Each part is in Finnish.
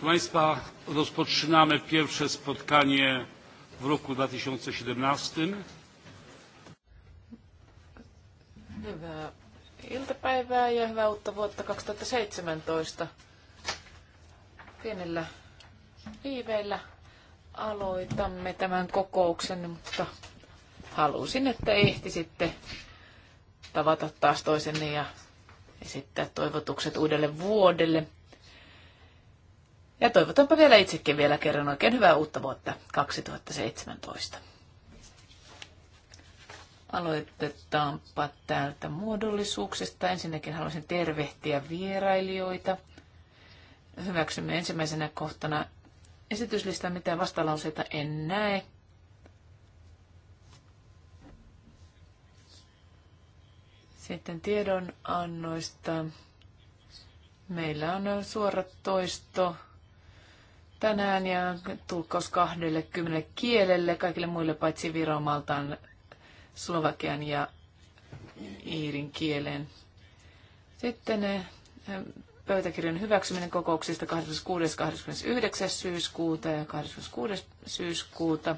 Proszę Państwa, rozpoczynamy pierwsze spotkanie w roku 2017. Hyvää iltapäivää ja hyvää uutta vuotta 2017. Pienellä viiveellä aloitamme tämän kokouksen, mutta halusin, että ehtisitte tavata taas toisenne ja esittää toivotukset uudelle vuodelle. Ja toivotanpa vielä itsekin vielä kerran oikein hyvää uutta vuotta 2017. Aloitetaanpa täältä muodollisuuksista. Ensinnäkin haluaisin tervehtiä vierailijoita. Hyväksymme ensimmäisenä kohtana esityslistaa, mitä vastalauseita en näe. Sitten tiedonannoista. Meillä on suora toisto tänään ja tulkkaus 20 kielelle, kaikille muille paitsi Viron, Slovakian ja Iirin kielen. Sitten eh, pöytäkirjan hyväksyminen kokouksista 26. 29. syyskuuta ja 26. syyskuuta.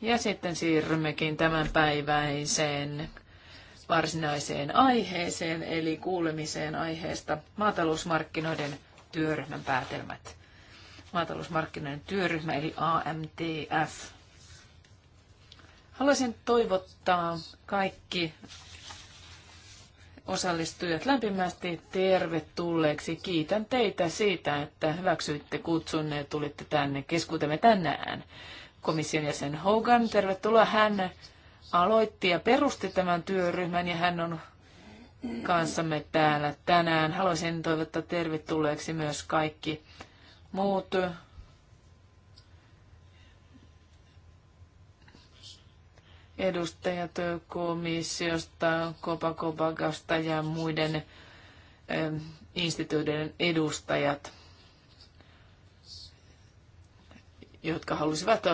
Ja sitten siirrymmekin tämänpäiväiseen varsinaiseen aiheeseen, eli kuulemiseen aiheesta maatalousmarkkinoiden työryhmän päätelmät. Maatalousmarkkinoiden työryhmä eli AMTF. Haluaisin toivottaa kaikki osallistujat lämpimästi tervetulleeksi. Kiitän teitä siitä, että hyväksyitte kutsun ja tulitte tänne. Keskuutemme tänään komission jäsen Hogan. Tervetuloa. Hän aloitti ja perusti tämän työryhmän ja hän on kanssamme täällä tänään. Haluaisin toivottaa tervetulleeksi myös kaikki muut edustajat komissiosta, Kopakopakasta ja muiden instituutioiden edustajat, jotka halusivat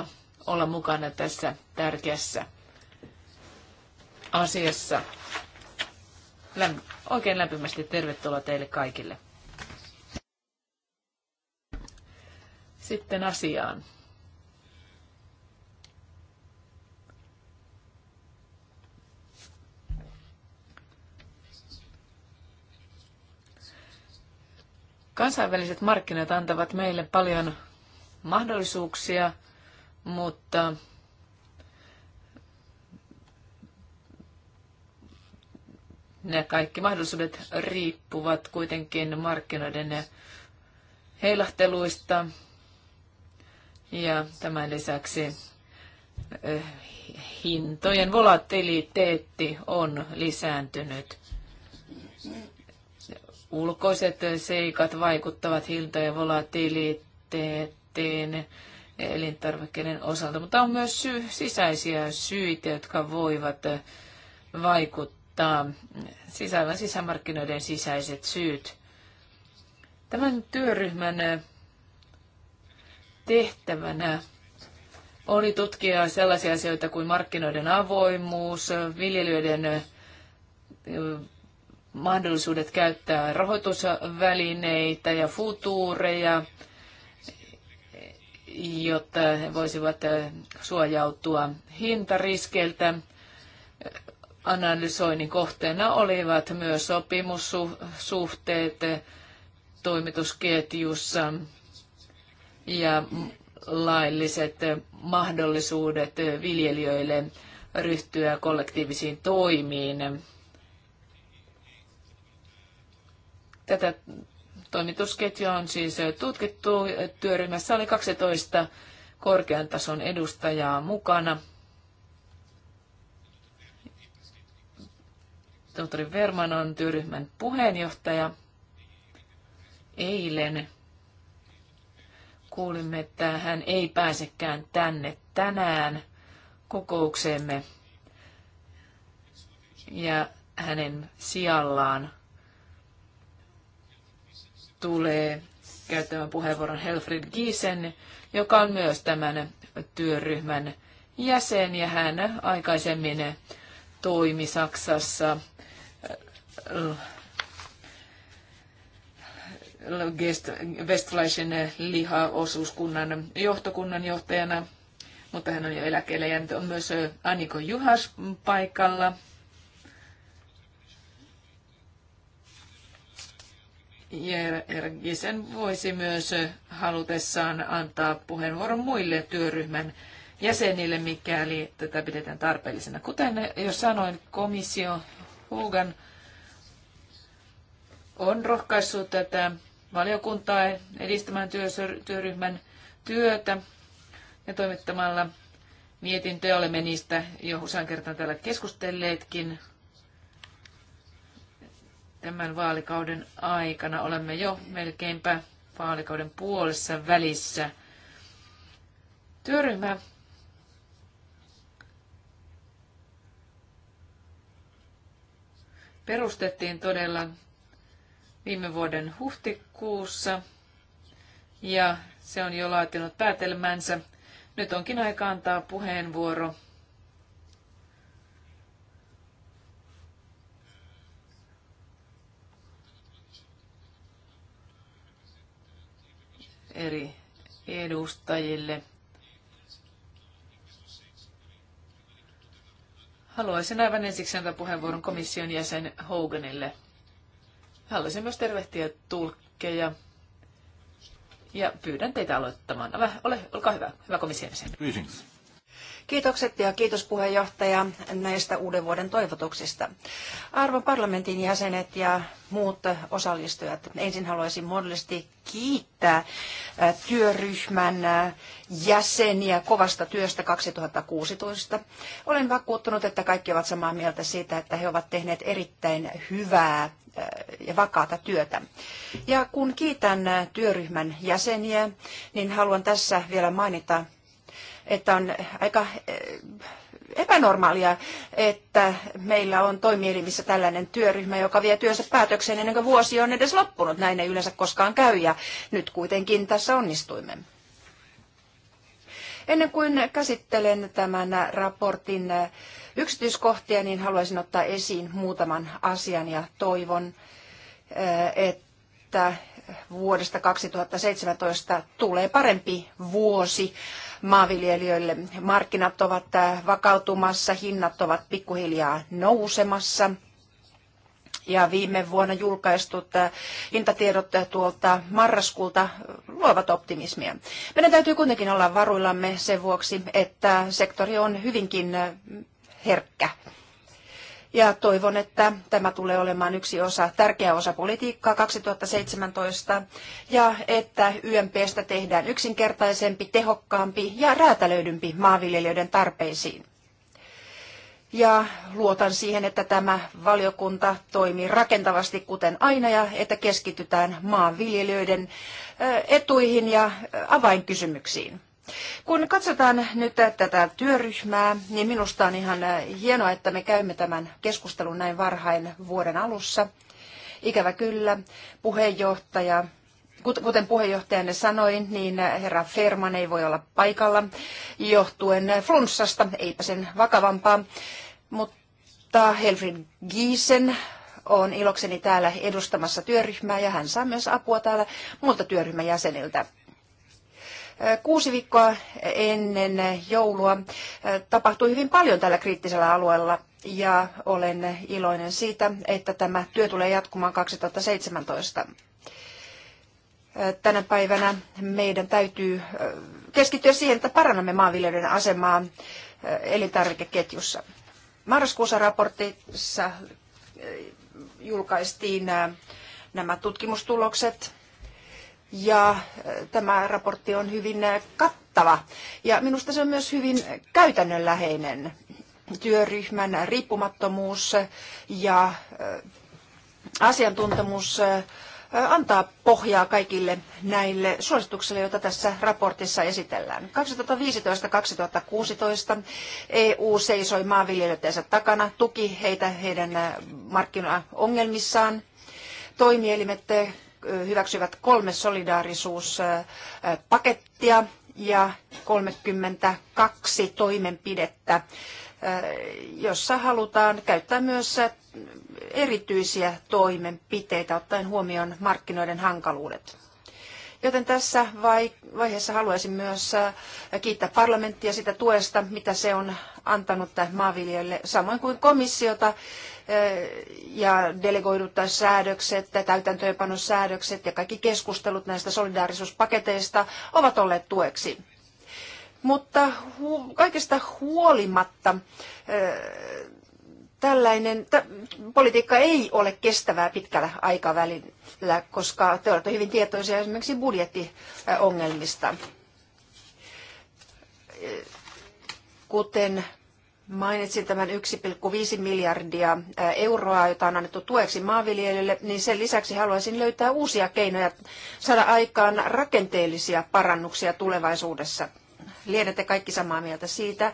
olla mukana tässä tärkeässä asiassa. Lämm- oikein lämpimästi tervetuloa teille kaikille. Sitten asiaan. Kansainväliset markkinat antavat meille paljon mahdollisuuksia, mutta ne kaikki mahdollisuudet riippuvat kuitenkin markkinoiden heilahteluista. Ja tämän lisäksi eh, hintojen volatiliteetti on lisääntynyt. Ulkoiset seikat vaikuttavat hintojen volatiliteettiin elintarvikkeiden osalta, mutta on myös sisäisiä syitä, jotka voivat vaikuttaa tota, sisä, sisämarkkinoiden sisäiset syyt. Tämän työryhmän eh, tehtävänä oli tutkia sellaisia asioita kuin markkinoiden avoimuus, viljelijöiden eh, mahdollisuudet käyttää rahoitusvälineitä ja futuureja, jotta he voisivat eh, suojautua hintariskeiltä analysoinnin kohteena olivat myös sopimussuhteet toimitusketjussa ja lailliset mahdollisuudet viljelijöille ryhtyä kollektiivisiin toimiin. Tätä toimitusketjua on siis tutkittu. Työryhmässä oli 12 korkean tason edustajaa mukana – Tohtori Verman on työryhmän puheenjohtaja. Eilen kuulimme, että hän ei pääsekään tänne tänään kokoukseemme. Ja hänen sijallaan tulee käyttämään puheenvuoron Helfrid Giesen, joka on myös tämän työryhmän jäsen ja hän aikaisemmin toimi Saksassa Westlaisen lihaosuuskunnan johtokunnan johtajana, mutta hän on jo eläkkeelle nyt On myös Aniko Juhas paikalla. Jergisen voisi myös halutessaan antaa puheenvuoron muille työryhmän jäsenille, mikäli tätä pidetään tarpeellisena. Kuten jo sanoin, komissio Hogan on rohkaissut tätä valiokuntaa edistämään työryhmän työtä ja toimittamalla mietintöä. Olemme niistä jo usean kertaan täällä keskustelleetkin. Tämän vaalikauden aikana olemme jo melkeinpä vaalikauden puolessa välissä. Työryhmä perustettiin todella viime vuoden huhtikuussa ja se on jo laatinut päätelmänsä. Nyt onkin aika antaa puheenvuoro eri edustajille. Haluaisin aivan ensiksi antaa puheenvuoron komission jäsen Hoganille. Haluaisin myös tervehtiä tulkkeja ja pyydän teitä aloittamaan. Ole, olkaa hyvä, hyvä komission jäsen. Greetings. Kiitokset ja kiitos puheenjohtaja näistä uuden vuoden toivotuksista. Arvon parlamentin jäsenet ja muut osallistujat, ensin haluaisin muodollisesti kiittää työryhmän jäseniä kovasta työstä 2016. Olen vakuuttunut, että kaikki ovat samaa mieltä siitä, että he ovat tehneet erittäin hyvää ja vakaata työtä. Ja kun kiitän työryhmän jäseniä, niin haluan tässä vielä mainita että on aika eh, epänormaalia, että meillä on toimielimissä tällainen työryhmä, joka vie työnsä päätökseen ennen kuin vuosi on edes loppunut. Näin ei yleensä koskaan käy ja nyt kuitenkin tässä onnistuimme. Ennen kuin käsittelen tämän raportin eh, yksityiskohtia, niin haluaisin ottaa esiin muutaman asian ja toivon, eh, että vuodesta 2017 tulee parempi vuosi maanviljelijöille. Markkinat ovat äh, vakautumassa, hinnat ovat pikkuhiljaa nousemassa. Ja viime vuonna julkaistut äh, hintatiedot äh, tuolta marraskuulta luovat optimismia. Meidän täytyy kuitenkin olla varuillamme sen vuoksi, että sektori on hyvinkin herkkä ja toivon, että tämä tulee olemaan yksi osa, tärkeä osa politiikkaa 2017 ja että YMPstä tehdään yksinkertaisempi, tehokkaampi ja räätälöidympi maanviljelijöiden tarpeisiin. Ja luotan siihen, että tämä valiokunta toimii rakentavasti kuten aina ja että keskitytään maanviljelijöiden etuihin ja avainkysymyksiin. Kun katsotaan nyt tätä työryhmää, niin minusta on ihan hienoa, että me käymme tämän keskustelun näin varhain vuoden alussa. Ikävä kyllä, puheenjohtaja, kuten puheenjohtajanne sanoi, niin herra Ferman ei voi olla paikalla johtuen flunssasta, eipä sen vakavampaa, mutta Helfrin Giesen on ilokseni täällä edustamassa työryhmää ja hän saa myös apua täällä muilta työryhmäjäseniltä. jäseniltä. Kuusi viikkoa ennen joulua tapahtui hyvin paljon tällä kriittisellä alueella ja olen iloinen siitä, että tämä työ tulee jatkumaan 2017. Tänä päivänä meidän täytyy keskittyä siihen, että parannamme maanviljelijöiden asemaa elintarvikeketjussa. Marraskuussa raportissa julkaistiin nämä tutkimustulokset ja äh, tämä raportti on hyvin äh, kattava. Ja minusta se on myös hyvin käytännönläheinen työryhmän riippumattomuus ja äh, asiantuntemus antaa pohjaa kaikille näille suosituksille, joita tässä raportissa esitellään. 2015-2016 EU seisoi maanviljelijöidensä takana, tuki heitä heidän markkinaongelmissaan. Toimielimet hyväksyivät kolme solidaarisuuspakettia ja 32 toimenpidettä, jossa halutaan käyttää myös erityisiä toimenpiteitä ottaen huomioon markkinoiden hankaluudet. Joten tässä vaiheessa haluaisin myös äh, kiittää parlamenttia sitä tuesta, mitä se on antanut maanviljelijöille, samoin kuin komissiota äh, ja delegoidut säädökset, täytäntöönpanosäädökset ja kaikki keskustelut näistä solidaarisuuspaketeista ovat olleet tueksi. Mutta kaikesta huolimatta äh, tällainen politiikka ei ole kestävää pitkällä aikavälillä, koska te olette hyvin tietoisia esimerkiksi budjettiongelmista. Kuten mainitsin tämän 1,5 miljardia euroa, jota on annettu tueksi maanviljelijöille, niin sen lisäksi haluaisin löytää uusia keinoja saada aikaan rakenteellisia parannuksia tulevaisuudessa. Liedätte kaikki samaa mieltä siitä,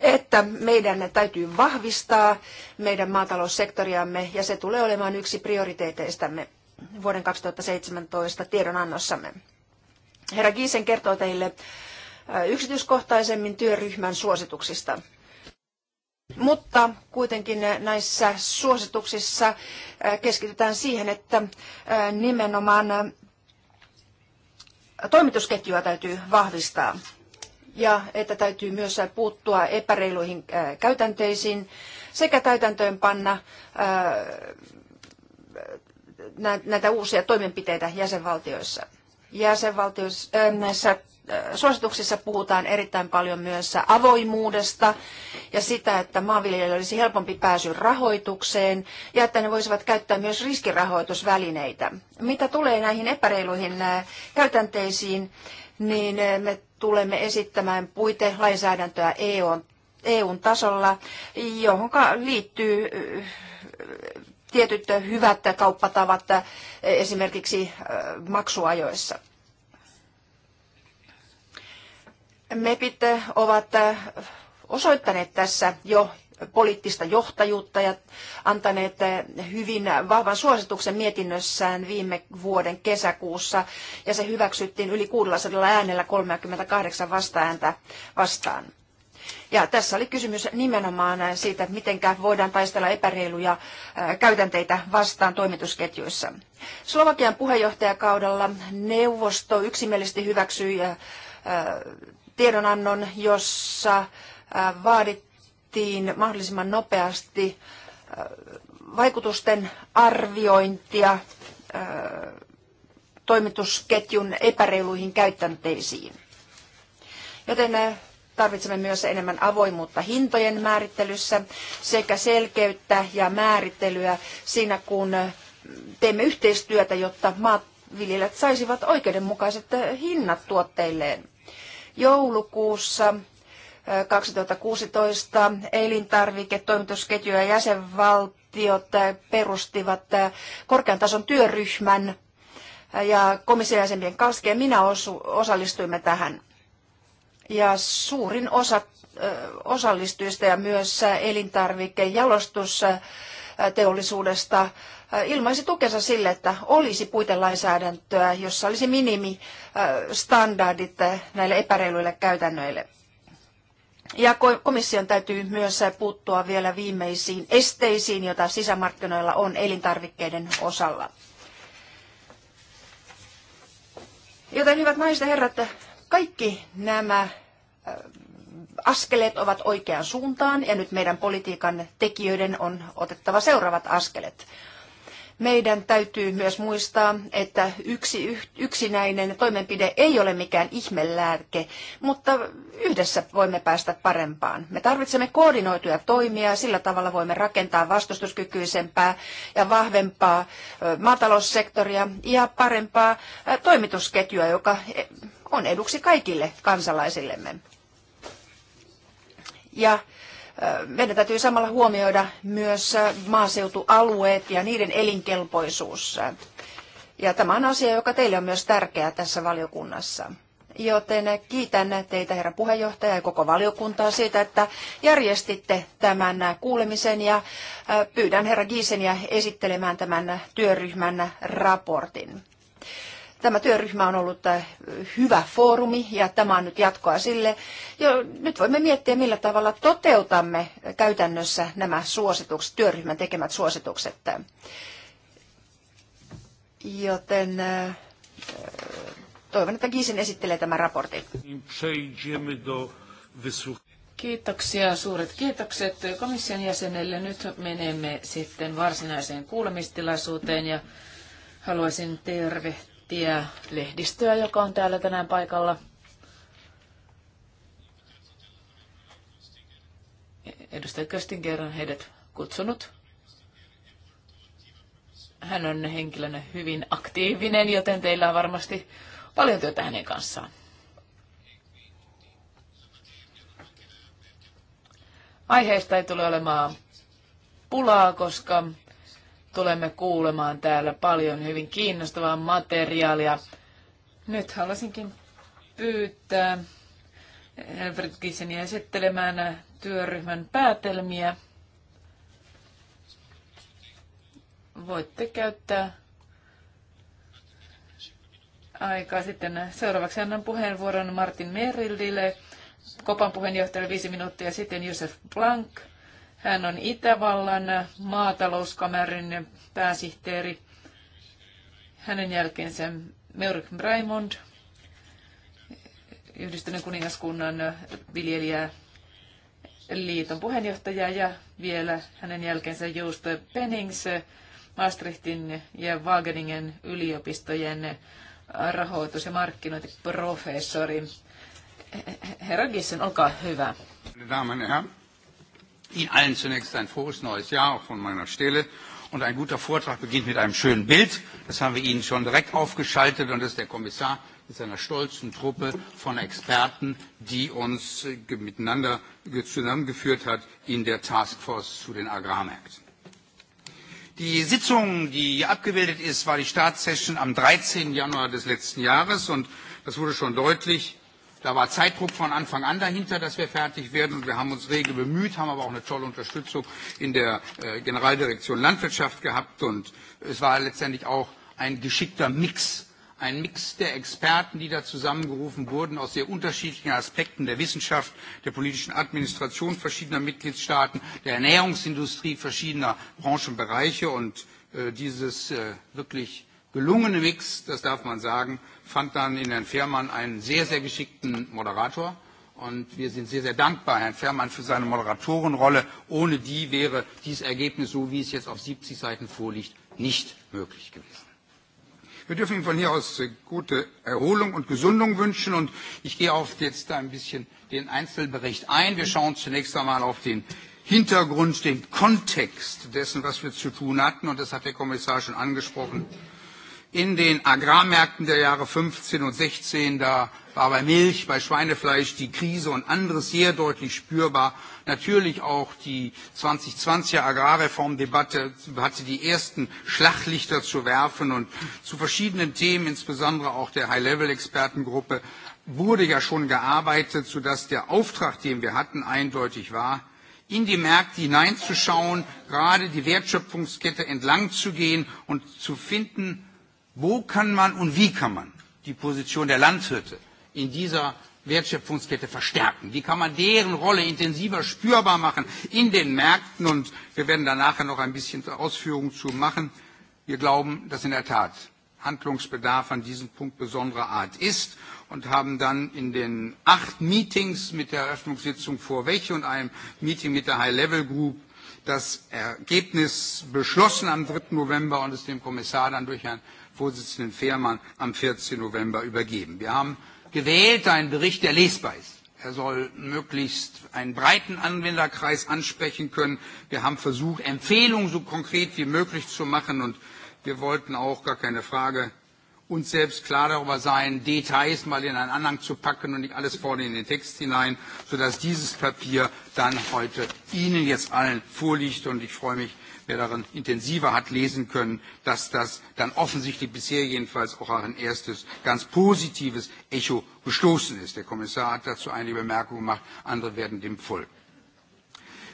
että meidän täytyy vahvistaa meidän maataloussektoriamme ja se tulee olemaan yksi prioriteeteistamme vuoden 2017 tiedonannossamme. Herra Giisen kertoo teille äh, yksityiskohtaisemmin työryhmän suosituksista. Mutta kuitenkin näissä suosituksissa äh, keskitytään siihen, että äh, nimenomaan toimitusketjua täytyy vahvistaa ja että täytyy myös puuttua epäreiluihin äh, käytänteisiin sekä täytäntöönpanna äh, näitä uusia toimenpiteitä jäsenvaltioissa. jäsenvaltioissa äh, näissä suosituksissa puhutaan erittäin paljon myös avoimuudesta ja sitä, että maanviljelijöillä olisi helpompi pääsy rahoitukseen ja että ne voisivat käyttää myös riskirahoitusvälineitä. Mitä tulee näihin epäreiluihin käytänteisiin, niin me tulemme esittämään puitelainsäädäntöä EUn, e EUn tasolla, johon liittyy eh, tietyt hyvät kauppatavat eh, esimerkiksi eh, maksuajoissa. MEPit ovat osoittaneet tässä jo poliittista johtajuutta ja antaneet hyvin vahvan suosituksen mietinnössään viime vuoden kesäkuussa ja se hyväksyttiin yli 600 äänellä 38 vastaääntä vastaan. Ja tässä oli kysymys nimenomaan siitä, että miten voidaan taistella epäreiluja käytänteitä vastaan toimitusketjuissa. Slovakian puheenjohtajakaudella neuvosto yksimielisesti hyväksyi tiedonannon, jossa vaadit, pyydettiin mahdollisimman nopeasti äh, vaikutusten arviointia äh, toimitusketjun epäreiluihin käytänteisiin. Joten äh, tarvitsemme myös enemmän avoimuutta hintojen määrittelyssä sekä selkeyttä ja määrittelyä siinä, kun teemme yhteistyötä, jotta maanviljelijät saisivat oikeudenmukaiset hinnat tuotteilleen. Joulukuussa 2016 ja jäsenvaltiot perustivat korkean tason työryhmän ja komission jäsenien kanssa ja minä osallistuimme tähän. Ja suurin osa osallistujista ja myös elintarvikejalostusteollisuudesta ilmaisi tukensa sille, että olisi puitelainsäädäntöä, jossa olisi minimistandardit näille epäreiluille käytännöille. Ja komission täytyy myös puuttua vielä viimeisiin esteisiin, joita sisämarkkinoilla on elintarvikkeiden osalla. Joten hyvät naiset ja herrat, kaikki nämä askeleet ovat oikeaan suuntaan ja nyt meidän politiikan tekijöiden on otettava seuraavat askelet meidän täytyy myös muistaa, että yksi yksinäinen toimenpide ei ole mikään ihmelääke, mutta yhdessä voimme päästä parempaan. Me tarvitsemme koordinoituja toimia, sillä tavalla voimme rakentaa vastustuskykyisempää ja vahvempaa maataloussektoria ja parempaa toimitusketjua, joka e, on eduksi kaikille kansalaisillemme. Ja meidän täytyy samalla huomioida myös maaseutualueet ja niiden elinkelpoisuus. Ja tämä on asia, joka teille on myös tärkeää tässä valiokunnassa. Joten kiitän teitä, herra puheenjohtaja ja koko valiokuntaa siitä, että järjestitte tämän kuulemisen ja pyydän herra Giiseniä esittelemään tämän työryhmän raportin. Tämä työryhmä on ollut äh, hyvä foorumi ja tämä on nyt jatkoa sille. Jo, nyt voimme miettiä, millä tavalla toteutamme käytännössä nämä suositukset, työryhmän tekemät suositukset. Joten äh, toivon, että Giisen esittelee tämän raportin. Kiitoksia, suuret kiitokset komission jäsenelle. Nyt menemme sitten varsinaiseen kuulemistilaisuuteen ja haluaisin tervehtiä nettiä, lehdistöä, joka on täällä tänään paikalla. Edustaja Köstinger on heidät kutsunut. Hän on henkilönä hyvin aktiivinen, joten teillä on varmasti paljon työtä hänen kanssaan. Aiheesta ei tule olemaan pulaa, koska tulemme kuulemaan täällä paljon hyvin kiinnostavaa materiaalia. Nyt haluaisinkin pyytää Elbert Gisseniä esittelemään työryhmän päätelmiä. Voitte käyttää aikaa sitten. Seuraavaksi annan puheenvuoron Martin Merildille, Kopan puheenjohtajalle viisi minuuttia, sitten Josef Blank – hän on Itävallan maatalouskamerin pääsihteeri. Hänen jälkeensä Meurik Raymond, yhdistyneen kuningaskunnan viljelijä liiton puheenjohtaja ja vielä hänen jälkeensä Just Pennings, Maastrichtin ja Wageningen yliopistojen rahoitus- ja markkinointiprofessori. Herra Gissen, olkaa hyvä. Damen ja Ihnen allen zunächst ein frohes neues Jahr auch von meiner Stelle. Und ein guter Vortrag beginnt mit einem schönen Bild. Das haben wir Ihnen schon direkt aufgeschaltet. Und das ist der Kommissar mit seiner stolzen Truppe von Experten, die uns äh, miteinander zusammengeführt hat in der Taskforce zu den Agrarmärkten. Die Sitzung, die abgebildet ist, war die Startsession am 13. Januar des letzten Jahres. Und das wurde schon deutlich Da war Zeitdruck von Anfang an dahinter, dass wir fertig werden. Und wir haben uns rege bemüht, haben aber auch eine tolle Unterstützung in der äh, Generaldirektion Landwirtschaft gehabt. Und es war letztendlich auch ein geschickter Mix ein Mix der Experten, die da zusammengerufen wurden aus sehr unterschiedlichen Aspekten der Wissenschaft, der politischen Administration verschiedener Mitgliedstaaten, der Ernährungsindustrie verschiedener Branchenbereiche und äh, dieses äh, wirklich gelungene Mix, das darf man sagen, fand dann in Herrn Fehrmann einen sehr, sehr geschickten Moderator. Und wir sind sehr, sehr dankbar Herrn Fehrmann für seine Moderatorenrolle. Ohne die wäre dieses Ergebnis, so wie es jetzt auf 70 Seiten vorliegt, nicht möglich gewesen. Wir dürfen ihm von hier aus äh, gute Erholung und Gesundung wünschen. Und ich gehe auf jetzt ein bisschen den Einzelbericht ein. Wir schauen zunächst einmal auf den Hintergrund, den Kontext dessen, was wir zu tun hatten. Und das hat der Kommissar schon angesprochen in den Agrarmärkten der Jahre 15 und 16, da war bei Milch, bei Schweinefleisch die Krise und anderes sehr deutlich spürbar. Natürlich auch die 2020er Agrarreformdebatte hatte die ersten Schlachtlichter zu werfen und zu verschiedenen Themen, insbesondere auch der High-Level-Expertengruppe, wurde ja schon gearbeitet, sodass der Auftrag, den wir hatten, eindeutig war, in die Märkte hineinzuschauen, gerade die Wertschöpfungskette entlang zu gehen und zu finden, Wo kann man und wie kann man die Position der Landwirte in dieser Wertschöpfungskette verstärken? Wie kann man deren Rolle intensiver spürbar machen in den Märkten? Und wir werden da nachher noch ein bisschen Ausführungen zu machen. Wir glauben, dass in der Tat Handlungsbedarf an diesem Punkt besonderer Art ist und haben dann in den acht Meetings mit der Eröffnungssitzung vor Wäche und einem Meeting mit der High-Level-Group das Ergebnis beschlossen am 3. November und es dem Kommissar dann durch ein Vorsitzenden Fehrmann am 14. November übergeben. Wir haben gewählt einen Bericht, der lesbar ist. Er soll möglichst einen breiten Anwenderkreis ansprechen können. Wir haben versucht, Empfehlungen so konkret wie möglich zu machen und wir wollten auch gar keine Frage uns selbst klar darüber sein, Details mal in einen Anhang zu packen und nicht alles vorne in den Text hinein, sodass dieses Papier dann heute Ihnen jetzt allen vorliegt. Und ich freue mich, wer darin intensiver hat lesen können, dass das dann offensichtlich bisher jedenfalls auch ein erstes ganz positives Echo gestoßen ist. Der Kommissar hat dazu einige Bemerkungen gemacht, andere werden dem folgen.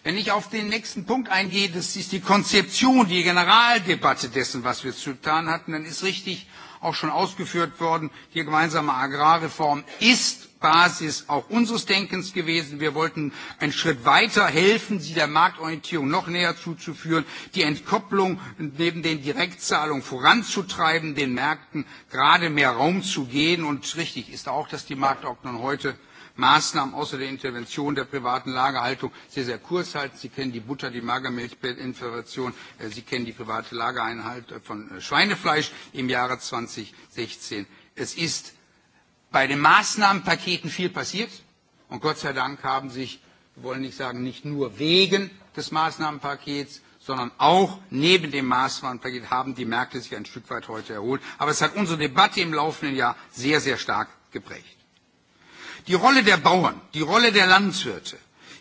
Wenn ich auf den nächsten Punkt eingehe, das ist die Konzeption, die Generaldebatte dessen, was wir zu tun hatten, dann ist richtig auch schon ausgeführt worden, die gemeinsame Agrarreform ist Basis auch unseres Denkens gewesen. Wir wollten einen Schritt weiter helfen, sie der Marktorientierung noch näher zuzuführen, die Entkopplung neben den Direktzahlungen voranzutreiben, den Märkten gerade mehr Raum zu geben. Und richtig ist auch, dass die Marktordnung heute Maßnahmen außer der Intervention der privaten Lagerhaltung sehr, sehr kurz halten. Sie kennen die Butter, die Magermilchinflation, äh, Sie kennen die private Lagereinheit von äh, Schweinefleisch im Jahre 2016. Es ist bei den Maßnahmenpaketen viel passiert. Und Gott sei Dank haben sich, wir wollen nicht sagen, nicht nur wegen des Maßnahmenpakets, sondern auch neben dem Maßnahmenpaket haben die Märkte sich ein Stück weit heute erholt. Aber es hat unsere Debatte im laufenden Jahr sehr, sehr stark geprägt. Die Rolle der Bauern, die Rolle der Landwirte,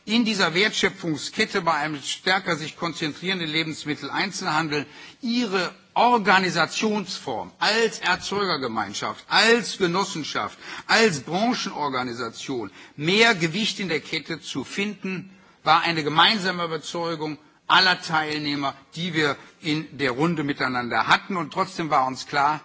in dieser Wertschöpfungskette bei einem stärker sich konzentrierenden Lebensmitteleinzelhandel ihre Organisationsform als Erzeugergemeinschaft, als Genossenschaft, als Branchenorganisation mehr Gewicht in der Kette zu finden, war eine gemeinsame Überzeugung aller Teilnehmer, die wir in der Runde miteinander hatten. Und trotzdem war uns klar,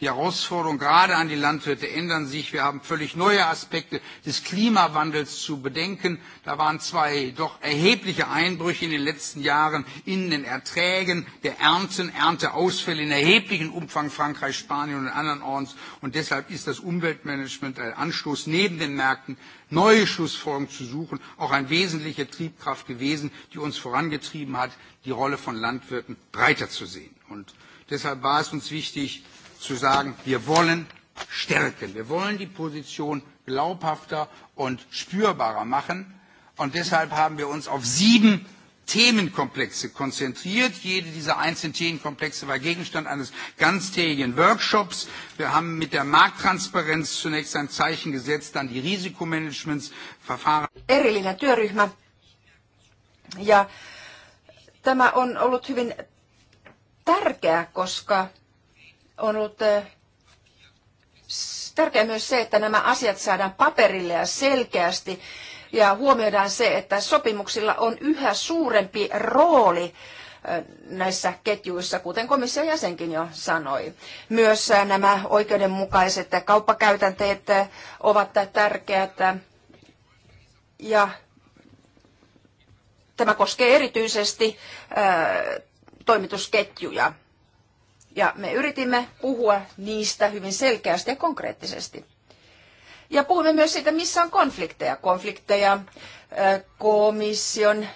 Die Herausforderungen gerade an die Landwirte ändern sich. Wir haben völlig neue Aspekte des Klimawandels zu bedenken. Da waren zwei doch erhebliche Einbrüche in den letzten Jahren in den Erträgen der Ernten, Ernteausfälle in erheblichem Umfang Frankreich, Spanien und anderen Orten. Und deshalb ist das Umweltmanagement ein Anstoß neben den Märkten neue Schlussfolgerungen zu suchen, auch eine wesentliche Triebkraft gewesen, die uns vorangetrieben hat, die Rolle von Landwirten breiter zu sehen. Und deshalb war es uns wichtig, zu sagen, wir wollen stärken. Wir wollen die Position glaubhafter und spürbarer machen. Und deshalb haben wir uns auf sieben Themenkomplexe konzentriert. Jede dieser einzelnen Themenkomplexe war Gegenstand eines ganztägigen Workshops. Wir haben mit der Markttransparenz zunächst ein Zeichen gesetzt, dann die Risikomanagementsverfahren. Erillinen työryhmä. Ja tämä on ollut hyvin tärkeä, koska on ollut eh, tärkeää myös se, että nämä asiat saadaan paperille ja selkeästi ja huomioidaan se, että sopimuksilla on yhä suurempi rooli eh, näissä ketjuissa, kuten komission jäsenkin jo sanoi. Myös eh, nämä oikeudenmukaiset kauppakäytänteet ovat tärkeät ja tämä koskee erityisesti toimitusketjuja. Ja me yritimme puhua niistä hyvin selkeästi ja konkreettisesti. Ja puhumme myös siitä, missä on konflikteja. Konflikteja komission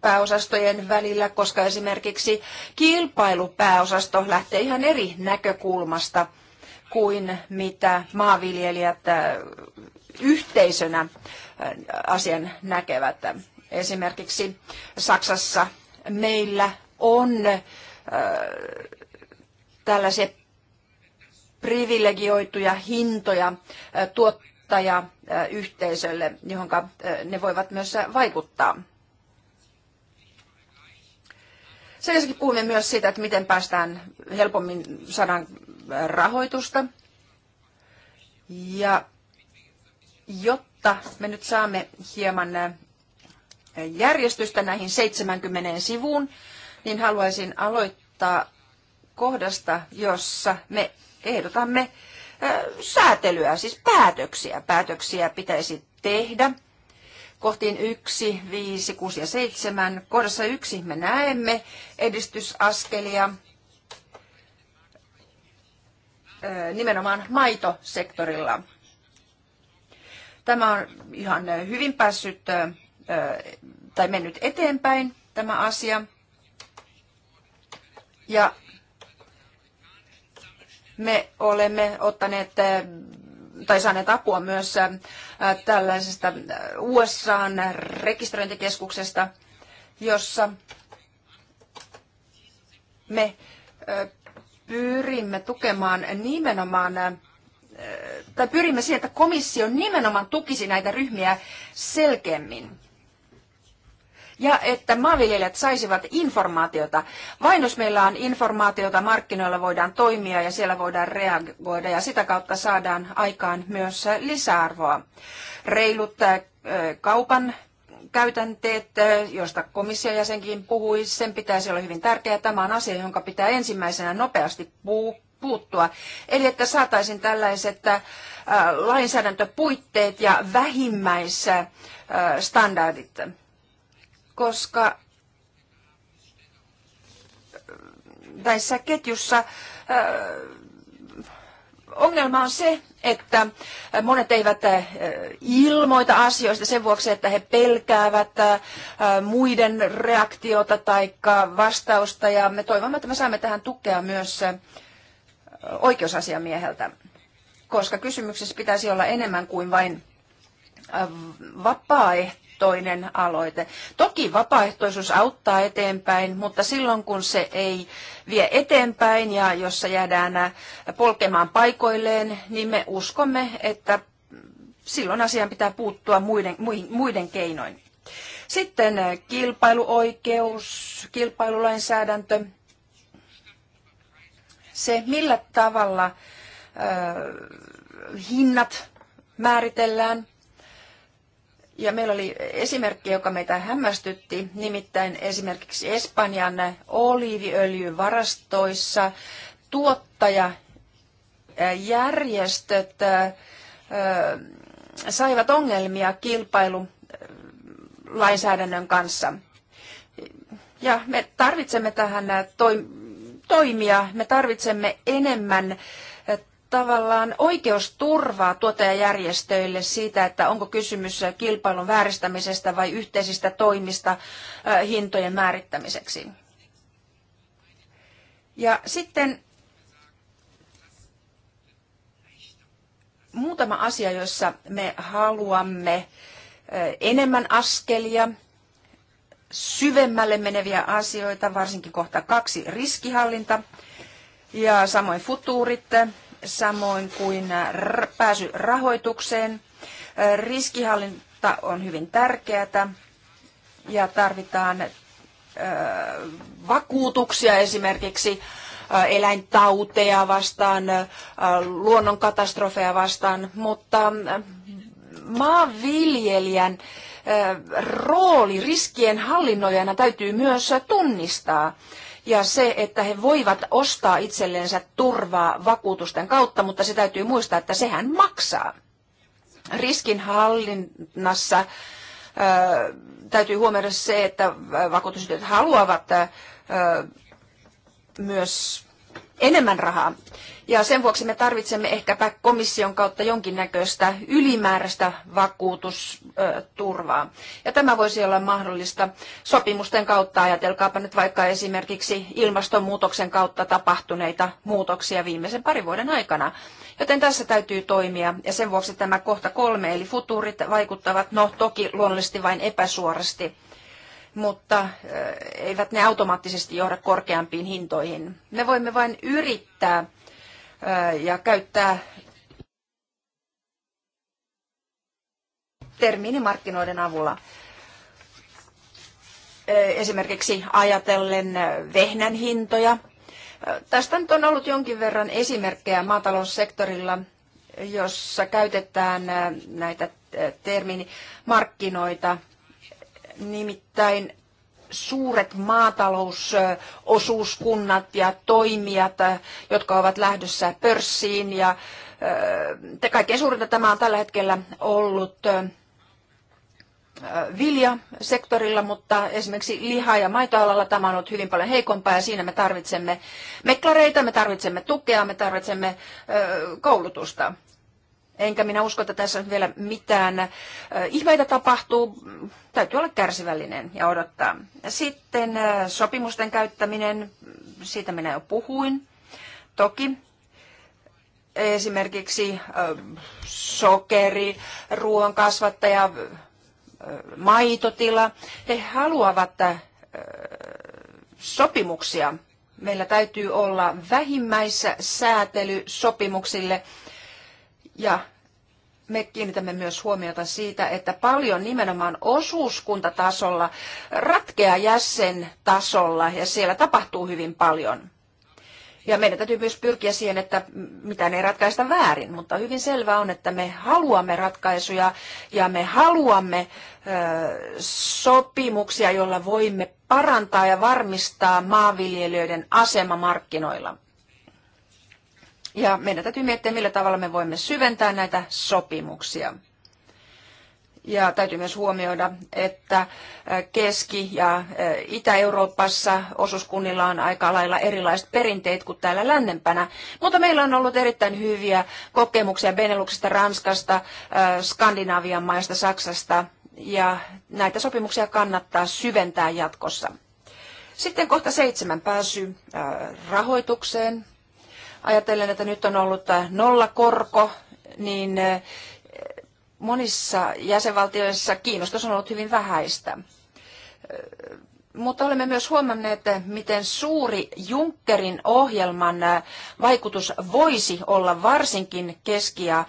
pääosastojen välillä, koska esimerkiksi kilpailupääosasto lähtee ihan eri näkökulmasta kuin mitä maanviljelijät yhteisönä asian näkevät. Esimerkiksi Saksassa meillä on tällaisia privilegioituja hintoja tuottajayhteisölle, johon ne voivat myös vaikuttaa. Sen lisäksi puhumme myös siitä, että miten päästään helpommin saadaan rahoitusta. Ja jotta me nyt saamme hieman järjestystä näihin 70 sivuun, niin haluaisin aloittaa kohdasta, jossa me ehdotamme säätelyä, siis päätöksiä. Päätöksiä pitäisi tehdä kohtiin 1, 5, 6 ja 7. Kohdassa 1 me näemme edistysaskelia nimenomaan maitosektorilla. Tämä on ihan hyvin päässyt tai mennyt eteenpäin tämä asia. Ja me olemme ottaneet eh, tai saaneet apua myös eh, tällaisesta eh, USAn rekisteröintikeskuksesta, jossa me pyrimme tukemaan nimenomaan tai pyrimme siihen, että komissio nimenomaan tukisi näitä ryhmiä selkeämmin ja että maanviljelijät saisivat informaatiota. Vain jos meillä on informaatiota, markkinoilla voidaan toimia ja siellä voidaan reagoida ja sitä kautta saadaan aikaan myös lisäarvoa. Reilut äh, kaupan käytänteet, äh, joista komission jäsenkin puhui, sen pitäisi olla hyvin tärkeä. Tämä on asia, jonka pitää ensimmäisenä nopeasti puuttua. Eli että saataisiin tällaiset äh, lainsäädäntöpuitteet ja vähimmäisstandardit. standardit koska tässä ketjussa äh, ongelma on se, että monet eivät äh, ilmoita asioista sen vuoksi, että he pelkäävät äh, muiden reaktiota tai vastausta. Ja me toivomme, että me saamme tähän tukea myös oikeusasiamieheltä, koska kysymyksessä pitäisi olla enemmän kuin vain vapaaehtoinen vapaaehtoinen aloite. Toki vapaaehtoisuus auttaa eteenpäin, mutta silloin kun se ei vie eteenpäin ja jossa jäädään äh, polkemaan paikoilleen, niin me uskomme, että silloin asiaan pitää puuttua muiden, muiden keinoin. Sitten äh, kilpailuoikeus, kilpailulainsäädäntö, se millä tavalla äh, hinnat määritellään. Ja meillä oli esimerkki, joka meitä hämmästytti, nimittäin esimerkiksi Espanjan oliiviöljyn varastoissa tuottajajärjestöt saivat ongelmia kilpailulainsäädännön kanssa. Ja me tarvitsemme tähän toimia, me tarvitsemme enemmän tavallaan oikeusturvaa tuottajajärjestöille siitä, että onko kysymys kilpailun vääristämisestä vai yhteisistä toimista hintojen määrittämiseksi. Ja sitten muutama asia, jossa me haluamme enemmän askelia, syvemmälle meneviä asioita, varsinkin kohta kaksi riskihallinta ja samoin futuurit samoin kuin äh, pääsy rahoitukseen. Äh, riskihallinta on hyvin tärkeää ja tarvitaan äh, vakuutuksia esimerkiksi eläintauteja vastaan, luonnonkatastrofeja vastaan, mutta maanviljelijän rooli riskien hallinnoijana täytyy myös tunnistaa ja se, että he voivat ostaa itsellensä turvaa vakuutusten kautta, mutta se täytyy muistaa, että sehän maksaa. Riskinhallinnassa ö, täytyy huomioida se, että vakuutusyhtiöt haluavat ö, myös enemmän rahaa. Ja sen vuoksi me tarvitsemme ehkäpä komission kautta jonkinnäköistä ylimääräistä vakuutusturvaa. Ja tämä voisi olla mahdollista sopimusten kautta. Ajatelkaapa nyt vaikka esimerkiksi ilmastonmuutoksen kautta tapahtuneita muutoksia viimeisen parin vuoden aikana. Joten tässä täytyy toimia ja sen vuoksi tämä kohta kolme eli futuurit vaikuttavat, no toki luonnollisesti vain epäsuorasti mutta eivät ne automaattisesti johda korkeampiin hintoihin. Me voimme vain yrittää ja käyttää termiinimarkkinoiden avulla. Esimerkiksi ajatellen vehnän hintoja. Tästä nyt on ollut jonkin verran esimerkkejä maataloussektorilla, jossa käytetään näitä termiinimarkkinoita. Nimittäin suuret maatalousosuuskunnat ja toimijat, eh, jotka ovat lähdössä pörssiin. Ja eh, kaikkein suurinta tämä on tällä hetkellä ollut eh, viljasektorilla, mutta esimerkiksi liha- ja maitoalalla tämä on ollut hyvin paljon heikompaa ja siinä me tarvitsemme meklareita, me tarvitsemme tukea, me tarvitsemme koulutusta. Enkä minä usko, että tässä on vielä mitään ihmeitä tapahtuu. Täytyy olla kärsivällinen ja odottaa. Sitten sopimusten käyttäminen, siitä minä jo puhuin. Toki esimerkiksi sokeri, ruoan kasvattaja, maitotila, he haluavat sopimuksia. Meillä täytyy olla vähimmäissä säätely sopimuksille – ja me kiinnitämme myös huomiota siitä, että paljon nimenomaan osuuskuntatasolla ratkeaa jäsentasolla ja siellä tapahtuu hyvin paljon. Ja meidän täytyy myös pyrkiä siihen, että mitään ei ratkaista väärin, mutta hyvin selvä on, että me haluamme ratkaisuja ja me haluamme ö, sopimuksia, joilla voimme parantaa ja varmistaa maanviljelijöiden asema markkinoilla. Ja meidän täytyy miettiä, millä tavalla me voimme syventää näitä sopimuksia. Ja täytyy myös huomioida, että Keski- ja Itä-Euroopassa osuuskunnilla on aika lailla erilaiset perinteet kuin täällä lännempänä. Mutta meillä on ollut erittäin hyviä kokemuksia Beneluxista, Ranskasta, Skandinavian maista, Saksasta. Ja näitä sopimuksia kannattaa syventää jatkossa. Sitten kohta seitsemän pääsy rahoitukseen. Ajatellen, että nyt on ollut äh, nollakorko, niin äh, monissa jäsenvaltioissa kiinnostus on ollut hyvin vähäistä. Äh, mutta olemme myös huomanneet, miten suuri Junckerin ohjelman vaikutus voisi olla varsinkin Keski- ja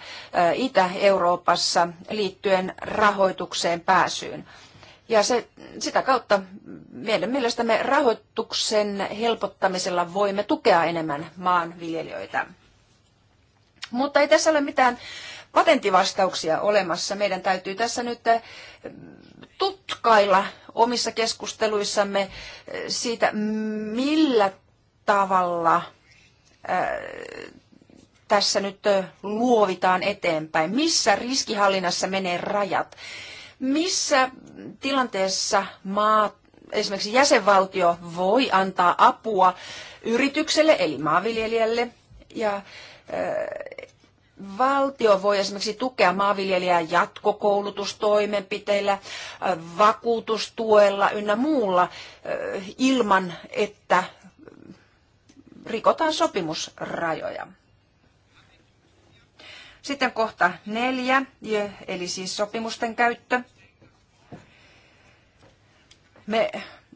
Itä-Euroopassa liittyen rahoitukseen pääsyyn. Ja se, sitä kautta meidän mielestämme rahoituksen helpottamisella voimme tukea enemmän maanviljelijöitä. Mutta ei tässä ole mitään patenttivastauksia olemassa. Meidän täytyy tässä nyt eh, tutkailla omissa keskusteluissamme eh, siitä, millä tavalla eh, tässä nyt luovitaan eteenpäin, missä riskihallinnassa menee rajat missä tilanteessa maa, esimerkiksi jäsenvaltio voi antaa apua yritykselle eli maanviljelijälle ja Valtio voi esimerkiksi tukea maanviljelijää jatkokoulutustoimenpiteillä, vakuutustuella ynnä muulla ilman, että rikotaan sopimusrajoja. Sitten kohta neljä, eli siis sopimusten käyttö. Me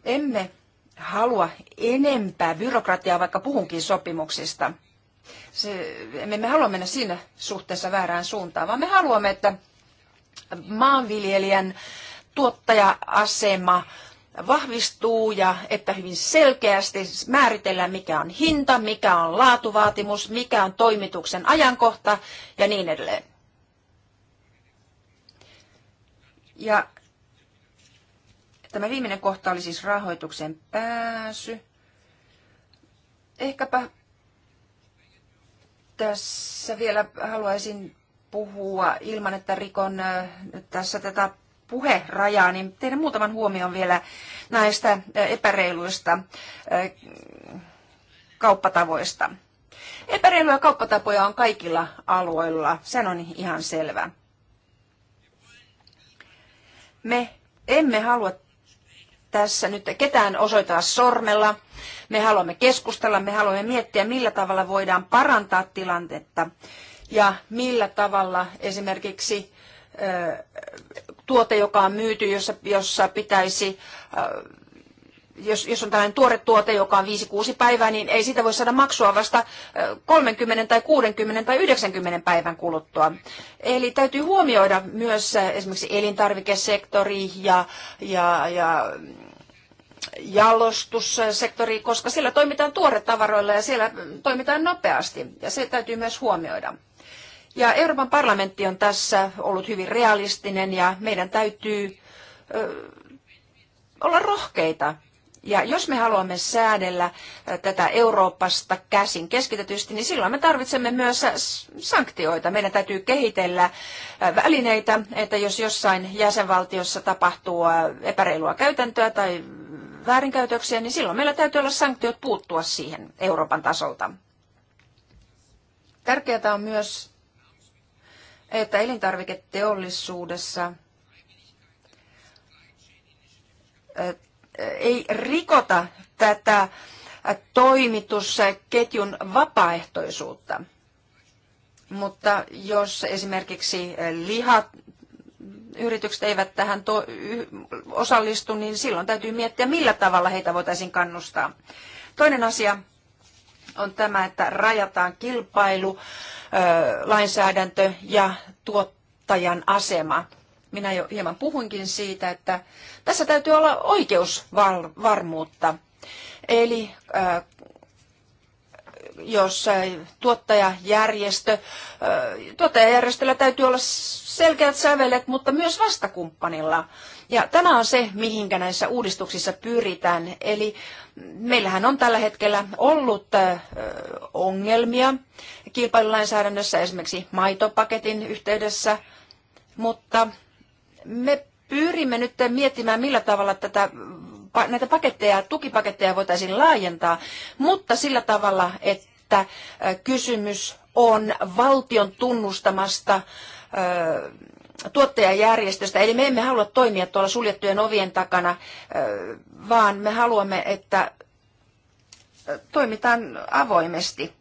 emme halua enempää byrokratiaa, vaikka puhunkin sopimuksista. Se, emme me halua mennä siinä suhteessa väärään suuntaan, vaan me haluamme, että maanviljelijän tuottaja-asema vahvistuu ja että hyvin selkeästi määritellään, mikä on hinta, mikä on laatuvaatimus, mikä on toimituksen ajankohta ja niin edelleen. Ja tämä viimeinen kohta oli siis rahoituksen pääsy. Ehkäpä tässä vielä haluaisin puhua ilman, että rikon äh, tässä tätä puherajaa, niin teidän muutaman huomion vielä näistä äh, epäreiluista äh, kauppatavoista. Epäreiluja kauppatapoja on kaikilla alueilla, Sen on ihan selvä. Me emme halua tässä nyt ketään osoittaa sormella. Me haluamme keskustella, me haluamme miettiä, millä tavalla voidaan parantaa tilannetta ja millä tavalla esimerkiksi tuote, joka on myyty, jossa, jossa pitäisi, jos, jos on tällainen tuore tuote, joka on 5-6 päivää, niin ei siitä voi saada maksua vasta 30 tai 60 tai 90 päivän kuluttua. Eli täytyy huomioida myös esimerkiksi elintarvikesektori ja, ja, ja jalostussektori, koska siellä toimitaan tuoretavaroilla ja siellä toimitaan nopeasti. Ja se täytyy myös huomioida. Ja Euroopan parlamentti on tässä ollut hyvin realistinen ja meidän täytyy ö, olla rohkeita. Ja jos me haluamme säädellä tätä Euroopasta käsin keskitetysti, niin silloin me tarvitsemme myös sanktioita. Meidän täytyy kehitellä välineitä, että jos jossain jäsenvaltiossa tapahtuu epäreilua käytäntöä tai väärinkäytöksiä, niin silloin meillä täytyy olla sanktiot puuttua siihen Euroopan tasolta. Tärkeää on myös että elintarviketeollisuudessa eh, ei rikota tätä toimitusketjun vapaaehtoisuutta. Mutta jos esimerkiksi lihat, yritykset eivät tähän to, osallistu, niin silloin täytyy miettiä, millä tavalla heitä voitaisiin kannustaa. Toinen asia on tämä, että rajataan kilpailu lainsäädäntö ja tuottajan asema. Minä jo hieman puhuinkin siitä, että tässä täytyy olla oikeusvarmuutta. Eli jos tuottajajärjestö, tuottajajärjestöllä täytyy olla selkeät sävelet, mutta myös vastakumppanilla. Ja tämä on se, mihinkä näissä uudistuksissa pyritään. Eli meillähän on tällä hetkellä ollut ongelmia kilpailulainsäädännössä, esimerkiksi maitopaketin yhteydessä, mutta me pyrimme nyt miettimään, millä tavalla tätä, näitä paketteja, tukipaketteja voitaisiin laajentaa, mutta sillä tavalla, että kysymys on valtion tunnustamasta tuottajajärjestöstä. Eli me emme halua toimia tuolla suljettujen ovien takana, vaan me haluamme, että toimitaan avoimesti.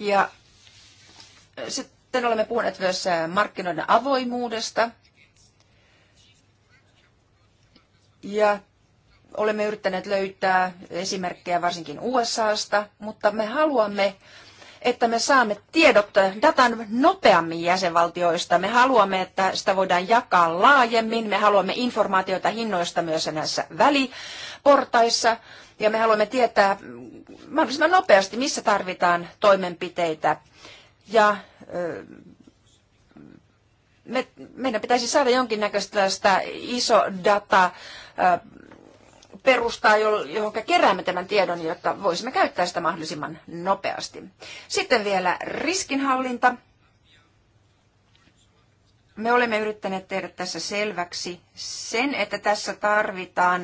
Ja sitten olemme puhuneet myös markkinoiden avoimuudesta. Ja olemme yrittäneet löytää esimerkkejä varsinkin USAsta, mutta me haluamme, että me saamme tiedot datan nopeammin jäsenvaltioista. Me haluamme, että sitä voidaan jakaa laajemmin. Me haluamme informaatiota hinnoista myös näissä väliportaissa. Ja me haluamme tietää mahdollisimman nopeasti, missä tarvitaan toimenpiteitä. Ja me, meidän pitäisi saada jonkinnäköistä tällaista iso data perustaa, johon keräämme tämän tiedon, jotta voisimme käyttää sitä mahdollisimman nopeasti. Sitten vielä riskinhallinta. Me olemme yrittäneet tehdä tässä selväksi sen, että tässä tarvitaan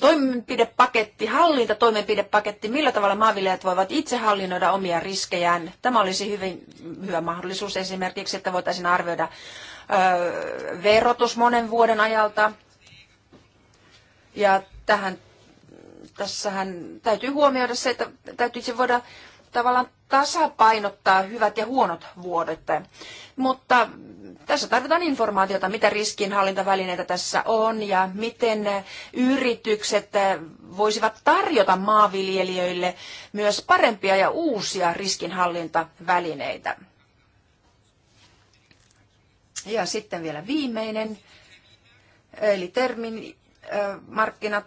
toimenpidepaketti, hallintatoimenpidepaketti, millä tavalla maanviljelijät voivat itse hallinnoida omia riskejään. Tämä olisi hyvin hyvä mahdollisuus esimerkiksi, että voitaisiin arvioida verotus monen vuoden ajalta. Ja tähän, tässähän täytyy huomioida se, että täytyisi voida tavallaan tasapainottaa hyvät ja huonot vuodet. Mutta tässä tarvitaan informaatiota, mitä riskinhallintavälineitä tässä on ja miten yritykset voisivat tarjota maanviljelijöille myös parempia ja uusia riskinhallintavälineitä. Ja sitten vielä viimeinen, eli termin markkinat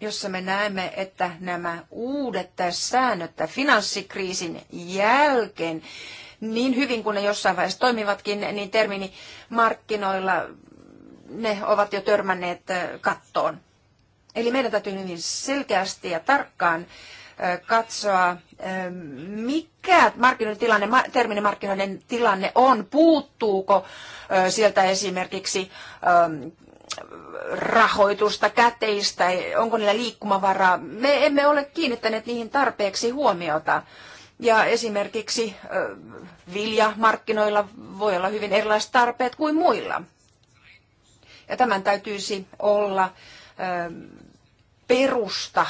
jossa me näemme, että nämä uudet säännöt finanssikriisin jälkeen, niin hyvin kuin ne jossain vaiheessa toimivatkin, niin termini markkinoilla ne ovat jo törmänneet kattoon. Eli meidän täytyy hyvin selkeästi ja tarkkaan katsoa, mikä markkinoiden tilanne, terminimarkkinoiden tilanne on, puuttuuko sieltä esimerkiksi rahoitusta, käteistä, onko niillä liikkumavaraa. Me emme ole kiinnittäneet niihin tarpeeksi huomiota. Ja esimerkiksi viljamarkkinoilla voi olla hyvin erilaiset tarpeet kuin muilla. Ja tämän täytyisi olla perusta,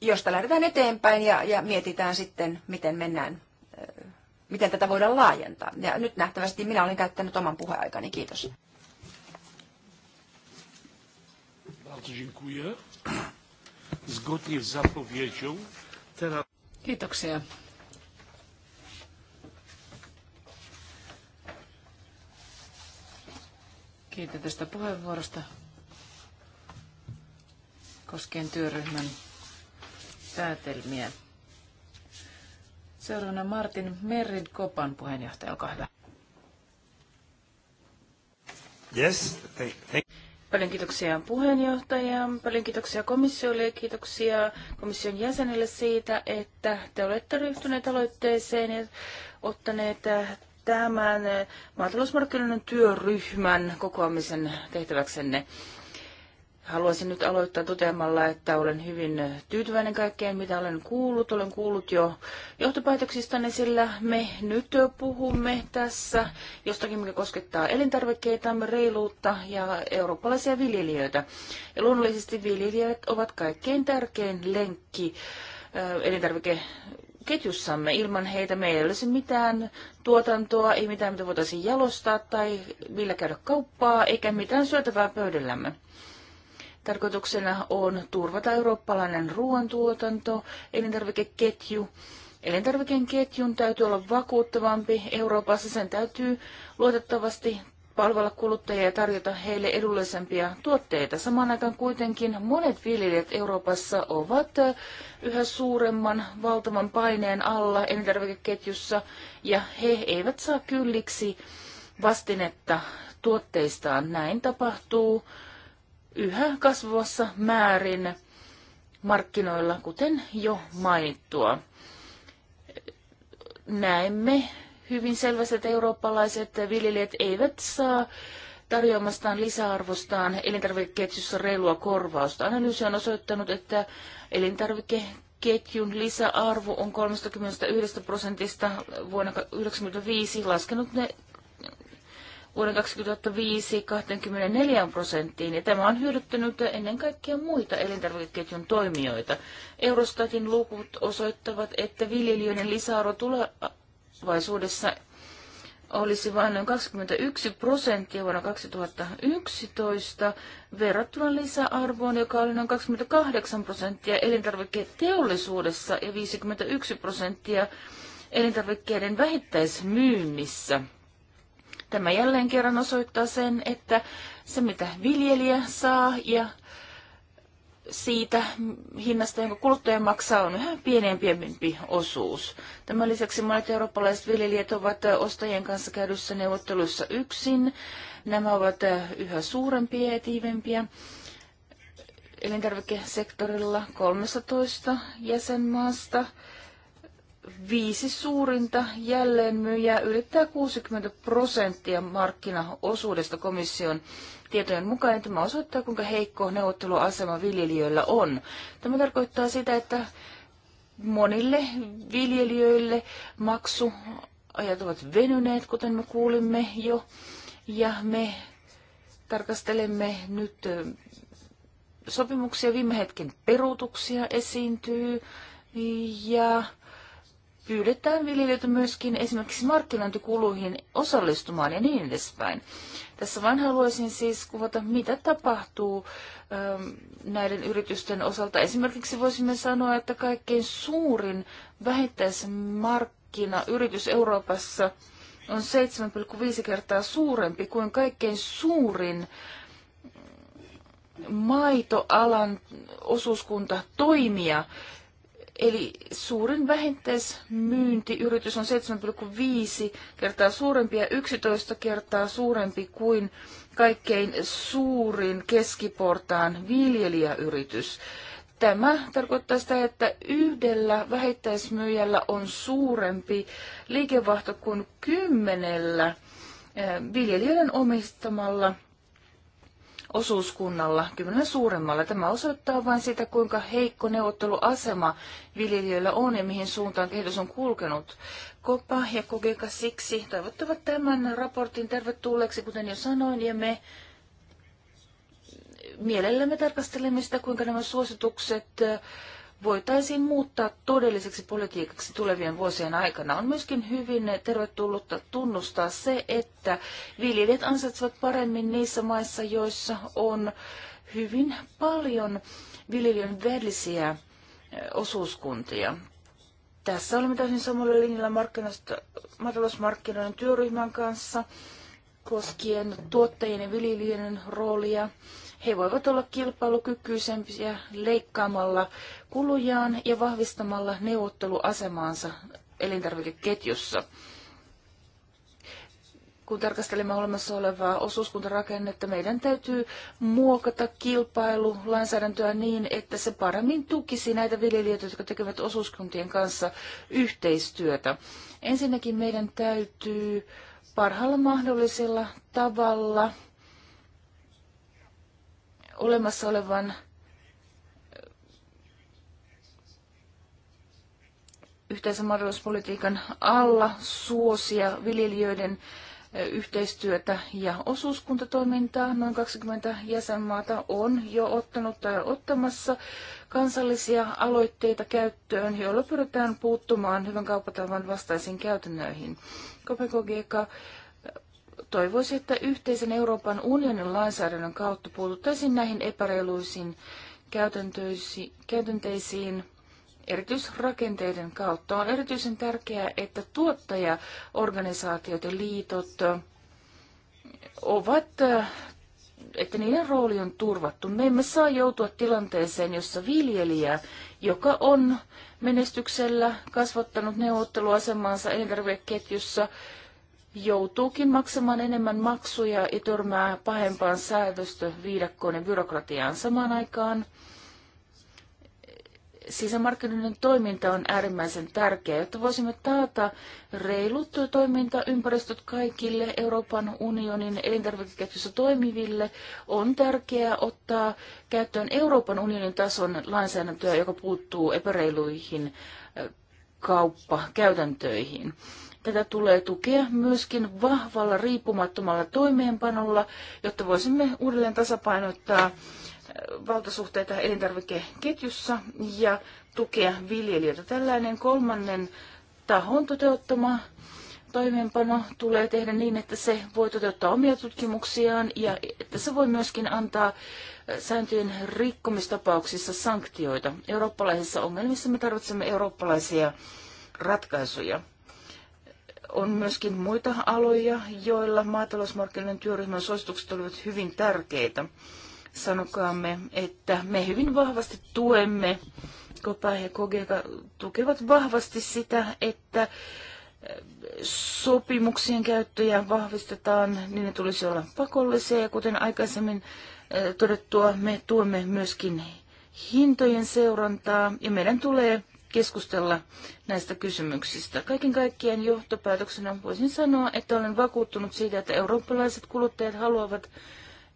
josta lähdetään eteenpäin ja, ja mietitään sitten, miten mennään miten tätä voidaan laajentaa. Ja nyt nähtävästi minä olen käyttänyt oman puheaikani. Kiitos. Kiitoksia. Kiitän tästä puheenvuorosta koskien työryhmän päätelmiä. Seuraavana Martin Merrin Kopan puheenjohtaja, olkaa hyvä. Yes, thank, thank. Paljon kiitoksia puheenjohtaja, paljon kiitoksia komissiolle ja kiitoksia komission jäsenille siitä, että te olette ryhtyneet aloitteeseen ja ottaneet tämän maatalousmarkkinoiden työryhmän kokoamisen tehtäväksenne. Haluaisin nyt aloittaa toteamalla, että olen hyvin tyytyväinen kaikkeen, mitä olen kuullut. Olen kuullut jo johtopäätöksistäni, sillä me nyt puhumme tässä jostakin, mikä koskettaa elintarvikkeita, reiluutta ja eurooppalaisia viljelijöitä. Ja luonnollisesti viljelijät ovat kaikkein tärkein lenkki äh, elintarvike ketjussamme. Ilman heitä meillä ei olisi mitään tuotantoa, ei mitään, mitä voitaisiin jalostaa tai millä käydä kauppaa, eikä mitään syötävää pöydällämme. Tarkoituksena on turvata eurooppalainen ruoantuotanto, elintarvikeketju. Elintarvikeen ketjun täytyy olla vakuuttavampi. Euroopassa sen täytyy luotettavasti palvella kuluttajia ja tarjota heille edullisempia tuotteita. Samaan aikaan kuitenkin monet viljelijät Euroopassa ovat yhä suuremman valtavan paineen alla elintarvikeketjussa ja he eivät saa kylliksi vastinetta tuotteistaan. Näin tapahtuu yhä kasvavassa määrin markkinoilla, kuten jo mainittua. Näemme hyvin selvästi, että eurooppalaiset viljelijät eivät saa tarjoamastaan lisäarvostaan elintarvikeketjussa reilua korvausta. Analyysi on osoittanut, että elintarvikeketjun lisäarvo on 31 prosentista vuonna 1995 laskenut ne vuoden 2005 24 prosenttiin, ja tämä on hyödyttänyt ennen kaikkea muita elintarvikeketjun toimijoita. Eurostatin luvut osoittavat, että viljelijöiden lisäarvo tulevaisuudessa olisi vain noin 21 prosenttia vuonna 2011 verrattuna lisäarvoon, joka oli noin 28 prosenttia elintarviketeollisuudessa ja 51 prosenttia elintarvikkeiden vähittäismyynnissä. Tämä jälleen kerran osoittaa sen, että se mitä viljelijä saa ja siitä hinnasta, jonka kuluttaja maksaa, on yhä pienempi ja pienempi osuus. Tämän lisäksi monet eurooppalaiset viljelijät ovat ostajien kanssa käydyssä neuvotteluissa yksin. Nämä ovat yhä suurempia ja tiivempiä elintarvikesektorilla 13 jäsenmaasta viisi suurinta jälleenmyyjää ylittää 60 prosenttia markkinaosuudesta komission tietojen mukaan. Tämä osoittaa, kuinka heikko neuvotteluasema viljelijöillä on. Tämä tarkoittaa sitä, että monille viljelijöille maksuajat ovat venyneet, kuten me kuulimme jo, ja me tarkastelemme nyt sopimuksia, viime hetken peruutuksia esiintyy, ja pyydetään viljelijöitä myöskin esimerkiksi markkinointikuluihin osallistumaan ja niin edespäin. Tässä vain haluaisin siis kuvata, mitä tapahtuu ähm, näiden yritysten osalta. Esimerkiksi voisimme sanoa, että kaikkein suurin vähittäismarkkinayritys Euroopassa on 7,5 kertaa suurempi kuin kaikkein suurin maitoalan osuuskunta toimia Eli suurin vähittäismyyntiyritys on 7,5 kertaa suurempi ja 11 kertaa suurempi kuin kaikkein suurin keskiportaan viljelijäyritys. Tämä tarkoittaa sitä, että yhdellä vähittäismyyjällä on suurempi liikevaihto kuin kymmenellä eh, viljelijöiden omistamalla osuuskunnalla, kymmenen suuremmalla. Tämä osoittaa vain sitä, kuinka heikko neuvotteluasema viljelijöillä on ja mihin suuntaan kehitys on kulkenut. Kopa ja Kogeka siksi toivottavat tämän raportin tervetulleeksi, kuten jo sanoin, ja me mielellämme tarkastelemme sitä, kuinka nämä suositukset voitaisiin muuttaa todelliseksi politiikaksi tulevien vuosien aikana. On myöskin hyvin tervetullutta tunnustaa se, että viljelijät ansaitsevat paremmin niissä maissa, joissa on hyvin paljon viljelijän välisiä osuuskuntia. Tässä olemme täysin samalla linjalla maatalousmarkkinoiden työryhmän kanssa koskien tuottajien ja viljelijöiden roolia he voivat olla kilpailukykyisempiä leikkaamalla kulujaan ja vahvistamalla neuvotteluasemaansa elintarvikeketjussa. Kun tarkastelemme olemassa olevaa osuuskuntarakennetta, meidän täytyy muokata kilpailu niin, että se paremmin tukisi näitä viljelijöitä, jotka tekevät osuuskuntien kanssa yhteistyötä. Ensinnäkin meidän täytyy parhaalla mahdollisella tavalla olemassa olevan yhteisen maatalouspolitiikan alla suosia viljelijöiden yhteistyötä ja osuuskuntatoimintaa. Noin 20 jäsenmaata on jo ottanut tai ottamassa kansallisia aloitteita käyttöön, joilla pyritään puuttumaan hyvän kauppatavan vastaisiin käytännöihin. Kopeko toivoisi, että yhteisen Euroopan unionin lainsäädännön kautta puututtaisiin näihin epäreiluisiin käytänteisiin erityisrakenteiden kautta. On erityisen tärkeää, että tuottajaorganisaatiot ja liitot ovat että niiden rooli on turvattu. Me emme saa joutua tilanteeseen, jossa viljelijä, joka on menestyksellä kasvattanut neuvotteluasemaansa elintarvikeketjussa, joutuukin maksamaan enemmän maksuja ja törmää pahempaan säädöstöviidakkoon ja byrokratiaan samaan aikaan. Sisämarkkinoiden toiminta on äärimmäisen tärkeää, jotta voisimme taata reilut toimintaympäristöt kaikille Euroopan unionin elintarvikeketjussa toimiville. On tärkeää ottaa käyttöön Euroopan unionin tason lainsäädäntöä, joka puuttuu epäreiluihin kauppakäytäntöihin. käytäntöihin Tätä tulee tukea myöskin vahvalla riippumattomalla toimeenpanolla, jotta voisimme uudelleen tasapainottaa äh, valtasuhteita elintarvikeketjussa ja tukea viljelijöitä. Tällainen kolmannen tahon toteuttama toimeenpano tulee tehdä niin, että se voi toteuttaa omia tutkimuksiaan ja että se voi myöskin antaa äh, sääntöjen rikkomistapauksissa sanktioita. Eurooppalaisissa ongelmissa me tarvitsemme eurooppalaisia ratkaisuja on myöskin muita aloja, joilla maatalousmarkkinoiden työryhmän suositukset olivat hyvin tärkeitä. Sanokaamme, että me hyvin vahvasti tuemme, Kopa ja Kogeka tukevat vahvasti sitä, että eh, sopimuksien käyttöjä vahvistetaan, niin ne tulisi olla pakollisia. Ja kuten aikaisemmin eh, todettua, me tuemme myöskin hintojen seurantaa ja meidän tulee keskustella näistä kysymyksistä. Kaiken kaikkien johtopäätöksenä voisin sanoa, että olen vakuuttunut siitä, että eurooppalaiset kuluttajat haluavat,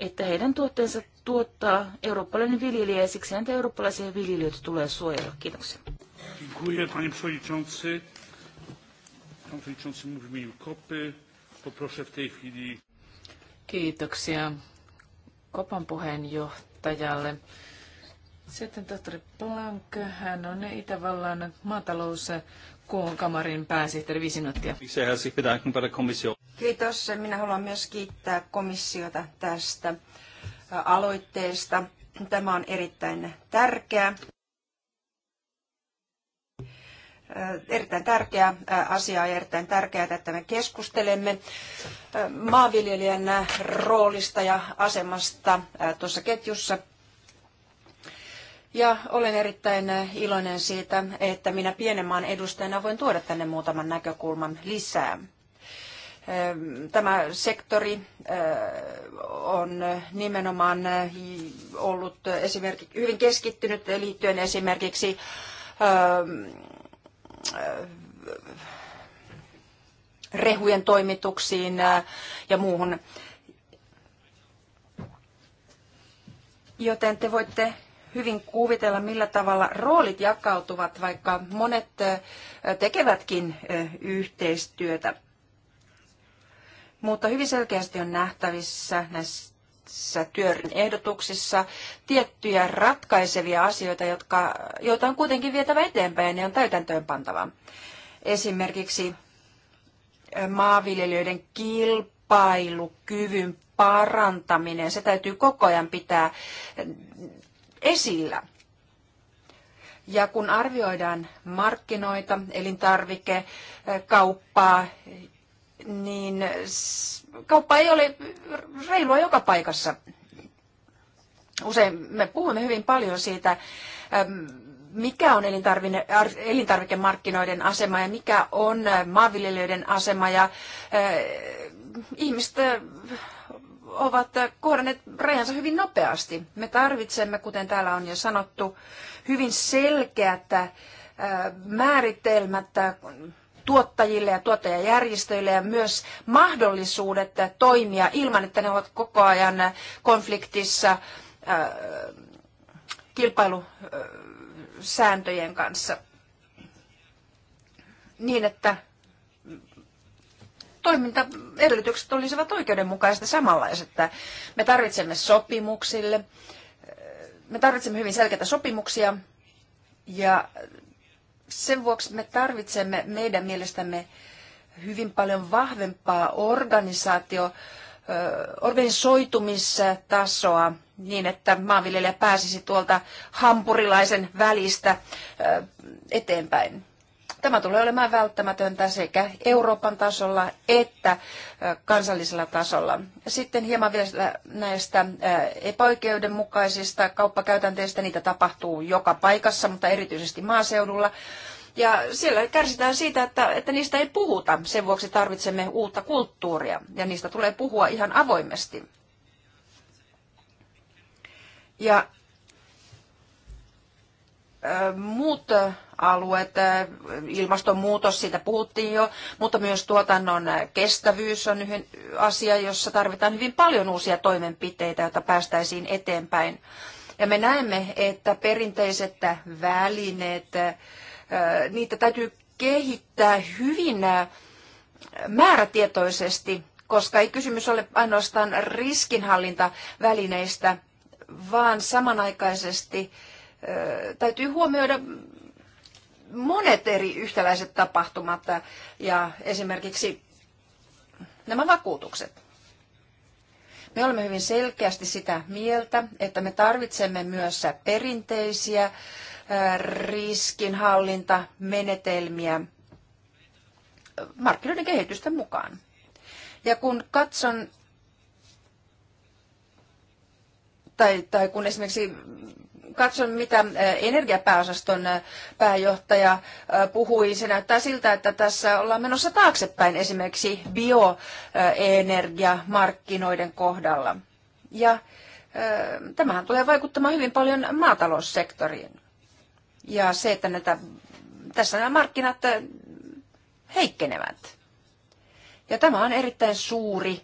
että heidän tuotteensa tuottaa eurooppalainen viljelijä ja siksi häntä eurooppalaisia viljelijöitä tulee suojella. Kiitoksia. Dziękuję panie przewodniczący. Pan przewodniczący mówi w Kopy. Poproszę w tej chwili. Kiitoksia Kopan puheenjohtajalle. Sitten tohtori Plank, hän on Itävallan maatalous kamarin pääsihteeri viisi minuuttia. Siis Kiitos. Minä haluan myös kiittää komissiota tästä aloitteesta. Tämä on erittäin tärkeä erittäin tärkeä asia ja erittäin tärkeää, että me keskustelemme maanviljelijän roolista ja asemasta tuossa ketjussa. Ja olen erittäin iloinen siitä, että minä pienen maan edustajana voin tuoda tänne muutaman näkökulman lisää. Ehm, tämä sektori ehm, on nimenomaan ollut esimerkiksi hyvin keskittynyt liittyen esimerkiksi ehm, rehujen toimituksiin ja muuhun. Joten te voitte hyvin kuvitella, millä tavalla roolit jakautuvat, vaikka monet tekevätkin yhteistyötä. Mutta hyvin selkeästi on nähtävissä näissä työryhmän ehdotuksissa tiettyjä ratkaisevia asioita, jotka, joita on kuitenkin vietävä eteenpäin ja ne on täytäntöön pantava. Esimerkiksi maanviljelijöiden kilpailukyvyn parantaminen, se täytyy koko ajan pitää esillä. Ja kun arvioidaan markkinoita, elintarvikekauppaa, eh, niin kauppa ei ole reilua joka paikassa. Usein me puhumme hyvin paljon siitä, mikä on elintarvikemarkkinoiden asema ja mikä on eh, maanviljelijöiden asema ja eh, ihmistä ovat kohdanneet rajansa hyvin nopeasti. Me tarvitsemme, kuten täällä on jo sanottu, hyvin selkeät äh, määritelmät tuottajille ja tuottajajärjestöille ja myös mahdollisuudet toimia ilman, että ne ovat koko ajan konfliktissa äh, kilpailusääntöjen kanssa. Niin, että toimintaedellytykset olisivat oikeudenmukaiset ja samanlaiset. Me tarvitsemme sopimuksille, me tarvitsemme hyvin selkeitä sopimuksia ja sen vuoksi me tarvitsemme meidän mielestämme hyvin paljon vahvempaa organisaatio, organisoitumistasoa niin, että maanviljelijä pääsisi tuolta hampurilaisen välistä eteenpäin. Tämä tulee olemaan välttämätöntä sekä Euroopan tasolla että kansallisella tasolla. Sitten hieman vielä näistä epäoikeudenmukaisista kauppakäytänteistä. Niitä tapahtuu joka paikassa, mutta erityisesti maaseudulla. Ja siellä kärsitään siitä, että, että niistä ei puhuta. Sen vuoksi tarvitsemme uutta kulttuuria ja niistä tulee puhua ihan avoimesti. Ja muut alueet, ilmastonmuutos, siitä puhuttiin jo, mutta myös tuotannon kestävyys on yhden asia, jossa tarvitaan hyvin paljon uusia toimenpiteitä, joita päästäisiin eteenpäin. Ja me näemme, että perinteiset välineet, niitä täytyy kehittää hyvin määrätietoisesti, koska ei kysymys ole ainoastaan riskinhallintavälineistä, vaan samanaikaisesti täytyy huomioida monet eri yhtäläiset tapahtumat ja esimerkiksi nämä vakuutukset. Me olemme hyvin selkeästi sitä mieltä, että me tarvitsemme myös perinteisiä äh, riskinhallintamenetelmiä markkinoiden kehitysten mukaan. Ja kun katson, tai, tai kun esimerkiksi katson, mitä eh, energiapääosaston eh, pääjohtaja eh, puhui, se näyttää siltä, että tässä ollaan menossa taaksepäin esimerkiksi bioenergiamarkkinoiden kohdalla. Ja tämähän tulee vaikuttamaan hyvin paljon maataloussektoriin. Ja se, että näitä, tässä nämä markkinat heikkenevät. Ja tämä on erittäin suuri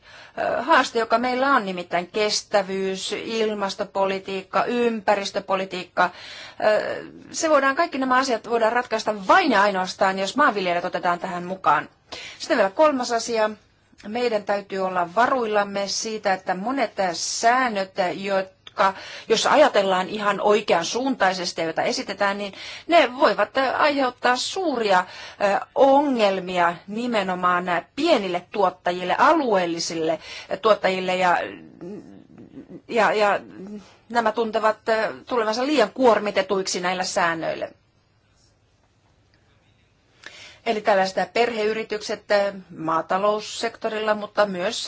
haaste, joka meillä on, nimittäin kestävyys, ilmastopolitiikka, ympäristöpolitiikka. Se voidaan, kaikki nämä asiat voidaan ratkaista vain ja ainoastaan, jos maanviljelijät otetaan tähän mukaan. Sitten vielä kolmas asia. Meidän täytyy olla varuillamme siitä, että monet säännöt, joita jotka, jos ajatellaan ihan oikean suuntaisesti, joita esitetään, niin ne voivat aiheuttaa suuria ongelmia nimenomaan pienille tuottajille, alueellisille tuottajille ja, ja, ja nämä tuntevat tulevansa liian kuormitetuiksi näillä säännöillä. Eli tällaista perheyritykset maataloussektorilla, mutta myös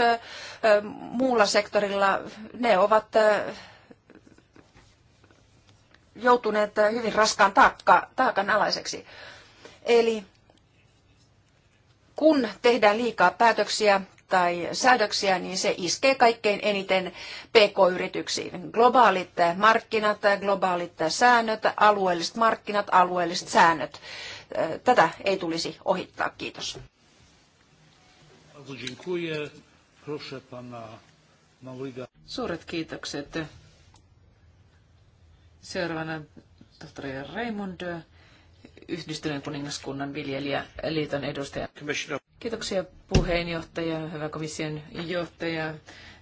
muulla sektorilla, ne ovat joutuneet eh, hyvin raskaan taakka, taakan alaiseksi. Eli kun tehdään liikaa päätöksiä tai säädöksiä, niin se iskee kaikkein eniten pk-yrityksiin. Globaalit eh, markkinat, eh, globaalit säännöt, alueelliset markkinat, alueelliset säännöt. Tätä ei tulisi ohittaa. Kiitos. Suuret kiitokset Seuraavana tohtori Raymond, Yhdistyneen kuningaskunnan viljelijäliiton edustaja. Kiitoksia puheenjohtaja, hyvä komission johtaja.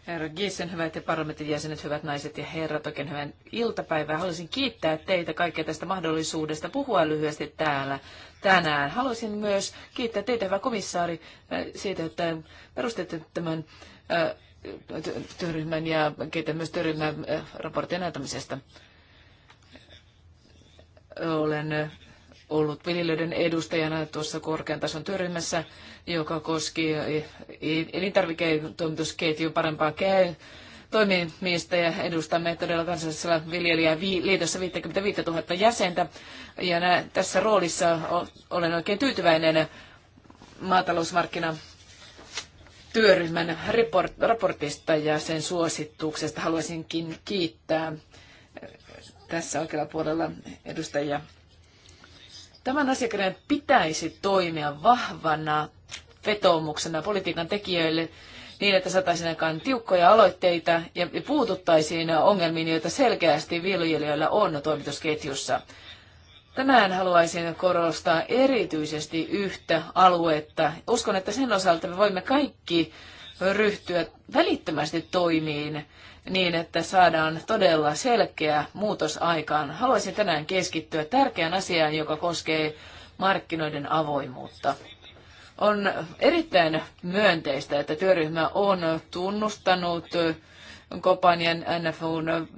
Herra Giesen, hyvät ja parlamentin jäsenet, hyvät naiset ja herrat, oikein hyvän iltapäivää. Haluaisin kiittää teitä kaikkia tästä mahdollisuudesta puhua lyhyesti täällä tänään. Haluaisin myös kiittää teitä, hyvä komissaari, äh, siitä, että perustitte tämän äh, työryhmän ja kiitän myös työryhmän äh, raportin näytämisestä. Olen ollut viljelijöiden edustajana tuossa korkean tason työryhmässä, joka koski elintarviketoimitusketjun parempaa käy toimimista ja edustamme todella kansallisella viljelijäliitossa 55 000 jäsentä. Ja nä, tässä roolissa olen oikein tyytyväinen maatalousmarkkina työryhmän raportista ja sen suosituksesta. Haluaisinkin kiittää tässä oikealla puolella edustajia. Tämän asiakirjan pitäisi toimia vahvana vetoomuksena politiikan tekijöille niin, että saataisiin aikaan tiukkoja aloitteita ja puututtaisiin ongelmiin, joita selkeästi viljelijöillä on toimitusketjussa. Tänään haluaisin korostaa erityisesti yhtä aluetta. Uskon, että sen osalta me voimme kaikki ryhtyä välittömästi toimiin niin, että saadaan todella selkeä muutos aikaan. Haluaisin tänään keskittyä tärkeään asiaan, joka koskee markkinoiden avoimuutta. On erittäin myönteistä, että työryhmä on tunnustanut kopanjan NFUn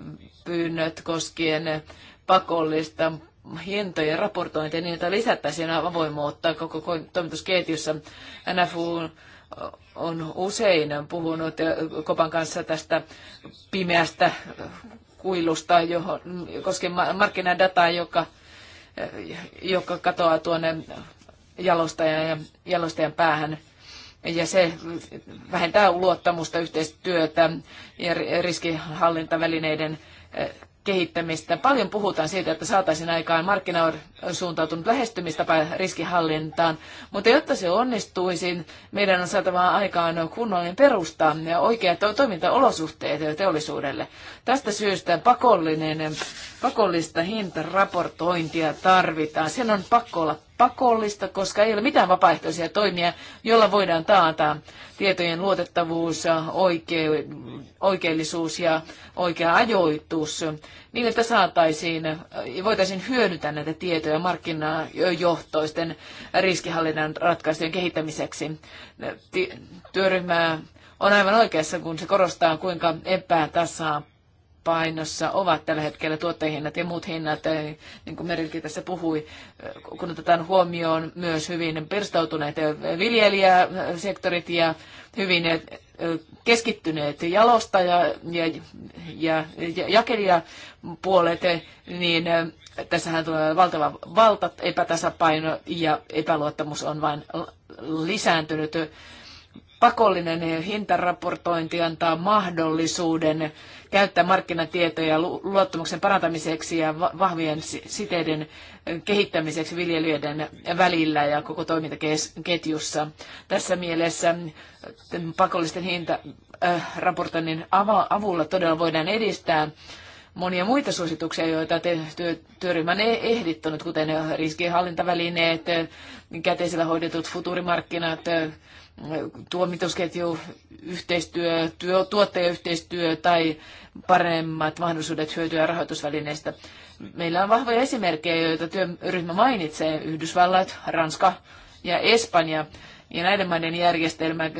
pyynnöt koskien pakollista hintojen raportointia niin, että lisättäisiin avoimuutta koko toimitusketjussa. NFUn on usein puhunut Kopan kanssa tästä pimeästä kuilusta, johon, koskien markkinadataa, joka, joka katoaa tuonne jalostajan, ja jalostajan päähän. Ja se vähentää luottamusta, yhteistyötä ja riskihallintavälineiden kehittämistä. Paljon puhutaan siitä, että saataisiin aikaan markkinoiden suuntautunut lähestymistapa riskihallintaan, mutta jotta se onnistuisi, meidän on saatava aikaan kunnollinen perusta ja oikeat toimintaolosuhteet teollisuudelle. Tästä syystä pakollinen, pakollista hintaraportointia tarvitaan. Sen on pakko olla pakollista, koska ei ole mitään vapaaehtoisia toimia, joilla voidaan taata tietojen luotettavuus, oike- oikeellisuus ja oikea ajoitus, niin että saataisiin, äh, voitaisiin hyödyntää näitä tietoja markkinajohtoisten riskihallinnan ratkaisujen kehittämiseksi. Työryhmä on aivan oikeassa, kun se korostaa, kuinka epätasapainoinen painossa ovat tällä hetkellä tuottajahinnat ja muut hinnat, eh, niin kuin Merilki tässä puhui, eh, kun otetaan huomioon myös hyvin pirstautuneet eh, viljelijäsektorit ja hyvin keskittyneet jalostaja- ja, ja, ja jakelijapuolet, niin tässähän tulee valtava valta, epätasapaino ja epäluottamus on vain lisääntynyt pakollinen hintaraportointi antaa mahdollisuuden käyttää markkinatietoja luottamuksen parantamiseksi ja vahvien siteiden kehittämiseksi viljelijöiden välillä ja koko toimintaketjussa. Tässä mielessä pakollisten hintaraportoinnin avulla todella voidaan edistää monia muita suosituksia, joita te, työryhmä on e-, ehdittanut, kuten riskienhallintavälineet, käteisellä hoidetut futurimarkkinat, tuomitusketju, yhteistyö, työ, tuottajayhteistyö tai paremmat mahdollisuudet hyötyä rahoitusvälineistä. Meillä on vahvoja esimerkkejä, joita työryhmä mainitsee, Yhdysvallat, Ranska ja Espanja ja näiden maiden järjestelmä,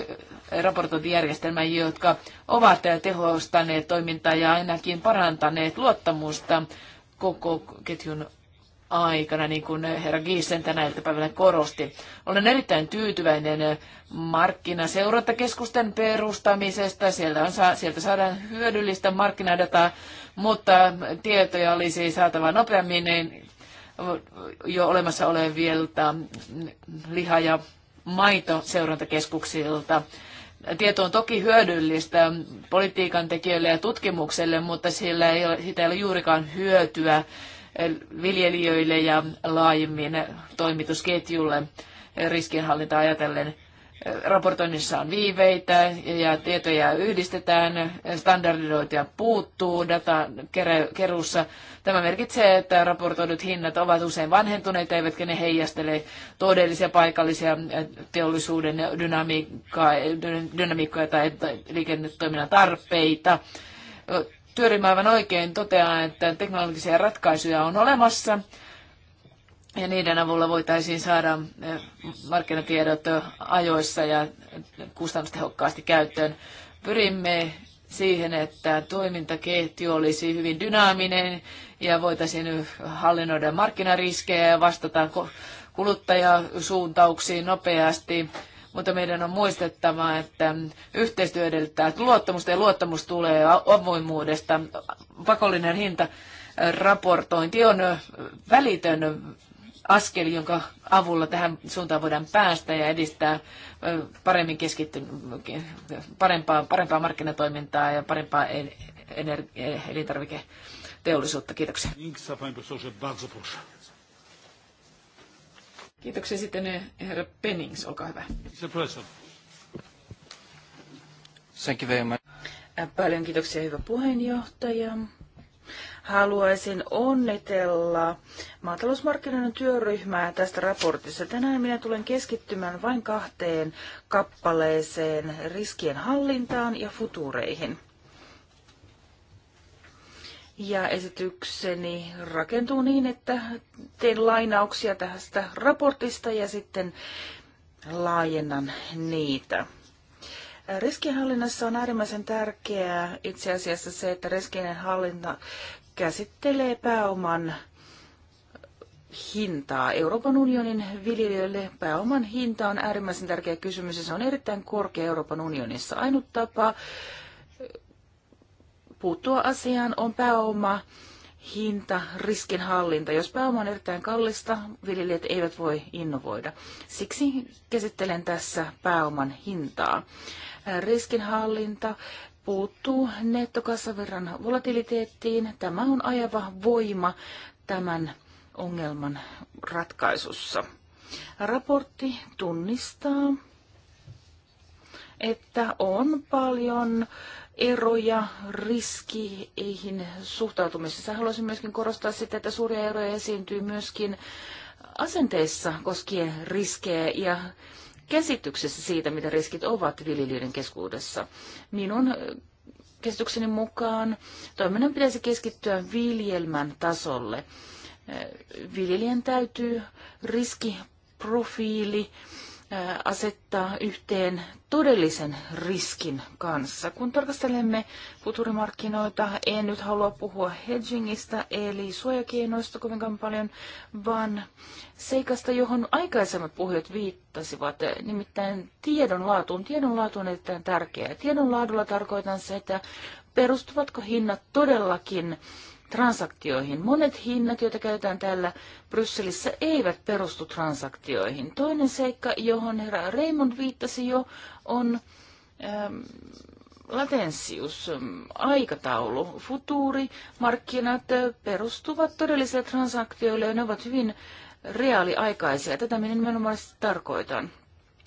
raportointijärjestelmä, jotka ovat tehostaneet toimintaa ja ainakin parantaneet luottamusta koko ketjun aikana, niin kuin herra Giisen tänä iltapäivänä korosti. Olen erittäin tyytyväinen markkinaseurantakeskusten perustamisesta. Sieltä, on, sieltä saadaan hyödyllistä markkinadataa, mutta tietoja olisi saatava nopeammin niin jo olemassa olevilta liha- ja maitoseurantakeskuksilta. Tieto on toki hyödyllistä politiikan tekijöille ja tutkimukselle, mutta sillä ei ole, siitä ei ole juurikaan hyötyä viljelijöille ja laajemmin toimitusketjulle riskienhallinta ajatellen. Raportoinnissa on viiveitä ja tietoja yhdistetään, standardidointia puuttuu datan keruussa. Tämä merkitsee, että raportoidut hinnat ovat usein vanhentuneita, eivätkä ne heijastele todellisia paikallisia teollisuuden dynamiikkaa, dynamiikkoja tai liikennetoiminnan tarpeita Työryhmä aivan oikein toteaa, että teknologisia ratkaisuja on olemassa ja niiden avulla voitaisiin saada eh, markkinatiedot eh, ajoissa ja kustannustehokkaasti käyttöön. Pyrimme siihen, että toimintaketju olisi hyvin dynaaminen ja voitaisiin hallinnoida markkinariskejä ja vastata kuluttajasuuntauksiin nopeasti mutta meidän on muistettava, että yhteistyö edellyttää luottamusta ja luottamus tulee avoimuudesta. Pakollinen hinta raportointi on välitön askel, jonka avulla tähän suuntaan voidaan päästä ja edistää paremmin parempaa, parempaa markkinatoimintaa ja parempaa elintarviketeollisuutta. Kiitoksia. Kiitoksia sitten eh, herra Pennings, olkaa hyvä. Thank you very much. Paljon kiitoksia hyvä puheenjohtaja. Haluaisin onnitella maatalousmarkkinoiden työryhmää tästä raportista. Tänään minä tulen keskittymään vain kahteen kappaleeseen riskien hallintaan ja futureihin. Ja esitykseni rakentuu niin, että teen lainauksia tästä raportista ja sitten laajennan niitä. Riskienhallinnassa on äärimmäisen tärkeää itse asiassa se, että riskien hallinta käsittelee pääoman hintaa. Euroopan unionin viljelijöille pääoman hinta on äärimmäisen tärkeä kysymys ja se on erittäin korkea Euroopan unionissa. Ainut tapa puuttua asiaan on pääoma, hinta, riskinhallinta. Jos pääoma on erittäin kallista, viljelijät eivät voi innovoida. Siksi käsittelen tässä pääoman hintaa. Äh, riskinhallinta puuttuu nettokassavirran volatiliteettiin. Tämä on ajava voima tämän ongelman ratkaisussa. Raportti tunnistaa, että on paljon eroja riskiihin suhtautumisessa. Haluaisin myöskin korostaa sitä, että suuria eroja esiintyy myöskin asenteissa koskien riskejä ja käsityksessä siitä, mitä riskit ovat viljelijöiden keskuudessa. Minun käsitykseni mukaan toiminnan pitäisi keskittyä viljelmän tasolle. Viljelijän täytyy riskiprofiili asettaa yhteen todellisen riskin kanssa. Kun tarkastelemme futurimarkkinoita, en nyt halua puhua hedgingistä eli suojakeinoista kovinkaan paljon, vaan seikasta, johon aikaisemmat puhujat viittasivat, nimittäin tiedonlaatuun. Tiedonlaatu on erittäin tärkeää. Tiedonlaadulla tarkoitan että perustuvatko hinnat todellakin transaktioihin. Monet hinnat, joita käytetään täällä Brysselissä, eivät perustu transaktioihin. Toinen seikka, johon herra Raymond viittasi jo, on ähm, latenssius, ähm, aikataulu, futuuri, markkinat äh, perustuvat todellisille transaktioille ja ne ovat hyvin reaaliaikaisia. Tätä minä nimenomaan tarkoitan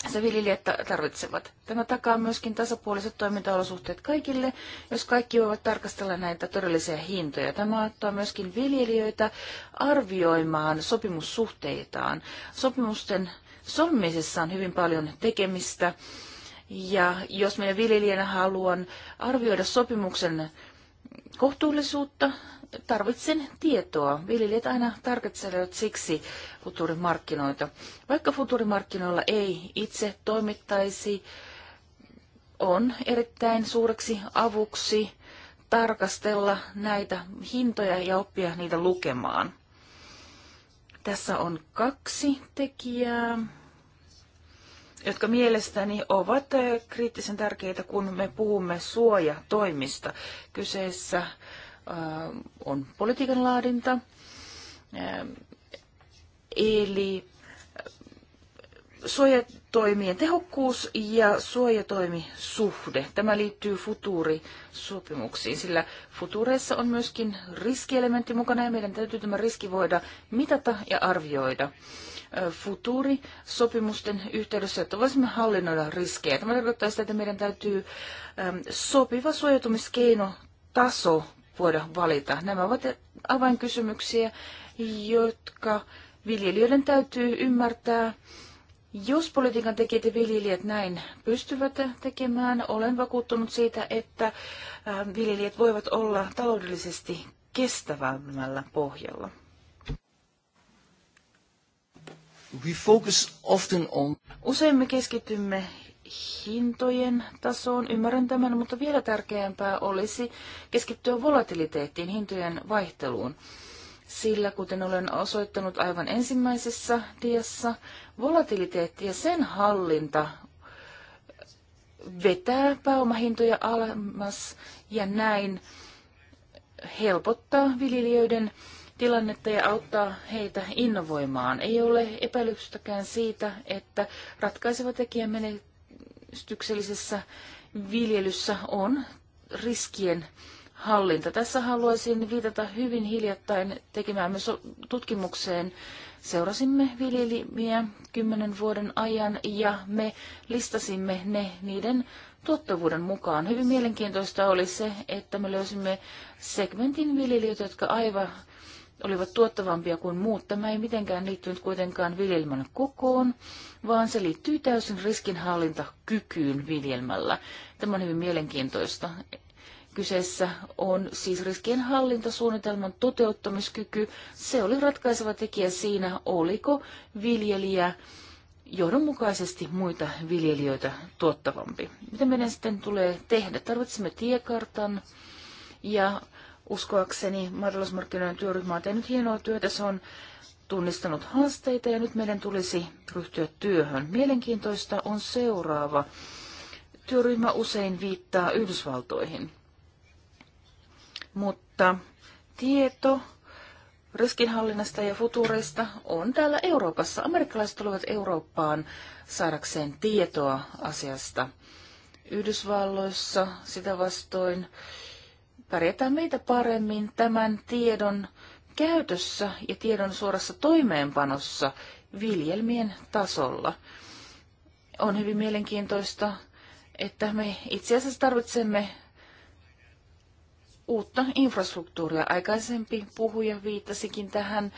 se viljelijät tarvitsevat. Tämä takaa myöskin tasapuoliset toimintaolosuhteet kaikille, jos kaikki voivat tarkastella näitä todellisia hintoja. Tämä auttaa myöskin viljelijöitä arvioimaan sopimussuhteitaan. Sopimusten solmimisessa on hyvin paljon tekemistä. Ja jos minä viljelijänä haluan arvioida sopimuksen kohtuullisuutta, tarvitsen tietoa. Viljelijät aina tarvitsevat siksi futurimarkkinoita. Vaikka futurimarkkinoilla ei itse toimittaisi, on erittäin suureksi avuksi tarkastella näitä hintoja ja oppia niitä lukemaan. Tässä on kaksi tekijää, jotka mielestäni ovat äh, kriittisen tärkeitä, kun me puhumme suojatoimista. Kyseessä Äh, on politiikan laadinta. Äh, eli äh, suojatoimien tehokkuus ja suojatoimisuhde. Tämä liittyy futuurisopimuksiin, sillä futuureissa on myöskin riskielementti mukana ja meidän täytyy tämä riski voida mitata ja arvioida futuurisopimusten yhteydessä, että voisimme hallinnoida riskejä. Tämä tarkoittaa sitä, että meidän täytyy sopiva suojautumiskeino taso voida valita. Nämä ovat avainkysymyksiä, jotka viljelijöiden täytyy ymmärtää. Jos politiikan tekijät ja viljelijät näin pystyvät tekemään, olen vakuuttunut siitä, että viljelijät voivat olla taloudellisesti kestävämmällä pohjalla. We focus often on... Usein me keskitymme hintojen tasoon. Ymmärrän tämän, mutta vielä tärkeämpää olisi keskittyä volatiliteettiin, hintojen vaihteluun. Sillä, kuten olen osoittanut aivan ensimmäisessä tiessä, volatiliteetti ja sen hallinta vetää pääomahintoja alemmas ja näin helpottaa viljelijöiden tilannetta ja auttaa heitä innovoimaan. Ei ole epäilystäkään siitä, että ratkaiseva tekijä menestyksellisessä viljelyssä on riskien hallinta. Tässä haluaisin viitata hyvin hiljattain myös tutkimukseen. Seurasimme viljelimiä kymmenen vuoden ajan ja me listasimme ne niiden tuottavuuden mukaan. Hyvin mielenkiintoista oli se, että me löysimme segmentin viljelijöitä, jotka aivan olivat tuottavampia kuin muut. Tämä ei mitenkään liittynyt kuitenkaan viljelmän kokoon, vaan se liittyy täysin riskinhallintakykyyn viljelmällä. Tämä on hyvin mielenkiintoista. Kyseessä on siis riskienhallintasuunnitelman toteuttamiskyky. Se oli ratkaiseva tekijä siinä, oliko viljelijä johdonmukaisesti muita viljelijöitä tuottavampi. Mitä meidän sitten tulee tehdä? Tarvitsemme tiekartan ja uskoakseni maatalousmarkkinoiden työryhmä on tehnyt hienoa työtä. Se on tunnistanut haasteita ja nyt meidän tulisi ryhtyä työhön. Mielenkiintoista on seuraava. Työryhmä usein viittaa Yhdysvaltoihin, mutta tieto riskinhallinnasta ja futureista on täällä Euroopassa. Amerikkalaiset tulevat Eurooppaan saadakseen tietoa asiasta. Yhdysvalloissa sitä vastoin pärjätä meitä paremmin tämän tiedon käytössä ja tiedon suorassa toimeenpanossa viljelmien tasolla. On hyvin mielenkiintoista, että me itse asiassa tarvitsemme uutta infrastruktuuria. Aikaisempi puhuja viittasikin tähän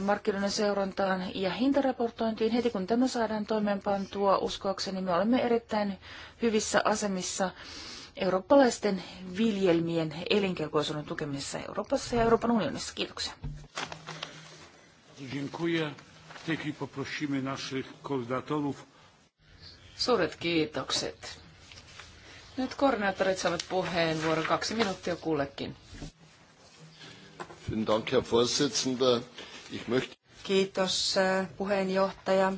markkinoiden seurantaan ja hintaraportointiin. Heti kun tämä saadaan toimeenpantua, uskoakseni me olemme erittäin hyvissä asemissa eurooppalaisten viljelmien elinkelpoisuuden tukemisessa Euroopassa ja Euroopan unionissa. Kiitoksia. Suuret kiitokset. Nyt koordinaattorit saavat puheenvuoron kaksi minuuttia kullekin. Kiitos äh, puheenjohtaja.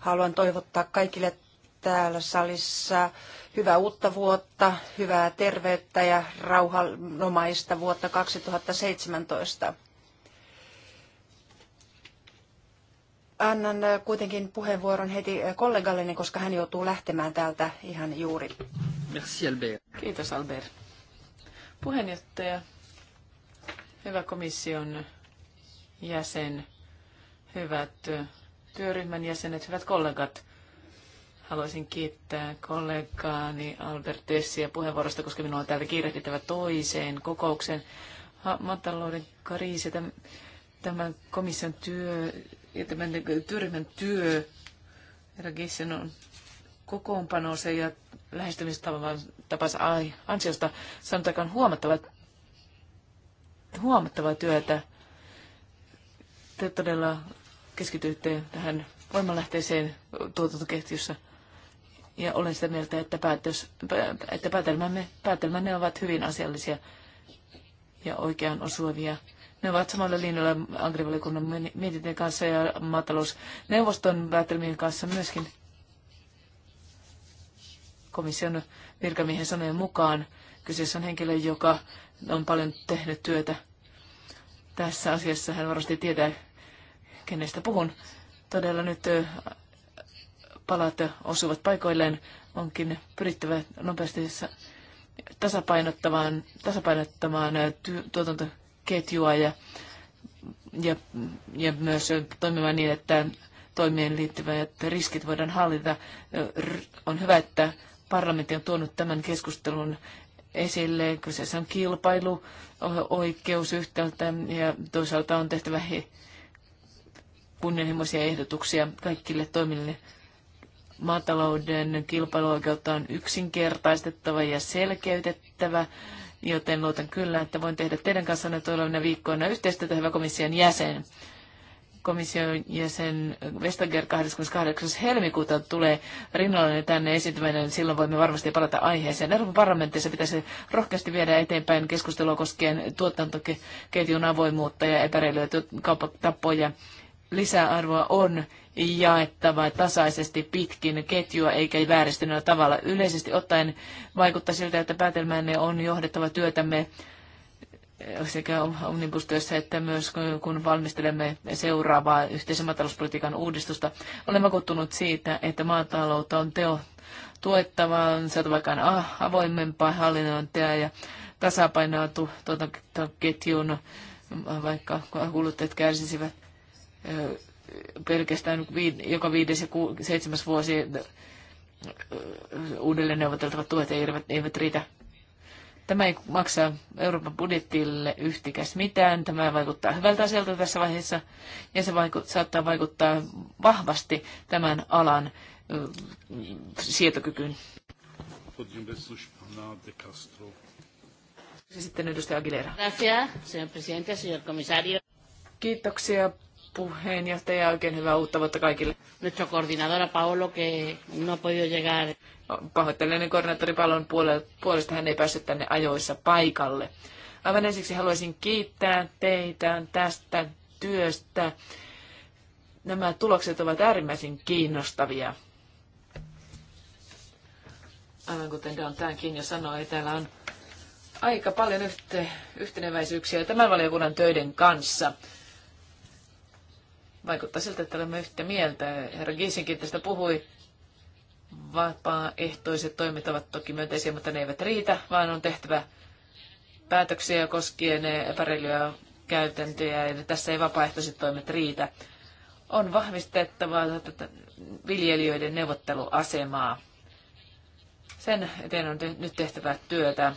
Haluan toivottaa kaikille täällä salissa. Hyvää uutta vuotta, hyvää terveyttä ja rauhanomaista vuotta 2017. Annan kuitenkin puheenvuoron heti kollegalleni, koska hän joutuu lähtemään täältä ihan juuri. Merci Albert. Kiitos Albert. Puheenjohtaja, hyvä komission jäsen, hyvät työryhmän jäsenet, hyvät kollegat. Haluaisin kiittää kollegaani Albert Tessiä puheenvuorosta, koska minulla on täällä kiirehdittävä toiseen kokoukseen. Maatalouden kriisi, tämän komission työ ja tämän työryhmän työ, Ragissin on kokoonpanoisen ja lähestymistavan tapansa ansiosta sanotaan huomattava, huomattavaa työtä. Te todella keskityitte tähän voimalähteeseen tuotantoketjussa – ja olen sitä mieltä, että, päätös, että päätelmämme, päätelmämme ovat hyvin asiallisia ja oikean osuvia. Ne ovat samalla linjalla agrivalikunnan mietintöjen kanssa ja maatalousneuvoston päätelmien kanssa myöskin. Komission virkamiehen sanojen mukaan kyseessä on henkilö, joka on paljon tehnyt työtä tässä asiassa. Hän varmasti tietää, kenestä puhun. Todella nyt palat osuvat paikoilleen, onkin pyrittävä nopeasti tasapainottamaan, tasapainottamaan tuotantoketjua ja, ja, ja myös toimimaan niin, että toimien liittyvät riskit voidaan hallita. On hyvä, että parlamentti on tuonut tämän keskustelun esille. Kyseessä on kilpailu, oikeus yhtäältä ja toisaalta on tehtävä kunnianhimoisia ehdotuksia kaikille toimille Maatalouden kilpailuoikeutta on yksinkertaistettava ja selkeytettävä, joten luotan kyllä, että voin tehdä teidän kanssanne tulevina viikkoina yhteistyötä, hyvä komission jäsen komission jäsen Vestager 28. helmikuuta tulee rinnallani tänne esiintymään, niin silloin voimme varmasti palata aiheeseen. Euroopan parlamentissa pitäisi rohkeasti viedä eteenpäin keskustelua koskien tuotantoketjun avoimuutta ja epäreilyä kauppatapoja. Lisäarvoa on jaettava tasaisesti pitkin ketjua eikä vääristyneellä tavalla. Yleisesti ottaen vaikuttaa siltä, että päätelmänne on johdettava työtämme eh, sekä omnibustyössä että myös kun valmistelemme seuraavaa yhteisen maatalouspolitiikan uudistusta. Olen vakuuttunut siitä, että maataloutta on teo tuettava, on saatu vaikka avoimempaa hallinnointia ja tasapainoa ketjun, vaikka kuluttajat kärsisivät eh, pelkästään joka viides ja seitsemäs vuosi äh, uudelleen neuvoteltavat tuet eivät, eivät riitä. Tämä ei maksa Euroopan budjettille yhtikäs mitään. Tämä vaikuttaa hyvältä asialta tässä vaiheessa ja se vaiku- saattaa vaikuttaa vahvasti tämän alan äh, sietokykyyn. Sitten edustaja Aguilera. Kiitoksia puheenjohtaja. Oikein hyvää uutta vuotta kaikille. Nuestro coordinadora Paolo, que no ha podido llegar. Pahoittelen niin koordinaattori Paolon puolesta, hän ei päässyt tänne ajoissa paikalle. Aivan ensiksi haluaisin kiittää teitä tästä työstä. Nämä tulokset ovat äärimmäisen kiinnostavia. Aivan kuten Don Tänkin jo sanoi, täällä on aika paljon yhteneväisyyksiä tämän valiokunnan töiden kanssa. Vaikuttaa siltä, että olemme yhtä mieltä. Herra Giesinkin tästä puhui. Vapaaehtoiset toimet ovat toki myönteisiä, mutta ne eivät riitä, vaan on tehtävä päätöksiä koskien epäreilyä käytäntöjä. Ja tässä ei vapaaehtoiset toimet riitä. On vahvistettava tätä viljelijöiden neuvotteluasemaa. Sen eteen on nyt tehtävä työtä.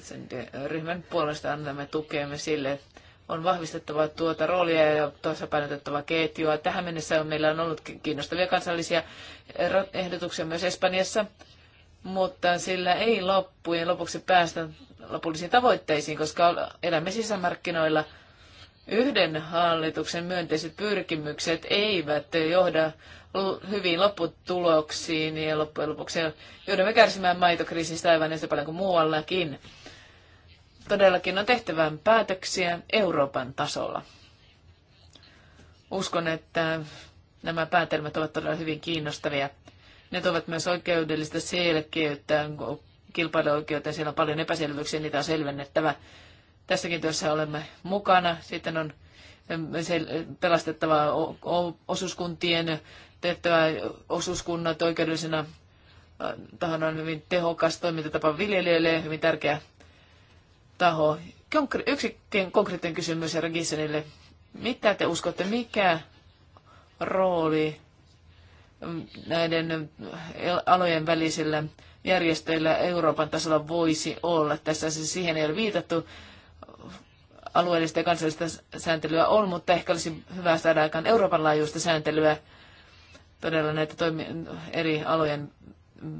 Sen ryhmän puolesta annamme tukemme sille, että on vahvistettava tuota roolia ja tasapainotettava ketjua. Tähän mennessä on, meillä on ollut kiinnostavia kansallisia ehdotuksia myös Espanjassa, mutta sillä ei loppujen lopuksi päästä lopullisiin tavoitteisiin, koska elämme sisämarkkinoilla. Yhden hallituksen myönteiset pyrkimykset eivät johda hyvin lopputuloksiin ja loppujen lopuksi joudumme kärsimään maitokriisistä aivan yhtä paljon kuin muuallakin todellakin on tehtävän päätöksiä Euroopan tasolla. Uskon, että nämä päätelmät ovat todella hyvin kiinnostavia. Ne tuovat myös oikeudellista selkeyttä kilpailuoikeuteen. Siellä on paljon epäselvyyksiä, niitä on selvennettävä. Tässäkin työssä olemme mukana. Sitten on pelastettava osuuskuntien tehtävä osuuskunnat oikeudellisena äh, tahona on hyvin tehokas toimintatapa viljelijöille ja hyvin tärkeä taho. Yksi konkreettinen kysymys herra Gissenille. Mitä te uskotte, mikä rooli mm, näiden mm, alojen välisillä järjestöillä Euroopan tasolla voisi olla. Tässä siis siihen ei ole viitattu. Alueellista ja kansallista sääntelyä on, mutta ehkä olisi hyvä saada aikaan Euroopan laajuista sääntelyä todella näitä toimi- eri alojen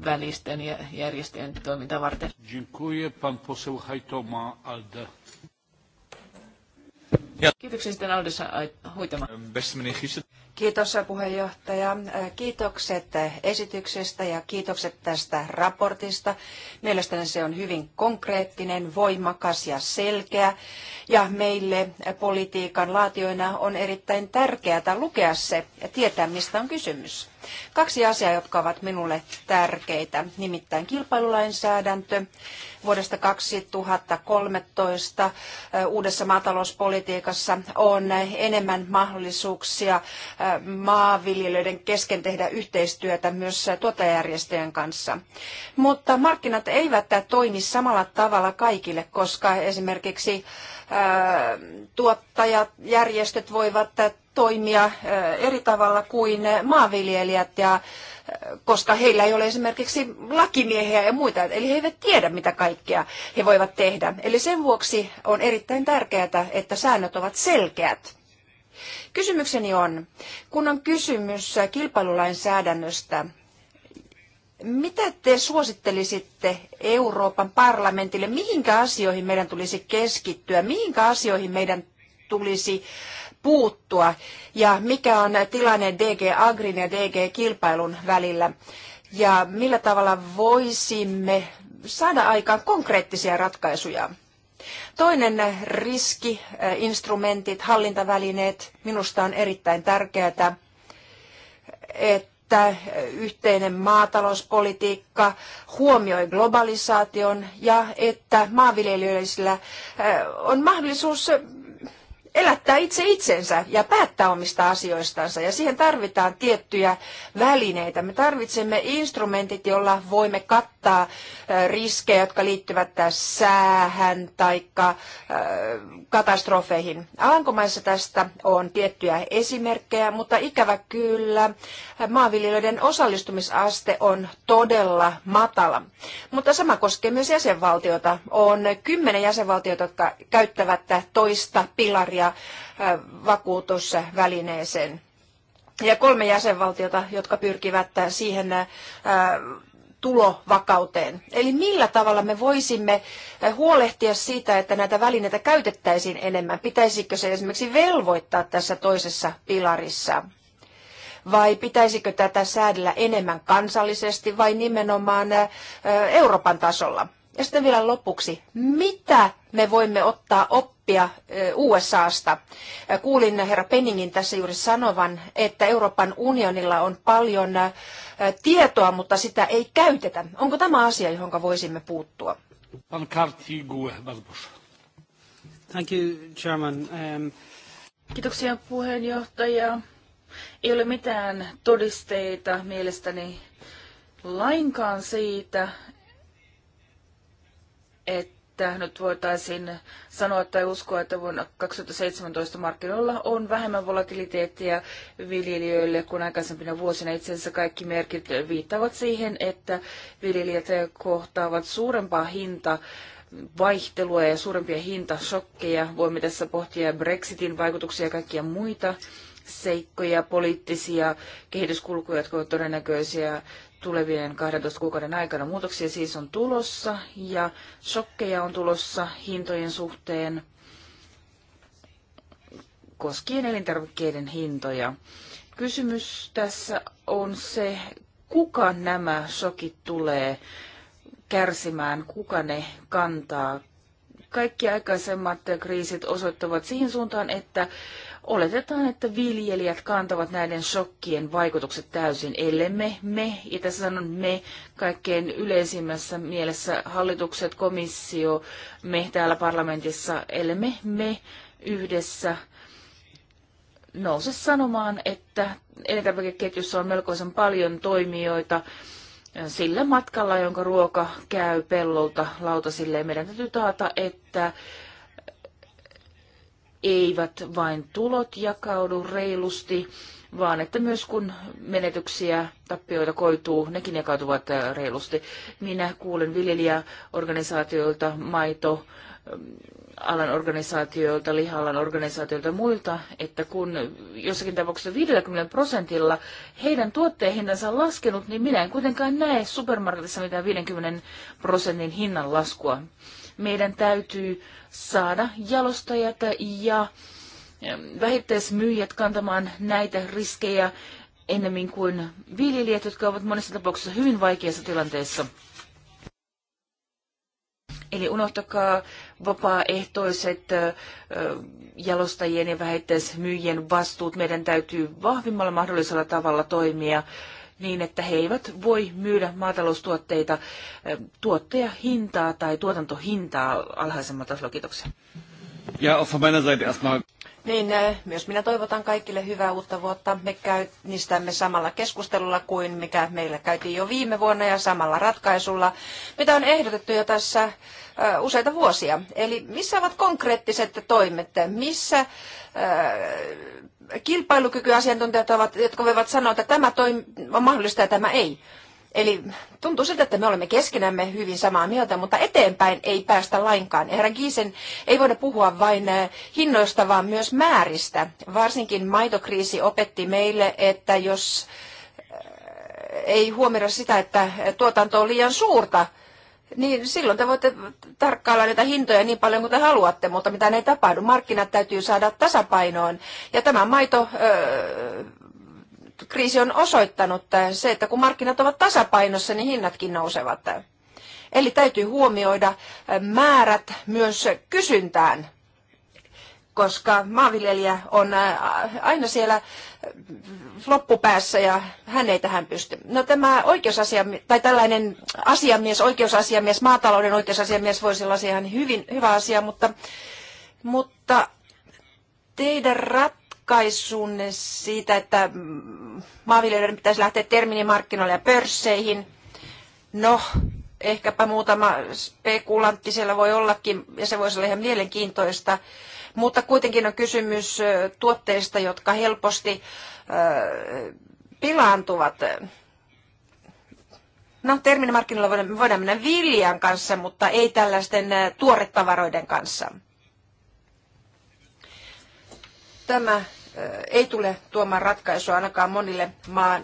välisten järjestöjen toimintaa varten. Dziękuję, pan poseł Haitoma Alde. Ja. Kiitoksia sitten Aldessa hoitamaan. Kiitos puheenjohtaja. Äh, kiitokset äh, esityksestä ja kiitokset tästä raportista. Mielestäni se on hyvin konkreettinen, voimakas ja selkeä. Ja meille äh, politiikan laatioina on erittäin tärkeää lukea se ja tietää, mistä on kysymys. Kaksi asiaa, jotka ovat minulle tärkeitä, nimittäin kilpailulainsäädäntö vuodesta 2013 uudessa maatalouspolitiikassa on enemmän mahdollisuuksia maanviljelijöiden kesken tehdä yhteistyötä myös tuottajajärjestöjen kanssa. Mutta markkinat eivät toimi samalla tavalla kaikille, koska esimerkiksi tuottajat, järjestöt voivat toimia eri tavalla kuin maanviljelijät, ja, koska heillä ei ole esimerkiksi lakimiehiä ja muita, eli he eivät tiedä, mitä kaikkea he voivat tehdä. Eli sen vuoksi on erittäin tärkeää, että säännöt ovat selkeät. Kysymykseni on, kun on kysymys kilpailulainsäädännöstä, mitä te suosittelisitte Euroopan parlamentille? Mihinkä asioihin meidän tulisi keskittyä? Mihinkä asioihin meidän tulisi puuttua? Ja mikä on tilanne DG Agrin ja DG Kilpailun välillä? Ja millä tavalla voisimme saada aikaan konkreettisia ratkaisuja? Toinen riski, instrumentit, hallintavälineet, minusta on erittäin tärkeää, että että yhteinen maatalouspolitiikka huomioi globalisaation ja että maanviljelijöillä äh, on mahdollisuus elättää itse itsensä ja päättää omista asioistansa. Ja siihen tarvitaan tiettyjä välineitä. Me tarvitsemme instrumentit, joilla voimme kattaa riskejä, jotka liittyvät säähän tai katastrofeihin. Alankomaissa tästä on tiettyjä esimerkkejä, mutta ikävä kyllä maanviljelijöiden osallistumisaste on todella matala. Mutta sama koskee myös jäsenvaltiota. On kymmenen jäsenvaltiota, jotka käyttävät toista pilaria ja äh, vakuutusvälineeseen. Ja kolme jäsenvaltiota, jotka pyrkivät siihen äh, tulovakauteen. Eli millä tavalla me voisimme äh, huolehtia siitä, että näitä välineitä käytettäisiin enemmän? Pitäisikö se esimerkiksi velvoittaa tässä toisessa pilarissa? Vai pitäisikö tätä säädellä enemmän kansallisesti vai nimenomaan Euroopan tasolla? Ja sitten vielä lopuksi, mitä me voimme ottaa oppia USAsta? Kuulin herra Penningin tässä juuri sanovan, että Euroopan unionilla on paljon tietoa, mutta sitä ei käytetä. Onko tämä asia, johon voisimme puuttua? Thank you, Chairman. Um... Kiitoksia puheenjohtaja. Ei ole mitään todisteita mielestäni lainkaan siitä, että nyt voitaisiin sanoa tai uskoa, että vuonna 2017 markkinoilla on vähemmän volatiliteettia viljelijöille kuin aikaisempina vuosina. Itse asiassa kaikki merkit viittaavat siihen, että viljelijät kohtaavat suurempaa hinta vaihtelua ja suurempia hintashokkeja. Voimme tässä pohtia Brexitin vaikutuksia ja kaikkia muita seikkoja, poliittisia kehityskulkuja, jotka ovat todennäköisiä tulevien 12 kuukauden aikana. Muutoksia siis on tulossa ja shokkeja on tulossa hintojen suhteen koskien elintarvikkeiden hintoja. Kysymys tässä on se, kuka nämä shokit tulee kärsimään, kuka ne kantaa. Kaikki aikaisemmat kriisit osoittavat siihen suuntaan, että Oletetaan, että viljelijät kantavat näiden shokkien vaikutukset täysin, ellemme me, ja tässä sanon me kaikkein yleisimmässä mielessä hallitukset, komissio, me täällä parlamentissa, ellemme me yhdessä nouse sanomaan, että elintarvikeketjussa on melkoisen paljon toimijoita sillä matkalla, jonka ruoka käy pellolta lautasille. Meidän täytyy taata, että eivät vain tulot jakaudu reilusti, vaan että myös kun menetyksiä, tappioita koituu, nekin jakautuvat reilusti. Minä kuulen viljelijäorganisaatioilta, maito, mm, alan organisaatioilta, lihalan organisaatioilta ja muilta, että kun jossakin tapauksessa 50 prosentilla heidän tuotteenhintansa on laskenut, niin minä en kuitenkaan näe supermarketissa mitään 50 prosentin hinnan laskua meidän täytyy saada jalostajat ja vähittäismyyjät kantamaan näitä riskejä ennemmin kuin viljelijät, jotka ovat monessa tapauksessa hyvin vaikeassa tilanteessa. Eli unohtakaa vapaaehtoiset jalostajien ja vähittäismyyjien vastuut. Meidän täytyy vahvimmalla mahdollisella tavalla toimia niin, että he eivät voi myydä maataloustuotteita tuottajahintaa tai tuotantohintaa alhaisemmalla tasolla. Kiitoksia. Ja, auch von meiner Seite erstmal. Niin, eh, myös minä toivotan kaikille hyvää uutta vuotta. Me käynnistämme samalla keskustelulla kuin mikä meillä käytiin jo viime vuonna ja samalla ratkaisulla, mitä on ehdotettu jo tässä eh, useita vuosia. Eli missä ovat konkreettiset toimet? Missä eh, kilpailukykyasiantuntijat ovat, jotka voivat sanoa, että tämä toim on mahdollista ja tämä ei? Eli tuntuu siltä, että me olemme keskenämme hyvin samaa mieltä, mutta eteenpäin ei päästä lainkaan. Herra Giisen ei voida puhua vain äh, hinnoista, vaan myös määristä. Varsinkin maitokriisi opetti meille, että jos äh, ei huomioida sitä, että tuotanto on liian suurta, niin silloin te voitte tarkkailla näitä hintoja niin paljon kuin te haluatte, mutta mitä ei tapahdu. Markkinat täytyy saada tasapainoon. Ja tämä maito öö, kriisi on osoittanut eh, se, että kun markkinat ovat tasapainossa, niin hinnatkin nousevat. Eli täytyy huomioida eh, määrät myös kysyntään, koska maanviljelijä on eh, aina siellä loppupäässä ja hän ei tähän pysty. No tämä oikeusasiamies, tai tällainen asiamies, oikeusasiamies, maatalouden oikeusasiamies voisi olla ihan hyvin, hyvä asia, mutta, mutta teidän rat ratkaisun siitä, että maanviljelijöiden pitäisi lähteä terminimarkkinoille ja pörsseihin. No, ehkäpä muutama spekulantti siellä voi ollakin, ja se voisi olla ihan mielenkiintoista. Mutta kuitenkin on kysymys tuotteista, jotka helposti pilaantuvat. No, terminimarkkinoilla voidaan mennä viljan kanssa, mutta ei tällaisten tuoretavaroiden kanssa. Tämä ei tule tuomaan ratkaisua ainakaan monille maan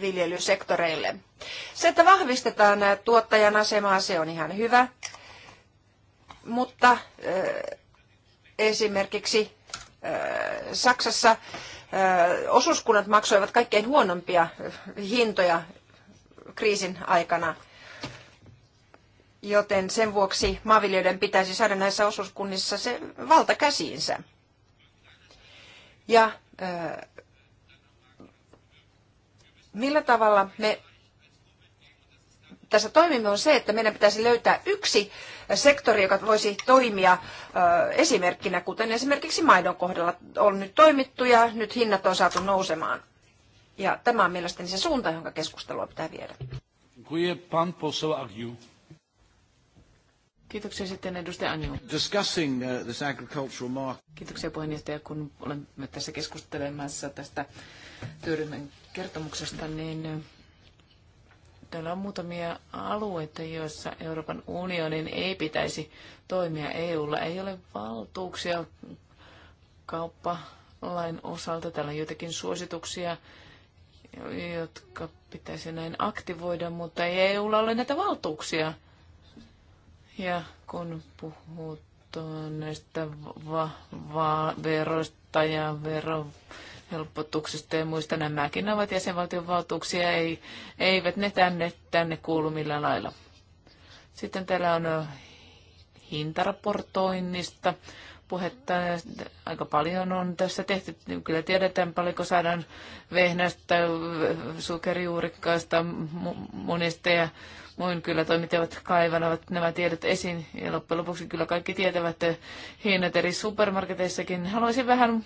viljelysektoreille. Se, että vahvistetaan tuottajan asemaa, se on ihan hyvä, mutta esimerkiksi Saksassa osuuskunnat maksoivat kaikkein huonompia hintoja kriisin aikana. Joten sen vuoksi maanviljelijöiden pitäisi saada näissä osuuskunnissa se valta käsiinsä. Ja millä tavalla me tässä toimimme on se, että meidän pitäisi löytää yksi sektori, joka voisi toimia esimerkkinä, kuten esimerkiksi maidon kohdalla on nyt toimittu ja nyt hinnat on saatu nousemaan. Ja tämä on mielestäni se suunta, jonka keskustelua pitää viedä. Dziękuję. Pan poseł Agiu. Kiitoksia sitten edustaja Anju. Discussing uh, this agricultural market. Kiitoksia puheenjohtaja, kun olemme tässä keskustelemassa tästä työryhmän kertomuksesta, niin uh, täällä on muutamia alueita, joissa Euroopan unionin ei pitäisi toimia. EUlla ei ole valtuuksia kauppalain osalta. Täällä on joitakin suosituksia, jotka pitäisi näin aktivoida, mutta ei EUlla ole näitä valtuuksia – ja kun puhutaan näistä va- va- veroista ja verohelpotuksista ja muista, nämäkin ovat jäsenvaltion valtuuksia, ei, eivät ne tänne, tänne kuulu millään lailla. Sitten täällä on hintaraportoinnista puhetta. Aika paljon on tässä tehty. Kyllä tiedetään paljonko saadaan vehnästä, sukerijuurikkaasta, monista ja Muin kyllä toimittajat kaivanavat nämä tiedot esiin ja loppujen lopuksi kyllä kaikki tietävät hinnat eri supermarketeissakin. Haluaisin vähän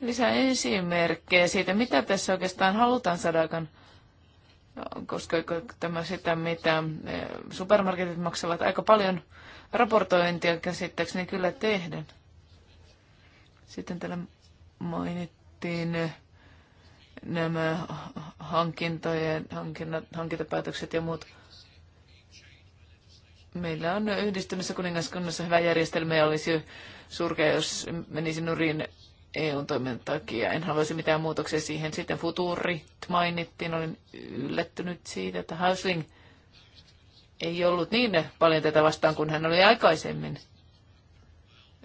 lisää esimerkkejä siitä, mitä tässä oikeastaan halutaan saada koska tämä sitä, mitä eh, supermarketit maksavat aika paljon raportointia käsittääkseni kyllä tehdään. Sitten täällä mainittiin eh, nämä hankintojen, hankinnat, hankintapäätökset ja muut. Meillä on yhdistymissä kuningaskunnassa hyvä järjestelmä ja olisi surkea, jos menisi nurin EUn toiminnan takia. En haluaisi mitään muutoksia siihen. Sitten futuri mainittiin. Olin yllättynyt siitä, että Hausling ei ollut niin paljon tätä vastaan kuin hän oli aikaisemmin.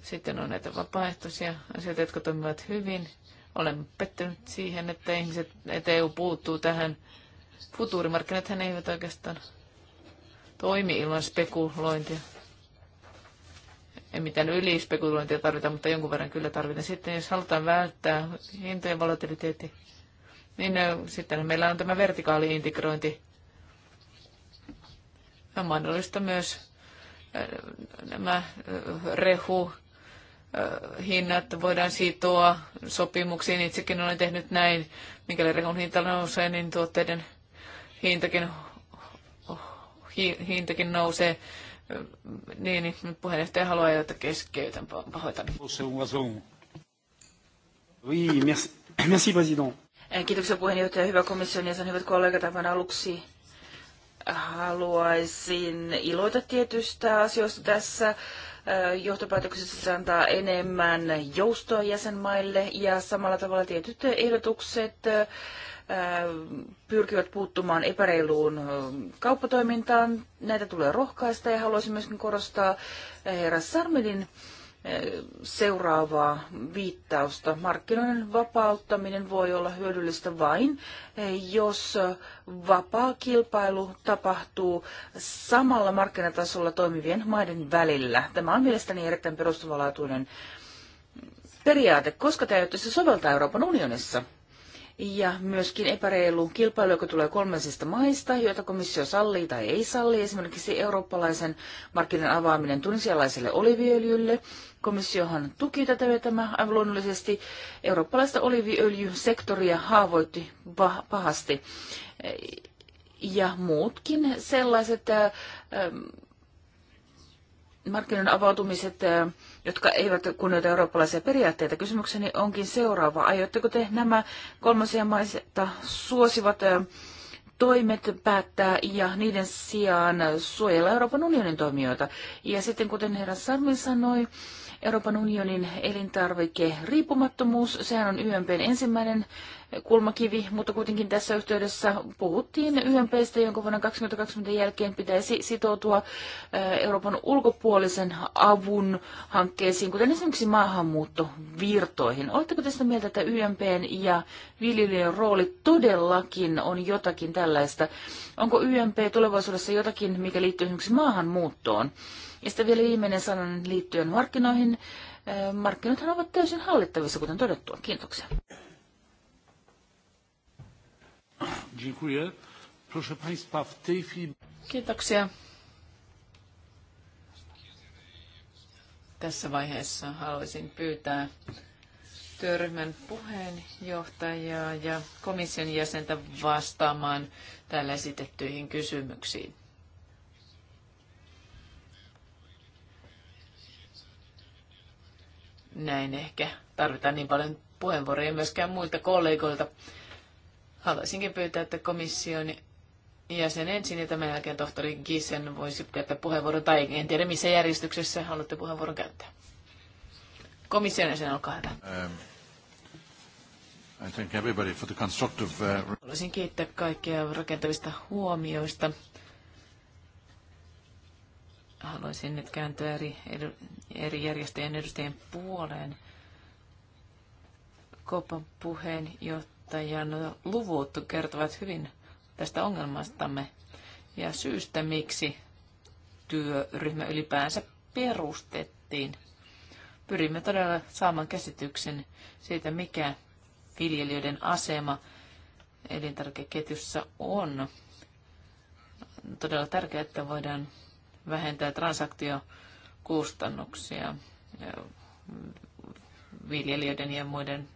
Sitten on näitä vapaaehtoisia asioita, jotka toimivat hyvin. Olen pettynyt siihen, että ihmiset, että EU puuttuu tähän. hän eivät oikeastaan toimi ilman spekulointia. Ei mitään ylispekulointia tarvita, mutta jonkun verran kyllä tarvitaan. Sitten jos halutaan välttää hintojen volatiliteetti, niin sitten meillä on tämä vertikaali integrointi. On mahdollista myös nämä rehu hinnat voidaan sitoa sopimuksiin. Itsekin olen tehnyt näin, mikäli rehun hinta nousee, niin tuotteiden hintakin hintakin nousee. Niin, niin, nyt puheenjohtaja haluaa, että keskeytän pahoitani. président. Kiitoksia puheenjohtaja, hyvä komission jäsen, hyvät kollegat. Aivan aluksi haluaisin iloita tietystä asioista tässä johtopäätöksessä se antaa enemmän joustoa jäsenmaille ja samalla tavalla tietyt ehdotukset pyrkivät puuttumaan epäreiluun kauppatoimintaan. Näitä tulee rohkaista ja haluaisin myöskin korostaa herra Sarmelin seuraavaa viittausta. Markkinoiden vapauttaminen voi olla hyödyllistä vain, jos vapaa kilpailu tapahtuu samalla markkinatasolla toimivien maiden välillä. Tämä on mielestäni erittäin perustavanlaatuinen periaate, koska te ei se soveltaa Euroopan unionissa ja myöskin epäreilu kilpailu, joka tulee kolmansista maista, joita komissio sallii tai ei salli. Esimerkiksi eurooppalaisen markkinan avaaminen tunisialaiselle oliviöljylle. Komissiohan tuki tätä ja tämä aivan luonnollisesti eurooppalaista oliviöljysektoria haavoitti pahasti. Ja muutkin sellaiset markkinoiden avautumiset jotka eivät kunnioita eurooppalaisia periaatteita. Kysymykseni onkin seuraava. Aiotteko te nämä kolmansia maita suosivat toimet päättää ja niiden sijaan suojella Euroopan unionin toimijoita? Ja sitten kuten herra Sarmin sanoi, Euroopan unionin elintarvike riippumattomuus, sehän on YMPn ensimmäinen kulmakivi, mutta kuitenkin tässä yhteydessä puhuttiin YMPstä, jonka vuonna 2020 jälkeen pitäisi sitoutua eh, Euroopan ulkopuolisen avun hankkeisiin, kuten esimerkiksi maahanmuuttovirtoihin. Oletteko tästä mieltä, että YMPn ja viljelijöiden rooli todellakin on jotakin tällaista? Onko YMP tulevaisuudessa jotakin, mikä liittyy esimerkiksi maahanmuuttoon? Ja sitten vielä viimeinen sanan liittyen markkinoihin. Eh, markkinathan ovat täysin hallittavissa, kuten todettua. Kiitoksia. Dziękuję. Proszę Państwa, w tej chwili... Kiitoksia. Tässä vaiheessa haluaisin pyytää työryhmän puheenjohtajaa ja komission jäsentä vastaamaan täällä esitettyihin kysymyksiin. Näin ehkä tarvitaan niin paljon puheenvuoroja myöskään muilta kollegoilta. Haluaisinkin pyytää, että komission jäsen ensin ja tämän jälkeen tohtori Gissen voisi käyttää puheenvuoron, tai en tiedä missä järjestyksessä haluatte puheenvuoron käyttää. Komission jäsen, olkaa hyvä. Um, I thank everybody for the constructive, uh... Haluaisin kiittää kaikkia rakentavista huomioista. Haluaisin nyt kääntyä eri, eri järjestöjen edustajien puoleen. Kopan puheenjohtaja kuluttajan luvut kertovat hyvin tästä ongelmastamme ja syystä, miksi työryhmä ylipäänsä perustettiin. Pyrimme todella saamaan käsityksen siitä, mikä viljelijöiden asema elintarvikeketjussa on. Todella tärkeää, että voidaan vähentää transaktiokustannuksia viljelijöiden ja muiden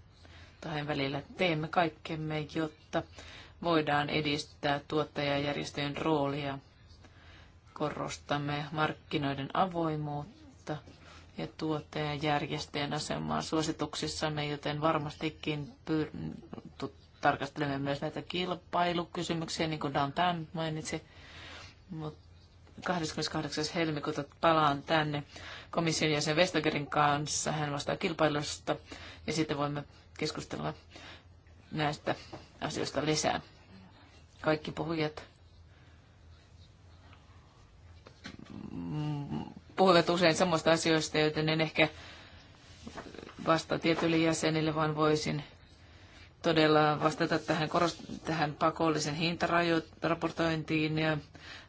tuottajien välillä teemme kaikkemme, jotta voidaan edistää tuottajajärjestöjen roolia. Korostamme markkinoiden avoimuutta ja tuottajajärjestöjen asemaa suosituksissamme, joten varmastikin pyr- tarkastelemme myös näitä kilpailukysymyksiä, niin kuin Tan mainitsi. Mut 28. helmikuuta palaan tänne komission jäsen Vestagerin kanssa. Hän vastaa kilpailusta ja sitten voimme keskustella näistä asioista lisää. Kaikki puhujat puhuvat usein samoista asioista, joten en ehkä vastaa tietyille jäsenille, vaan voisin todella vastata tähän, korost- tähän pakollisen hintaraportointiin ja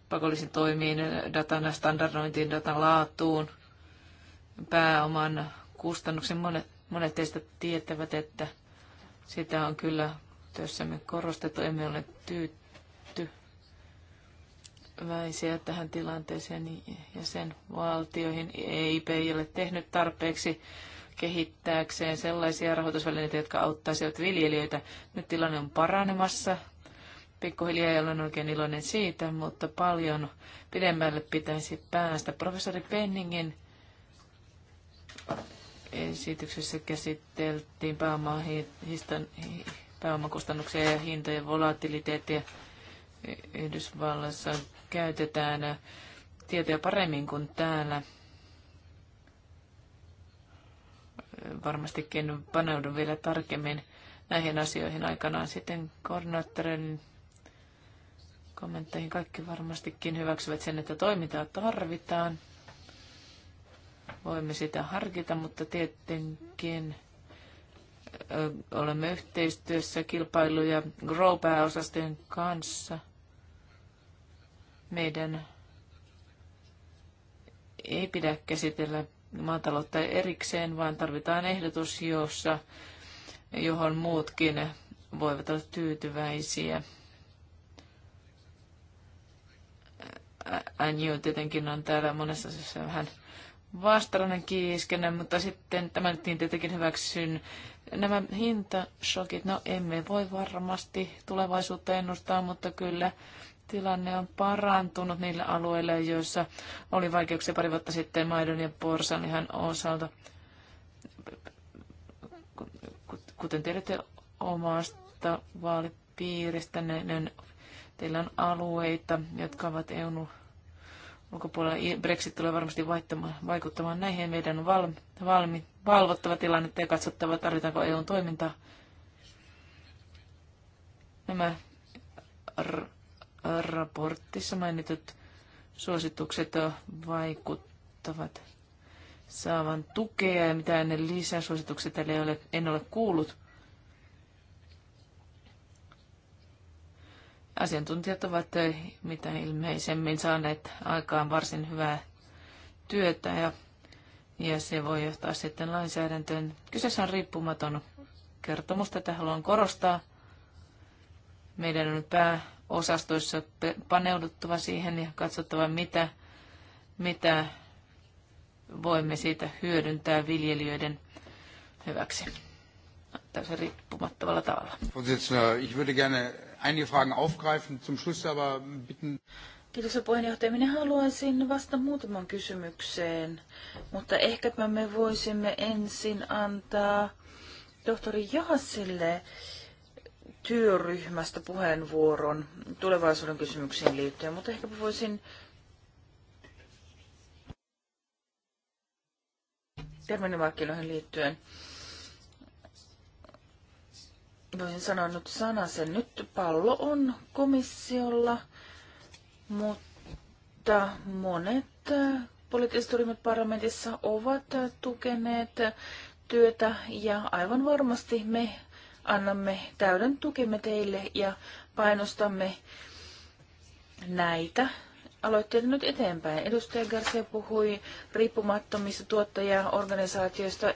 pakollisiin toimiin, datan standardointiin, datan laatuun, pääoman kustannuksen. Monet, Monet teistä tietävät, että sitä on kyllä työssämme korostettu. Emme ole väisiä tähän tilanteeseen ja sen valtioihin. EIP ei ole tehnyt tarpeeksi kehittääkseen sellaisia rahoitusvälineitä, jotka auttaisivat viljelijöitä. Nyt tilanne on paranemassa. Pikkuhiljaa olen oikein iloinen siitä, mutta paljon pidemmälle pitäisi päästä. Professori Penningen esityksessä käsiteltiin pääomakustannuksia ja hintojen volatiliteettia. Yhdysvalloissa käytetään tietoja paremmin kuin täällä. Varmastikin paneudun vielä tarkemmin näihin asioihin aikanaan sitten koordinaattorin kommentteihin. Kaikki varmastikin hyväksyvät sen, että toimintaa tarvitaan voimme sitä harkita, mutta tietenkin olemme yhteistyössä kilpailu- ja grow-pääosastojen kanssa. Meidän ei pidä käsitellä maataloutta erikseen, vaan tarvitaan ehdotus, jossa, johon muutkin voivat olla tyytyväisiä. Anju tietenkin on täällä monessa asiassa vähän vastallainen kiiskenne, mutta sitten tämä nyt niin tietenkin hyväksyn. Nämä hintashokit, no emme voi varmasti tulevaisuutta ennustaa, mutta kyllä tilanne on parantunut niillä alueilla, joissa oli vaikeuksia pari vuotta sitten maidon ja ihan osalta. Kuten tiedätte omasta vaalipiiristä, ne, ne, teillä on alueita, jotka ovat EUn ulkopuolella. Brexit tulee varmasti vaikuttamaan näihin. Meidän on val, valmi, valvottava tilannetta ja katsottava, tarvitaanko EUn toimintaa. Nämä raportissa mainitut suositukset vaikuttavat saavan tukea ja mitään ne lisäsuositukset ei ole, en ole kuullut. Asiantuntijat ovat eh, mitä ilmeisemmin saaneet aikaan varsin hyvää työtä ja, ja se voi johtaa sitten lainsäädäntöön. Kyseessä on riippumaton kertomus, tätä haluan korostaa. Meidän on pääosastoissa paneuduttava siihen ja katsottava, mitä, mitä voimme siitä hyödyntää viljelijöiden hyväksi tässä riippumattavalla tavalla. Ich würde er gerne einige Fragen aufgreifen, zum Schluss aber bitten. Kiitos puheenjohtaja. Minä haluaisin vasta muutaman kysymykseen, mutta ehkä me voisimme ensin antaa tohtori Jahasille työryhmästä puheenvuoron tulevaisuuden kysymyksiin liittyen, mutta ehkä voisin terminimarkkinoihin liittyen voisin no, sanoa nyt sanasen. Nyt pallo on komissiolla, mutta monet poliittiset ryhmät parlamentissa ovat tukeneet työtä ja aivan varmasti me annamme täyden tukemme teille ja painostamme näitä aloitteita nyt eteenpäin. Edustaja Garcia puhui riippumattomista tuottajaorganisaatioista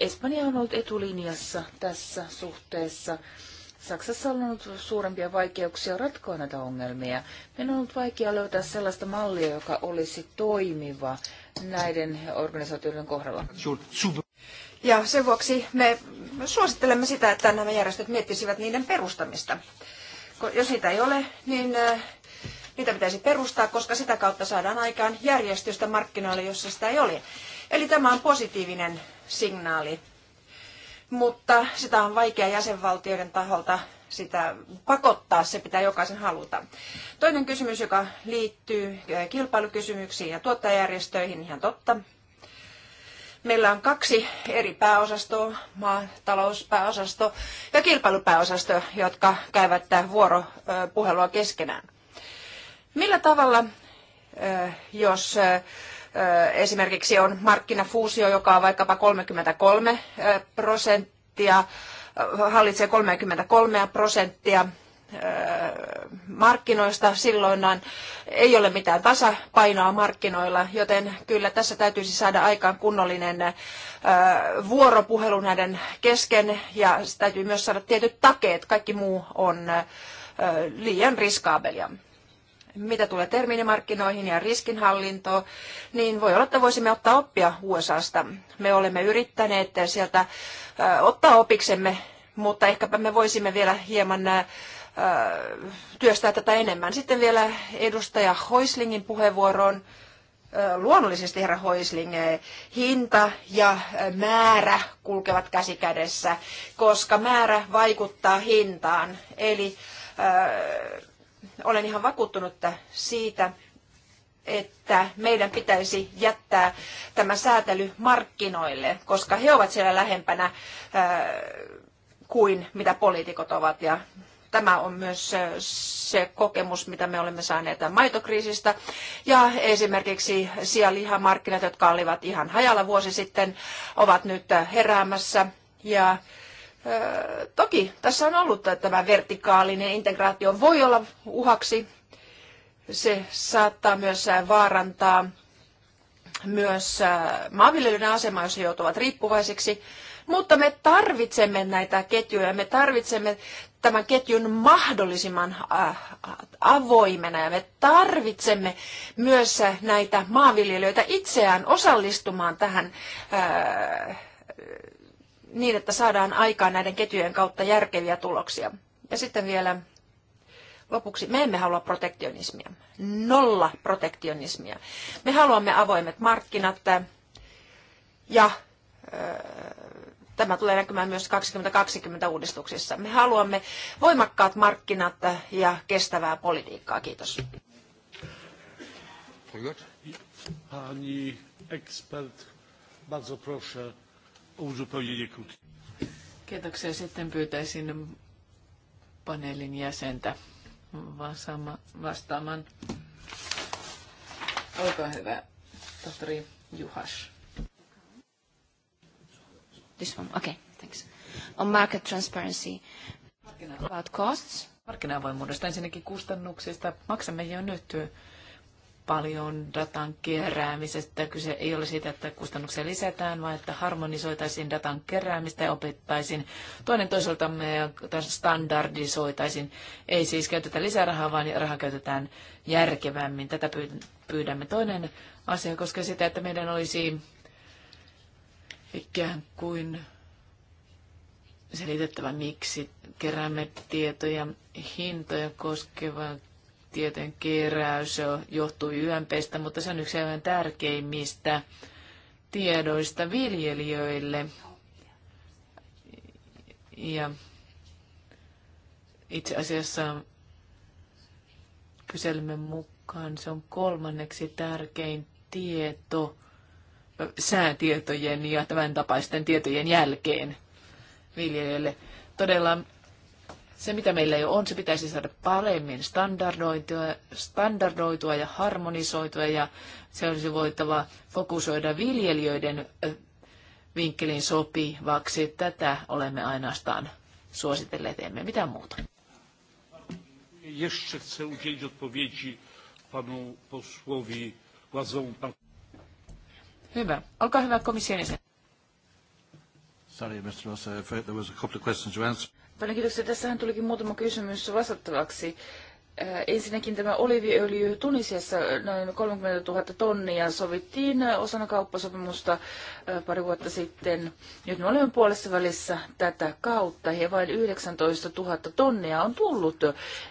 Espanja on ollut etulinjassa tässä suhteessa. Saksassa on ollut suurempia vaikeuksia ratkoa näitä ongelmia. Meidän on ollut vaikea löytää sellaista mallia, joka olisi toimiva näiden organisaatioiden kohdalla. Ja sen vuoksi me suosittelemme sitä, että nämä järjestöt miettisivät niiden perustamista. Jos niitä ei ole, niin äh, Niitä pitäisi perustaa, koska sitä kautta saadaan aikaan järjestystä markkinoille, jossa sitä ei ole. Eli tämä on positiivinen signaali, mutta sitä on vaikea jäsenvaltioiden taholta sitä pakottaa, se pitää jokaisen haluta. Toinen kysymys, joka liittyy kilpailukysymyksiin ja tuottajajärjestöihin, ihan totta. Meillä on kaksi eri pääosastoa, maatalouspääosasto ja kilpailupääosasto, jotka käyvät vuoropuhelua keskenään. Millä tavalla, eh, jos eh, esimerkiksi on markkinafuusio, joka on vaikkapa 33 eh, prosenttia, hallitsee 33 prosenttia markkinoista, silloin ei ole mitään tasapainoa markkinoilla, joten kyllä tässä täytyisi saada aikaan kunnollinen vuoropuhelu näiden kesken ja täytyy myös saada tietyt takeet, kaikki muu on liian riskaabelia mitä tulee terminimarkkinoihin ja riskinhallintoon, niin voi olla, että voisimme ottaa oppia USAsta. Me olemme yrittäneet sieltä ottaa opiksemme, mutta ehkäpä me voisimme vielä hieman työstää tätä enemmän. Sitten vielä edustaja Hoislingin puheenvuoroon. Luonnollisesti, herra Hoisling, hinta ja määrä kulkevat käsi kädessä, koska määrä vaikuttaa hintaan. Eli olen ihan vakuuttunut siitä, että meidän pitäisi jättää tämä säätely markkinoille, koska he ovat siellä lähempänä äh, kuin mitä poliitikot ovat. Ja tämä on myös äh, se kokemus, mitä me olemme saaneet maitokriisistä. Ja esimerkiksi sianlihamarkkinat, jotka olivat ihan hajalla vuosi sitten, ovat nyt äh, heräämässä. Ja toki tässä on ollut tämä vertikaalinen integraatio voi olla uhaksi. Se saattaa myös äh, vaarantaa myös äh, maanviljelijöiden asemaa, jos he joutuvat riippuvaiseksi. Mutta me tarvitsemme näitä ketjuja, me tarvitsemme tämän ketjun mahdollisimman äh, avoimena ja me tarvitsemme myös näitä maanviljelijöitä itseään osallistumaan tähän niin, että saadaan aikaan näiden ketjujen kautta järkeviä tuloksia. Ja sitten vielä lopuksi, me emme halua protektionismia, nolla protektionismia. Me haluamme avoimet markkinat ja tämä tulee näkymään myös 2020 uudistuksissa. Me haluamme voimakkaat markkinat ja kestävää politiikkaa. Kiitos. Pani ekspert, bardzo proszę. Kiitoksia. Sitten pyytäisin paneelin jäsentä vastaamaan. Olkaa hyvä, tohtori Juhas. This one, okay, thanks. On market transparency, about costs. Markkinaavoimuudesta ensinnäkin kustannuksista. Maksamme jo nyt paljon datan keräämisestä. Kyse ei ole siitä, että kustannuksia lisätään, vaan että harmonisoitaisiin datan keräämistä ja opettaisiin toinen toiselta me standardisoitaisiin. Ei siis käytetä lisärahaa, vaan raha käytetään järkevämmin. Tätä pyydämme. Toinen asia koskee sitä, että meidän olisi ikään kuin selitettävä, miksi keräämme tietoja hintoja koskeva tieten keräys johtui YMPstä, mutta se on yksi aivan tärkeimmistä tiedoista viljelijöille. Ja itse asiassa kyselymme mukaan se on kolmanneksi tärkein tieto säätietojen ja tämän tapaisten tietojen jälkeen viljelijöille. Todella se, mitä meillä jo on, se pitäisi saada paremmin standardoitua, standardoitua ja harmonisoitua ja se olisi voitava fokusoida viljelijöiden vinkkelin sopivaksi. Tätä olemme ainoastaan suositelleet, emme mitään muuta. Hyvä. Olkaa hyvä komission jäsen. Sorry, Mr. Ross, I there was a couple of questions to answer. Paljon kiitoksia. Tässähän tulikin muutama kysymys vastattavaksi. Äh, ensinnäkin tämä oliviöljy Tunisiassa noin 30 000 tonnia sovittiin osana kauppasopimusta äh, pari vuotta sitten. Nyt me olemme puolessa välissä tätä kautta ja vain 19 000 tonnia on tullut.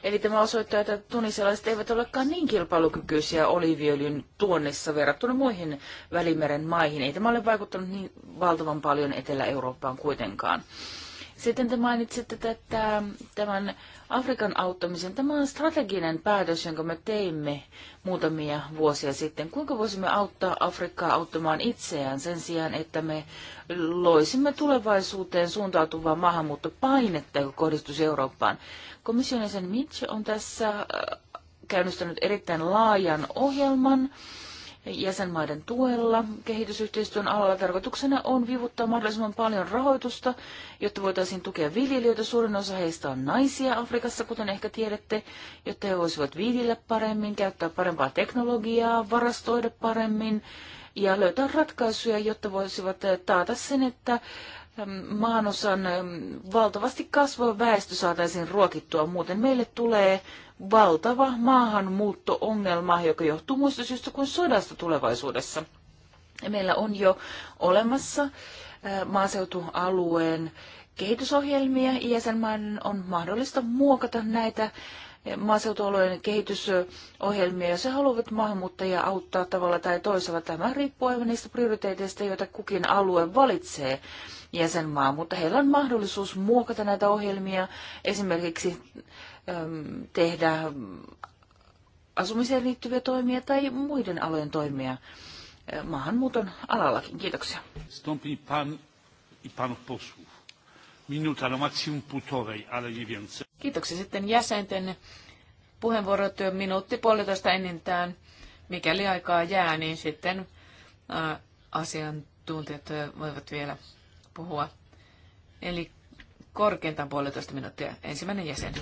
Eli tämä osoittaa, että tunisialaiset eivät olekaan niin kilpailukykyisiä oliviöljyn tuonnissa verrattuna muihin Välimeren maihin. Ei tämä ole vaikuttanut niin valtavan paljon Etelä-Eurooppaan kuitenkaan. Sitten te mainitsitte tätä, tämän Afrikan auttamisen. Tämä on strateginen päätös, jonka me teimme muutamia vuosia sitten. Kuinka voisimme auttaa Afrikkaa auttamaan itseään sen sijaan, että me loisimme tulevaisuuteen suuntautuvaa maahanmuuttopainetta, joka kohdistuisi Eurooppaan? Komission jäsen Mitch on tässä äh, käynnistänyt erittäin laajan ohjelman, jäsenmaiden tuella kehitysyhteistyön alalla. Tarkoituksena on vivuttaa mahdollisimman paljon rahoitusta, jotta voitaisiin tukea viljelijöitä. Suurin osa heistä on naisia Afrikassa, kuten ehkä tiedätte, jotta he voisivat viljellä paremmin, käyttää parempaa teknologiaa, varastoida paremmin ja löytää ratkaisuja, jotta voisivat taata sen, että maanosan valtavasti kasvava väestö saataisiin ruokittua. Muuten meille tulee valtava maahanmuutto-ongelma, joka johtuu muista syystä kuin sodasta tulevaisuudessa. Meillä on jo olemassa äh, maaseutualueen kehitysohjelmia. Jäsenmaiden on mahdollista muokata näitä äh, maaseutualueen kehitysohjelmia, jos he haluavat maahanmuuttajia auttaa tavalla tai toisella. Tämä riippuu aivan niistä prioriteeteista, joita kukin alue valitsee jäsenmaa, mutta heillä on mahdollisuus muokata näitä ohjelmia esimerkiksi Ähm, tehdä asumiseen liittyviä toimia tai muiden alojen toimia äh, maahanmuuton alallakin. Kiitoksia. Stąpi pan i panów posłów. Minuta no maksimum półtorej, ale nie więcej. Kiitoksia sitten jäsenten puheenvuorot minuutti puolitoista enintään. Mikäli aikaa jää, niin sitten äh, asiantuntijat voivat vielä puhua. Eli korkeintaan puolitoista minuuttia. Ensimmäinen jäsen.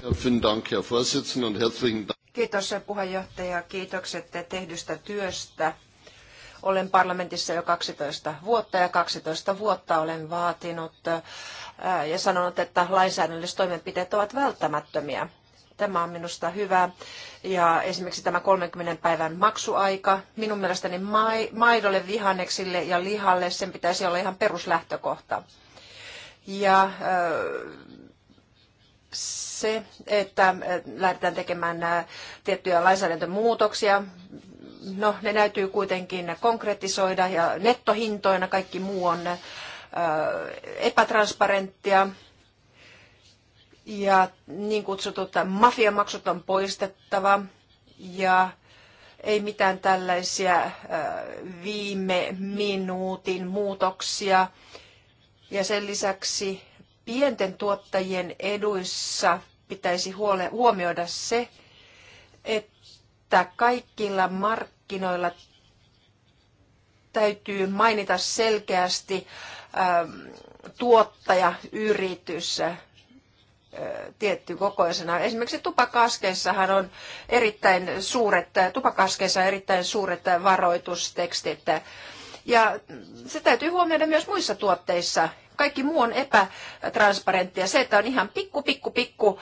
Kiitos puheenjohtaja. Kiitokset tehdystä työstä. Olen parlamentissa jo 12 vuotta ja 12 vuotta olen vaatinut äh, ja sanonut, että lainsäädännölliset toimenpiteet ovat välttämättömiä. Tämä on minusta hyvä. Ja esimerkiksi tämä 30 päivän maksuaika. Minun mielestäni maidolle, vihanneksille ja lihalle sen pitäisi olla ihan peruslähtökohta. Ja äh, se, että äh, lähdetään tekemään äh, tiettyjä lainsäädäntömuutoksia, no ne täytyy kuitenkin konkretisoida ja nettohintoina kaikki muu on epätransparenttia. Ja niin kutsutut mafiamaksut on poistettava ja ei mitään tällaisia viime minuutin muutoksia ja sen lisäksi pienten tuottajien eduissa pitäisi huole- huomioida se, että kaikilla markkinoilla täytyy mainita selkeästi ähm, tuottajayritys äh, tietty kokoisena. Esimerkiksi tupakaskeissahan on erittäin suuret, äh, tupakaskeissa on erittäin suuret äh, varoitustekstit. Ja se täytyy huomioida myös muissa tuotteissa. Kaikki muu on epätransparenttia. Se, että on ihan pikku, pikku, pikku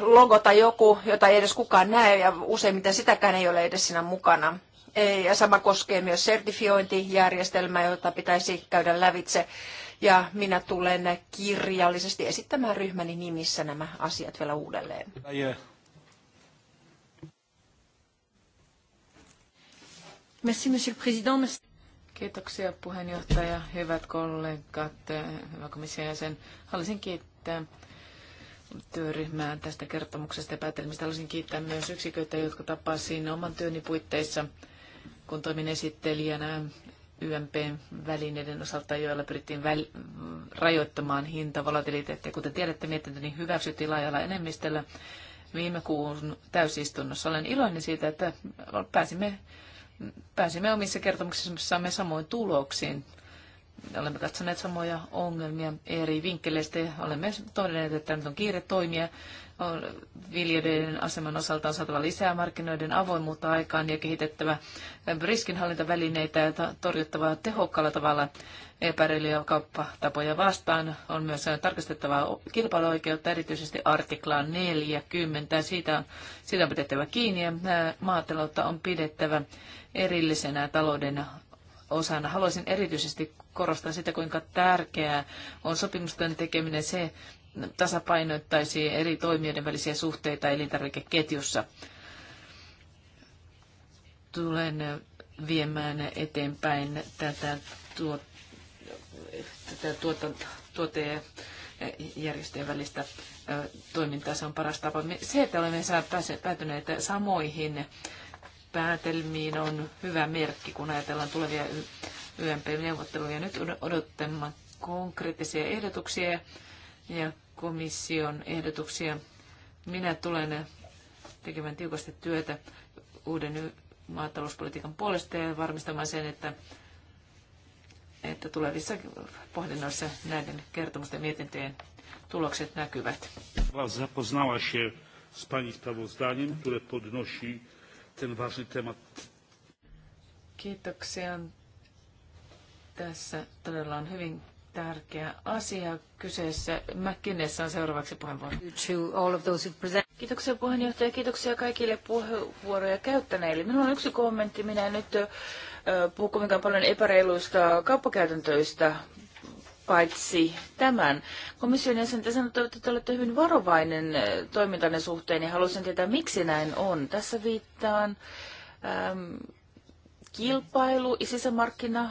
logo tai joku, jota ei edes kukaan näe ja useimmiten sitäkään ei ole edes siinä mukana. Ja sama koskee myös sertifiointijärjestelmää, jota pitäisi käydä lävitse. Ja minä tulen kirjallisesti esittämään ryhmäni nimissä nämä asiat vielä uudelleen. Merci, monsieur le président. Kiitoksia puheenjohtaja, hyvät kollegat, hyvä komission jäsen. Haluaisin kiittää työryhmää tästä kertomuksesta ja päätelmistä. Haluaisin kiittää myös yksiköitä, jotka tapasin oman työni puitteissa, kun toimin esittelijänä YMP-välineiden osalta, joilla pyrittiin väl- rajoittamaan hintavolatiliteettia. Kuten tiedätte, mietintöni niin hyväksyttiin laajalla enemmistöllä viime kuun täysistunnossa. Olen iloinen siitä, että pääsimme pääsimme omissa kertomuksissamme samoin tuloksiin. Olemme katsoneet samoja ongelmia eri vinkkeleistä ja olemme todenneet, että nyt on kiire toimia. Viljelijöiden aseman osalta on saatava lisää markkinoiden avoimuutta aikaan ja kehitettävä riskinhallintavälineitä ja torjuttava tehokkaalla tavalla epäreilyjä kauppatapoja vastaan. On myös tarkastettava kilpailuoikeutta, erityisesti artiklaa 40. Siitä on, siitä on pidettävä kiinni ja maataloutta on pidettävä erillisenä talouden osana. Haluaisin erityisesti korostaa sitä, kuinka tärkeää on sopimusten tekeminen. Se tasapainoittaisi eri toimijoiden välisiä suhteita elintarvikeketjussa. Tulen viemään eteenpäin tätä, tuot, tätä tuota, tuote- järjestöjen välistä toimintaa. Se on paras tapa. Se, että olemme päätyneet samoihin päätelmiin on hyvä merkki, kun ajatellaan tulevia YMP-neuvotteluja. Nyt odottamme konkreettisia ehdotuksia ja komission ehdotuksia. Minä tulen tekemään tiukasti työtä uuden maatalouspolitiikan puolesta ja varmistamaan sen, että, että tulevissa pohdinnoissa näiden kertomusten mietintöjen tulokset näkyvät. Zapoznała się z Pani sprawozdaniem, które podnosi ten ważny temat. Kiitoksia. Tässä todella on hyvin tärkeä asia kyseessä. Mäkinnessä on seuraavaksi puheenvuoro. Kiitoksia puheenjohtaja, kiitoksia kaikille puheenvuoroja käyttäneille. Minulla on yksi kommentti. Minä en nyt puhu kovinkaan paljon epäreiluista kauppakäytäntöistä paitsi tämän. Komission jäsen, te sanotte, että te olette hyvin varovainen eh, toimintanne suhteen ja haluaisin tietää, miksi näin on. Tässä viittaan äm, kilpailu- ja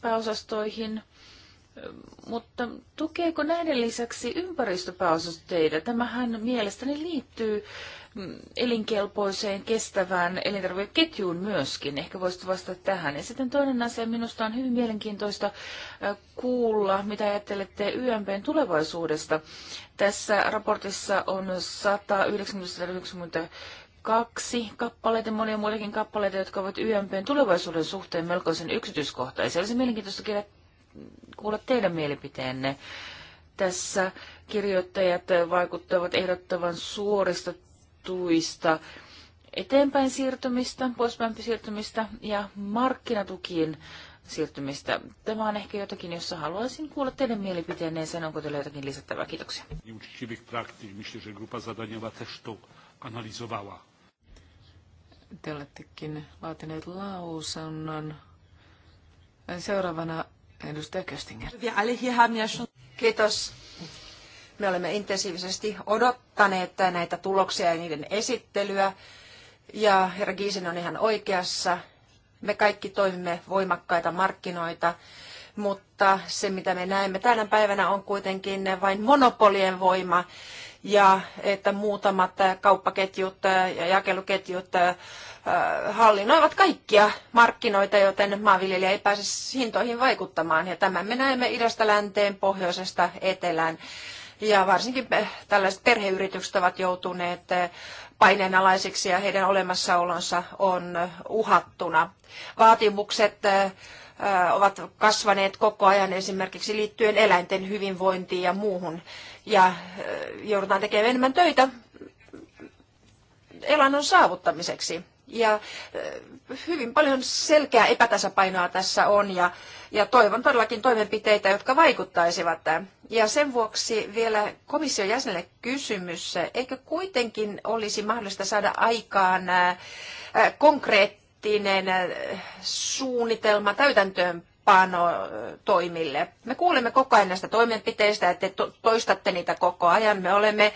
pääosastoihin, eh, mutta tukeeko näiden lisäksi ympäristöpääosasto teitä? Tämähän mielestäni liittyy äh, elinkelpoiseen, kestävään elintarvikeketjuun myöskin. Ehkä voisit vastata tähän. Ja sitten toinen asia, minusta on hyvin mielenkiintoista äh, kuulla, mitä ajattelette YMPn tulevaisuudesta. Tässä raportissa on 190 kaksi kappaleita, monia muitakin kappaleita, jotka ovat YMPn tulevaisuuden suhteen melkoisen yksityiskohtaisia. Olisi mielenkiintoista kuulla teidän mielipiteenne. Tässä kirjoittajat vaikuttavat ehdottavan suorista tuista eteenpäin siirtymistä, poispäin siirtymistä ja markkinatukien siirtymistä. Tämä on ehkä jotakin, jossa haluaisin kuulla teidän mielipiteenne ja sen, onko teillä jotakin lisättävää. Kiitoksia. Te olettekin laatineet lausunnon. Seuraavana edustaja Köstinger. Kiitos. Me olemme intensiivisesti odottaneet näitä tuloksia ja niiden esittelyä. Ja herra Giisen on ihan oikeassa. Me kaikki toimimme voimakkaita markkinoita, mutta se mitä me näemme tänä päivänä on kuitenkin vain monopolien voima ja että muutamat kauppaketjut ja jakeluketjut äh, hallinnoivat kaikkia markkinoita, joten maanviljelijä ei pääse hintoihin vaikuttamaan. Ja tämän me näemme idästä länteen, pohjoisesta etelään. Ja varsinkin tällaiset perheyritykset ovat joutuneet eh, paineenalaisiksi ja heidän olemassaolonsa on eh, uhattuna. Vaatimukset eh, ovat kasvaneet koko ajan esimerkiksi liittyen eläinten hyvinvointiin ja muuhun. Ja joudutaan tekemään enemmän töitä elannon saavuttamiseksi. Ja hyvin paljon selkeää epätasapainoa tässä on ja, ja toivon todellakin toimenpiteitä, jotka vaikuttaisivat. Ja sen vuoksi vielä komission jäsenelle kysymys, eikö kuitenkin olisi mahdollista saada aikaan konkreettinen suunnitelma täytäntöön toimille. Me kuulemme koko ajan näistä toimenpiteistä ja te toistatte niitä koko ajan. Me olemme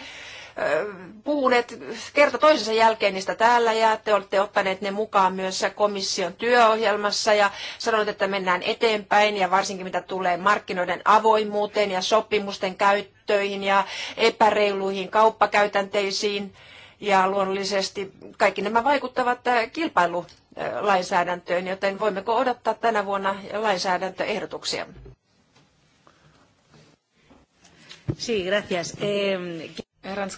puhuneet kerta toisensa jälkeen niistä täällä ja te olette ottaneet ne mukaan myös komission työohjelmassa ja sanoneet, että mennään eteenpäin ja varsinkin mitä tulee markkinoiden avoimuuteen ja sopimusten käyttöihin ja epäreiluihin kauppakäytänteisiin ja luonnollisesti kaikki nämä vaikuttavat kilpailulainsäädäntöön, joten voimmeko odottaa tänä vuonna lainsäädäntöehdotuksia? Sí, gracias. Eh... Herrans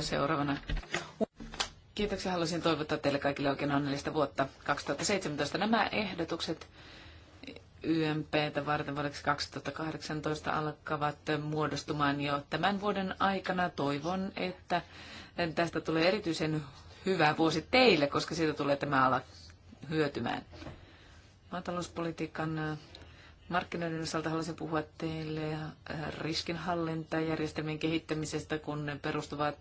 seuraavana. Kiitoksia. Haluaisin toivottaa teille kaikille oikein onnellista vuotta 2017. Nämä ehdotukset YMPtä varten vuodeksi 2018 alkavat muodostumaan jo tämän vuoden aikana. Toivon, että tästä tulee erityisen hyvä vuosi teille, koska siitä tulee tämä ala hyötymään. Maatalouspolitiikan Markkinoiden osalta haluaisin puhua teille riskinhallintajärjestelmien kehittämisestä, kun ne perustuvat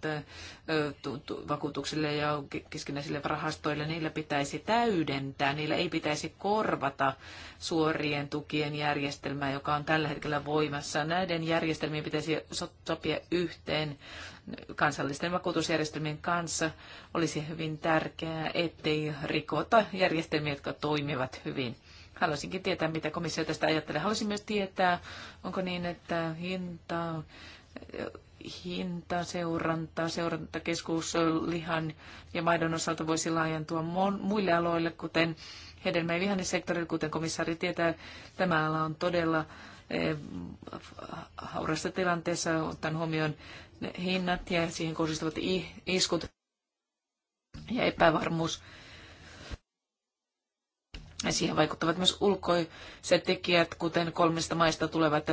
vakuutuksille ja keskinäisille rahastoille. Niillä pitäisi täydentää, niillä ei pitäisi korvata suorien tukien järjestelmää, joka on tällä hetkellä voimassa. Näiden järjestelmien pitäisi sopia yhteen kansallisten vakuutusjärjestelmien kanssa. Olisi hyvin tärkeää, ettei rikota järjestelmiä, jotka toimivat hyvin Haluaisinkin tietää, mitä komissio tästä ajattelee. Haluaisin myös tietää, onko niin, että hinta, hinta, seuranta, seurantakeskus lihan ja maidon osalta voisi laajentua muille aloille, kuten hedelmä- ja vihannesektorille, kuten komissaari tietää, tämä ala on todella eh, haurassa tilanteessa, ottaen huomioon hinnat ja siihen kohdistuvat iskut ja epävarmuus Siihen vaikuttavat myös ulkoiset tekijät, kuten kolmesta maista tulevat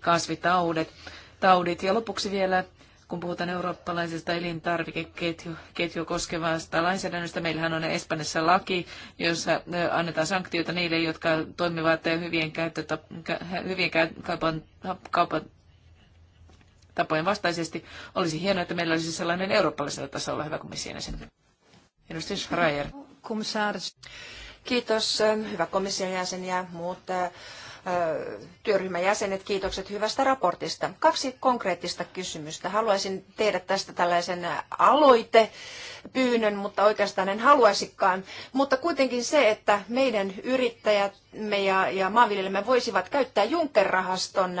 kasvitaudet. Taudit. Ja lopuksi vielä, kun puhutaan eurooppalaisesta elintarvikeketju koskevasta lainsäädännöstä, meillähän on Espanjassa laki, jossa annetaan sanktioita niille, jotka toimivat hyvien, käyttötap, hyvien kaupan, kaupan tapojen vastaisesti. Olisi hienoa, että meillä olisi sellainen eurooppalaisella tasolla hyvä komission jäsen. Edustaja Schreier. Komissaari. Kiitos, hyvä komission jäsen ja muut työryhmän jäsenet, kiitokset hyvästä raportista. Kaksi konkreettista kysymystä. Haluaisin tehdä tästä tällaisen aloite pyynnön, mutta oikeastaan en haluaisikaan. Mutta kuitenkin se, että meidän yrittäjämme ja, ja maanviljelijämme voisivat käyttää Juncker-rahaston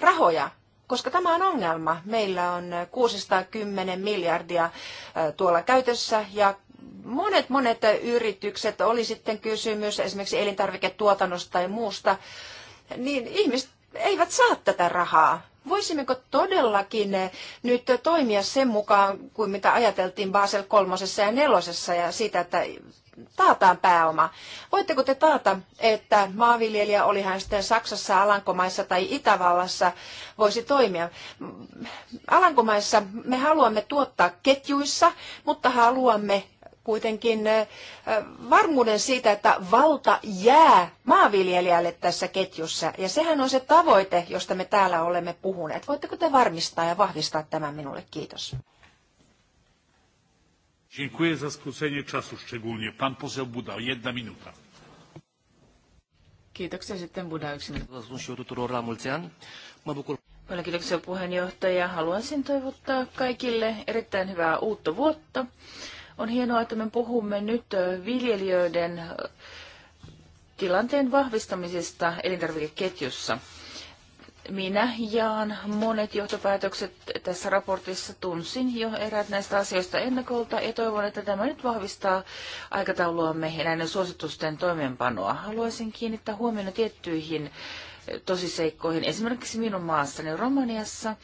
rahoja koska tämä on ongelma. Meillä on 610 miljardia tuolla käytössä ja monet monet yritykset, oli sitten kysymys esimerkiksi elintarviketuotannosta tai muusta, niin ihmiset eivät saa tätä rahaa. Voisimmeko todellakin nyt toimia sen mukaan kuin mitä ajateltiin Basel kolmosessa ja nelosessa ja siitä, että taataan pääoma. Voitteko te taata, että maanviljelijä, oli hän sitten Saksassa, Alankomaissa tai Itävallassa, voisi toimia? Alankomaissa me haluamme tuottaa ketjuissa, mutta haluamme kuitenkin varmuuden siitä, että valta jää maanviljelijälle tässä ketjussa. Ja sehän on se tavoite, josta me täällä olemme puhuneet. Voitteko te varmistaa ja vahvistaa tämän minulle? Kiitos. Dziękuję za skrócenie czasu szczególnie. Pan poseł Buda, jedna minuta. Kiitoksia sitten Buda yksi minuutti. kiitoksia puheenjohtaja. Haluaisin toivottaa kaikille erittäin hyvää uutta vuotta. On hienoa, että me puhumme nyt viljelijöiden tilanteen vahvistamisesta elintarvikeketjussa. Minä jaan monet johtopäätökset tässä raportissa. Tunsin jo eräät näistä asioista ennakolta ja toivon, että tämä nyt vahvistaa aikatauluamme ja näiden suositusten toimeenpanoa. Haluaisin kiinnittää huomiota tiettyihin tosiseikkoihin. Esimerkiksi minun maassani Romaniassa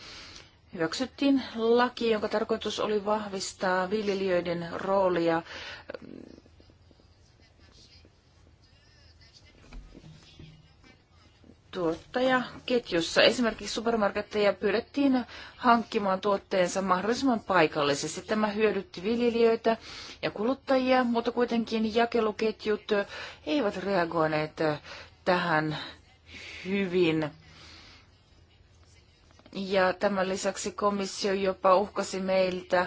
hyväksyttiin laki, jonka tarkoitus oli vahvistaa viljelijöiden roolia ähm, tuottajaketjussa. Esimerkiksi supermarketteja pyydettiin hankkimaan tuotteensa mahdollisimman paikallisesti. Tämä hyödytti viljelijöitä ja kuluttajia, mutta kuitenkin jakeluketjut eivät reagoineet tähän hyvin. Ja tämän lisäksi komissio jopa uhkasi meiltä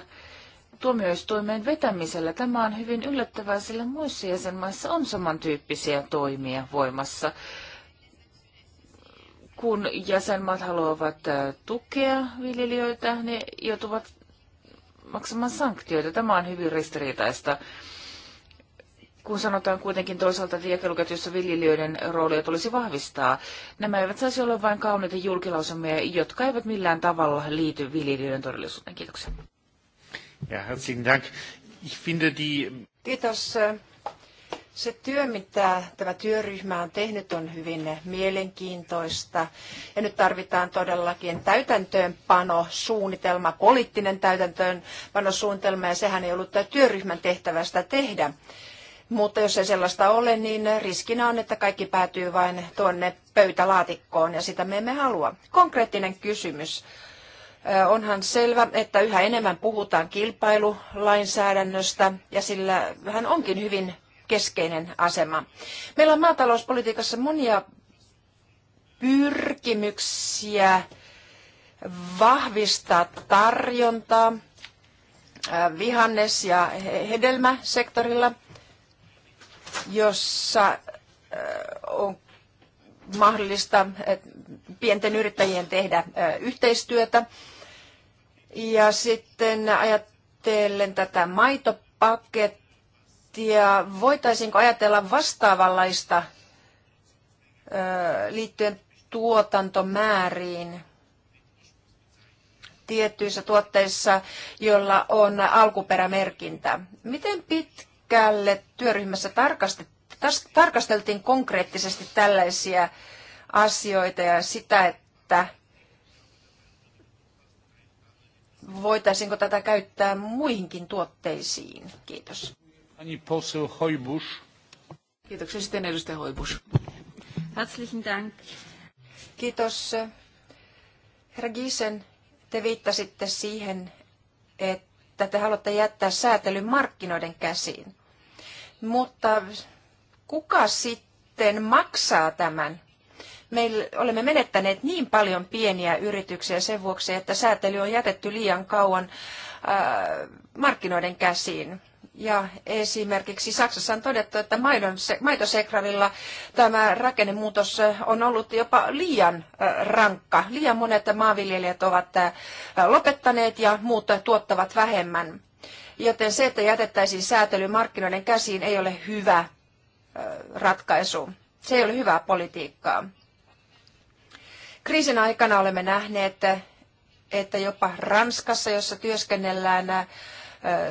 tuomioistuimeen vetämisellä. Tämä on hyvin yllättävää, sillä muissa jäsenmaissa on samantyyppisiä toimia voimassa. Kun jäsenmaat haluavat äh, tukea viljelijöitä, ne joutuvat maksamaan sanktioita. Tämä on hyvin ristiriitaista kun sanotaan kuitenkin toisaalta, että jakeluketjussa viljelijöiden roolia tulisi vahvistaa, nämä eivät saisi olla vain kauniita julkilausumia, jotka eivät millään tavalla liity viljelijöiden todellisuuteen. Kiitoksia. Ja, herzlichen Dank. Ich finde die... Kiitos. Se työ, mitä tämä työryhmä on tehnyt, on hyvin mielenkiintoista. Ja nyt tarvitaan todellakin täytäntöönpano, suunnitelma, poliittinen täytäntöönpanosuunnitelma, ja sehän ei ollut työryhmän tehtävästä tehdä mutta jos ei sellaista ole, niin riskinä on, että kaikki päätyy vain tuonne pöytälaatikkoon ja sitä me emme halua. Konkreettinen kysymys. Onhan selvä, että yhä enemmän puhutaan kilpailulainsäädännöstä ja sillä hän onkin hyvin keskeinen asema. Meillä on maatalouspolitiikassa monia pyrkimyksiä vahvistaa tarjontaa vihannes- ja hedelmäsektorilla – jossa on mahdollista pienten yrittäjien tehdä yhteistyötä. Ja sitten ajattelen tätä maitopakettia, voitaisiinko ajatella vastaavanlaista liittyen tuotantomääriin tiettyissä tuotteissa, jolla on alkuperämerkintä. Miten pitkä pitkälle työryhmässä tarkasteltiin konkreettisesti tällaisia asioita ja sitä, että voitaisiinko tätä käyttää muihinkin tuotteisiin. Kiitos. Kiitoksia sitten edustaja Hoibus. Herzlichen Dank. Kiitos. Herra Giesen, te viittasitte siihen, että te haluatte jättää säätelyn markkinoiden käsiin. Mutta kuka sitten maksaa tämän? Me olemme menettäneet niin paljon pieniä yrityksiä sen vuoksi, että säätely on jätetty liian kauan markkinoiden käsiin. Ja esimerkiksi Saksassa on todettu, että maidon, tämä rakennemuutos on ollut jopa liian rankka. Liian monet maanviljelijät ovat lopettaneet ja muut tuottavat vähemmän. Joten se, että jätettäisiin säätely markkinoiden käsiin, ei ole hyvä ratkaisu. Se ei ole hyvää politiikkaa. Kriisin aikana olemme nähneet, että jopa Ranskassa, jossa työskennellään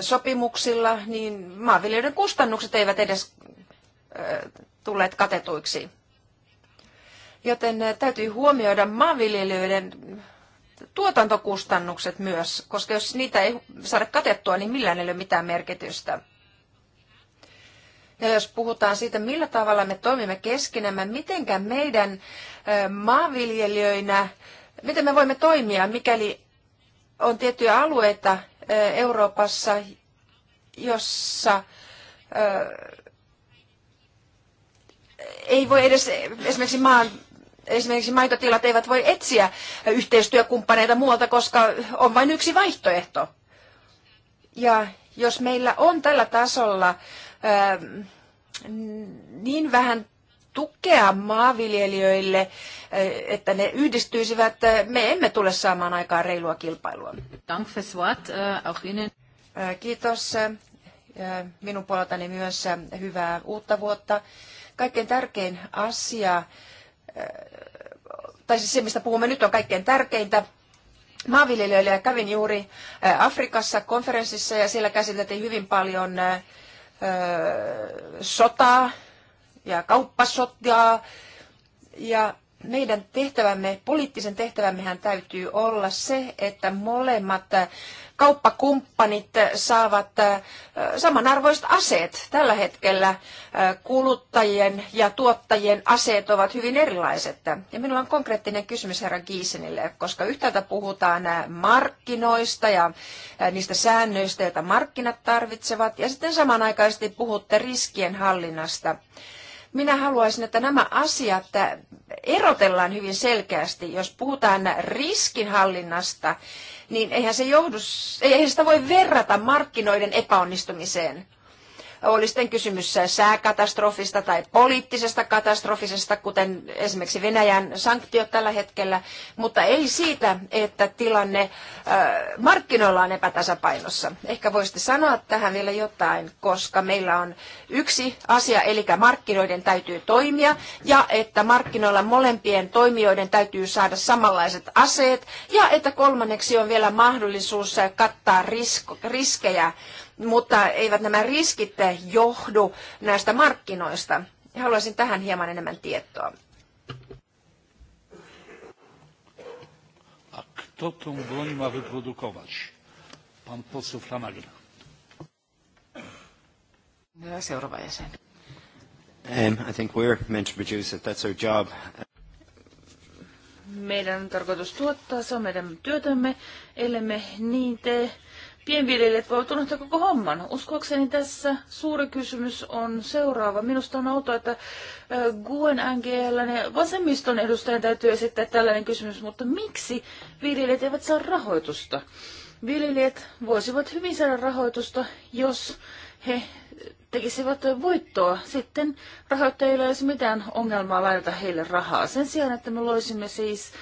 sopimuksilla, niin maanviljelijöiden kustannukset eivät edes tulleet katetuiksi. Joten täytyy huomioida maanviljelijöiden tuotantokustannukset myös, koska jos niitä ei saada katettua, niin millään ei ole mitään merkitystä. Ja jos puhutaan siitä, millä tavalla me toimimme keskenämme, mitenkä meidän maanviljelijöinä, miten me voimme toimia, mikäli on tiettyjä alueita Euroopassa, jossa ei voi edes esimerkiksi maan esimerkiksi maitotilat eivät voi etsiä yhteistyökumppaneita muualta, koska on vain yksi vaihtoehto. Ja jos meillä on tällä tasolla ähm, niin vähän tukea maanviljelijöille, äh, että ne yhdistyisivät, äh, me emme tule saamaan aikaan reilua kilpailua. Äh, kiitos minun puoleltani myös hyvää uutta vuotta. Kaikkein tärkein asia tai siis se, mistä puhumme nyt, on kaikkein tärkeintä maanviljelijöille. Ja kävin juuri äh, Afrikassa konferenssissa ja siellä käsiteltiin hyvin paljon äh, äh, sotaa ja kauppasotaa. Ja meidän tehtävämme, poliittisen tehtävämmehän täytyy olla se, että molemmat kauppakumppanit saavat samanarvoiset aseet. Tällä hetkellä kuluttajien ja tuottajien aseet ovat hyvin erilaiset. Ja minulla on konkreettinen kysymys herra Giisenille, koska yhtäältä puhutaan markkinoista ja niistä säännöistä, joita markkinat tarvitsevat, ja sitten samanaikaisesti puhutte riskien hallinnasta minä haluaisin, että nämä asiat erotellaan hyvin selkeästi. Jos puhutaan riskinhallinnasta, niin eihän se johdu, eihän sitä voi verrata markkinoiden epäonnistumiseen. Oli sitten kysymys sääkatastrofista tai poliittisesta katastrofisesta, kuten esimerkiksi Venäjän sanktiot tällä hetkellä, mutta ei siitä, että tilanne markkinoilla on epätasapainossa. Ehkä voisitte sanoa tähän vielä jotain, koska meillä on yksi asia, eli markkinoiden täytyy toimia ja että markkinoilla molempien toimijoiden täytyy saada samanlaiset aseet ja että kolmanneksi on vielä mahdollisuus kattaa risk, riskejä mutta eivät nämä riskit johdu näistä markkinoista. Haluaisin tähän hieman enemmän tietoa. A kto tą broń ma wyprodukować? Pan poseł Flanagan. Seuraava jäsen. Um, I think we're meant to produce it. That's our job. Meidän on tarkoitus tuottaa, se on meidän työtämme. Ellei me niin tee, pienviljelijät voivat unohtaa koko homman. Uskoakseni tässä suuri kysymys on seuraava. Minusta on outoa, että Guen NGL ja vasemmiston edustajan täytyy esittää tällainen kysymys, mutta miksi viljelijät eivät saa rahoitusta? Viljelijät voisivat hyvin saada rahoitusta, jos he tekisivät voittoa. Sitten rahoittajilla ei olisi mitään ongelmaa lainata heille rahaa. Sen sijaan, että me loisimme siis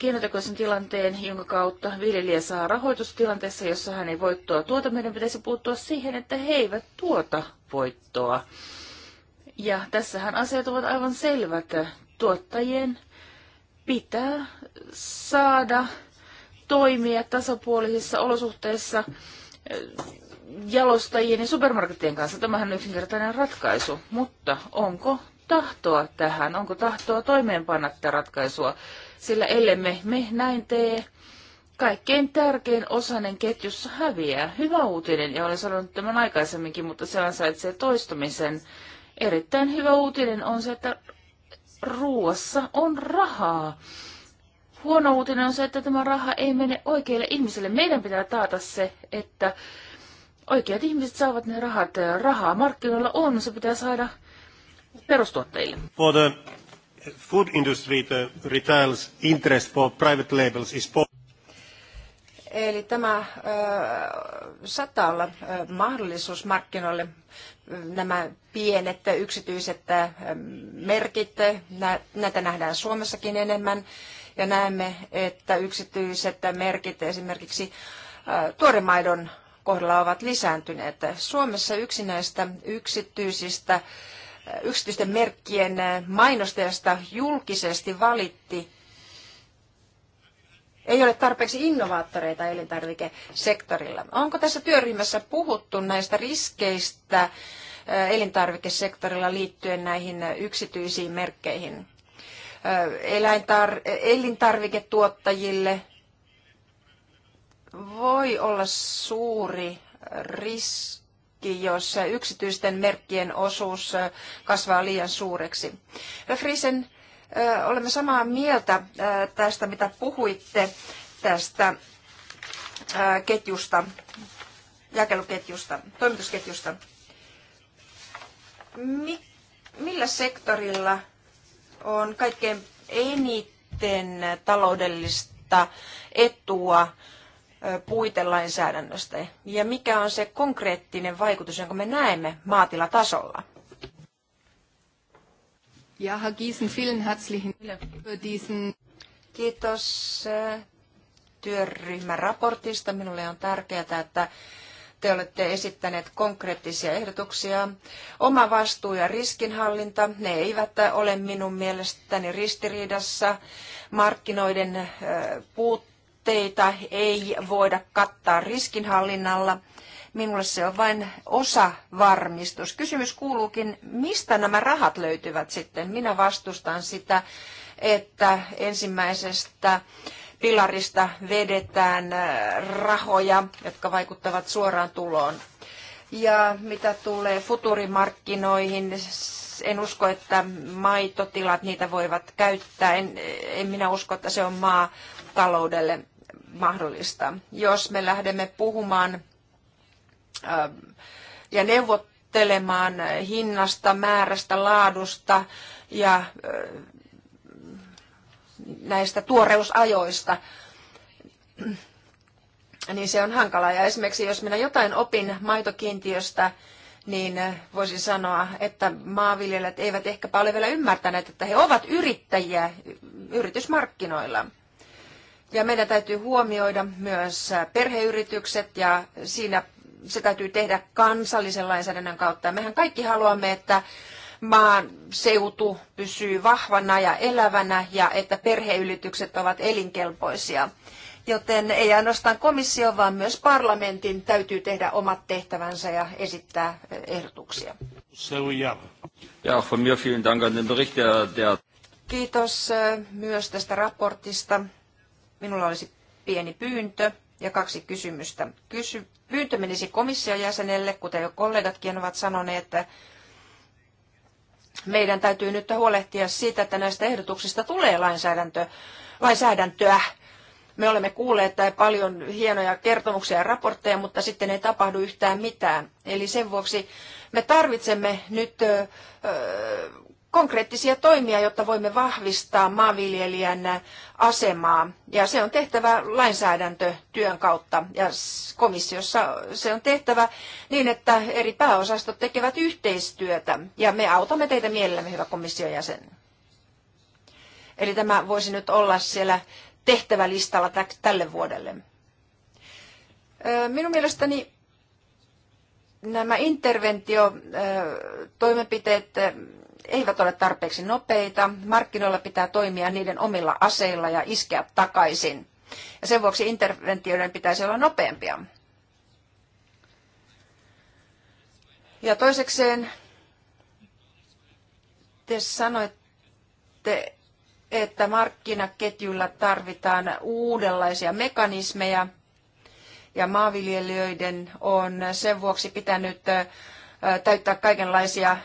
keinotekoisen tilanteen, jonka kautta viljelijä saa rahoitustilanteessa, jossa hän ei voittoa tuota. Meidän pitäisi puuttua siihen, että he eivät tuota voittoa. Ja tässähän asiat ovat aivan selvät. Tuottajien pitää saada toimia tasapuolisissa olosuhteissa eh, jalostajien ja supermarkettien kanssa. Tämähän on yksinkertainen ratkaisu, mutta onko tahtoa tähän? Onko tahtoa toimeenpanna tätä ratkaisua? sillä ellemme me näin tee, kaikkein tärkein osainen ketjussa häviää. Hyvä uutinen, ja olen sanonut tämän aikaisemminkin, mutta se ansaitsee toistumisen. Erittäin hyvä uutinen on se, että ruuassa on rahaa. Huono uutinen on se, että tämä raha ei mene oikeille ihmisille. Meidän pitää taata se, että oikeat ihmiset saavat ne rahat. Rahaa markkinoilla on, se pitää saada perustuotteille. For the food industry the retail's interest for private labels is Eli tämä äh, saattaa olla äh, mahdollisuus markkinoille. Nämä pienet yksityiset äh, merkit, nä, näitä nähdään Suomessakin enemmän. Ja näemme, että yksityiset merkit esimerkiksi äh, tuoremaidon kohdalla ovat lisääntyneet. Suomessa yksi näistä yksityisistä äh, yksityisten merkkien mainostajasta julkisesti valitti, ei ole tarpeeksi innovaattoreita elintarvikesektorilla. Onko tässä työryhmässä puhuttu näistä riskeistä elintarvikesektorilla liittyen näihin yksityisiin merkkeihin? Eläintar- elintarviketuottajille voi olla suuri riski riski, jos yksityisten merkkien osuus kasvaa liian suureksi. Frisen, olemme samaa mieltä tästä, mitä puhuitte tästä ketjusta, jakeluketjusta, toimitusketjusta. Mi- millä sektorilla on kaikkein eniten taloudellista etua puitelainsäädännöstä ja mikä on se konkreettinen vaikutus, jonka me näemme maatilatasolla? Ja, Herr Giesen, vielen herzlichen Kiitos työryhmän raportista. Minulle on tärkeää, että te olette esittäneet konkreettisia ehdotuksia. Oma vastuu ja riskinhallinta, ne eivät ole minun mielestäni ristiriidassa markkinoiden puut tuotteita ei voida kattaa riskinhallinnalla. Minulle se on vain osa varmistus. Kysymys kuuluukin, mistä nämä rahat löytyvät sitten? Minä vastustan sitä, että ensimmäisestä pilarista vedetään äh, rahoja, jotka vaikuttavat suoraan tuloon. Ja mitä tulee futurimarkkinoihin, en usko, että maitotilat niitä voivat käyttää. En, en minä usko, että se on maa, taloudelle mahdollista. Jos me lähdemme puhumaan ähm, ja neuvottelemaan hinnasta, määrästä, laadusta ja äh, näistä tuoreusajoista, niin se on hankalaa. Ja esimerkiksi jos minä jotain opin maitokiintiöstä, niin äh, voisin sanoa, että maanviljelijät eivät ehkä ole vielä ymmärtäneet, että he ovat yrittäjiä yritysmarkkinoilla – ja meidän täytyy huomioida myös perheyritykset ja siinä se täytyy tehdä kansallisen lainsäädännön kautta. Ja mehän kaikki haluamme, että maan seutu pysyy vahvana ja elävänä ja että perheyritykset ovat elinkelpoisia. Joten ei ainoastaan komissio, vaan myös parlamentin täytyy tehdä omat tehtävänsä ja esittää ehdotuksia. Kiitos äh, myös tästä raportista. Minulla olisi pieni pyyntö ja kaksi kysymystä. Kysy, pyyntö menisi komission jäsenelle, kuten jo kollegatkin ovat sanoneet, että meidän täytyy nyt huolehtia siitä, että näistä ehdotuksista tulee lainsäädäntö, lainsäädäntöä. Me olemme kuulleet paljon hienoja kertomuksia ja raportteja, mutta sitten ei tapahdu yhtään mitään. Eli sen vuoksi me tarvitsemme nyt konkreettisia toimia, jotta voimme vahvistaa maanviljelijän asemaa. Ja se on tehtävä lainsäädäntötyön kautta. Ja komissiossa se on tehtävä niin, että eri pääosastot tekevät yhteistyötä. Ja me autamme teitä mielellämme, hyvä komission jäsen. Eli tämä voisi nyt olla siellä tehtävälistalla tälle vuodelle. Minun mielestäni nämä interventiotoimenpiteet eivät ole tarpeeksi nopeita. Markkinoilla pitää toimia niiden omilla aseilla ja iskeä takaisin. Ja sen vuoksi interventioiden pitäisi olla nopeampia. Ja toisekseen te sanoitte, että markkinaketjulla tarvitaan uudenlaisia mekanismeja ja maanviljelijöiden on sen vuoksi pitänyt täyttää kaikenlaisia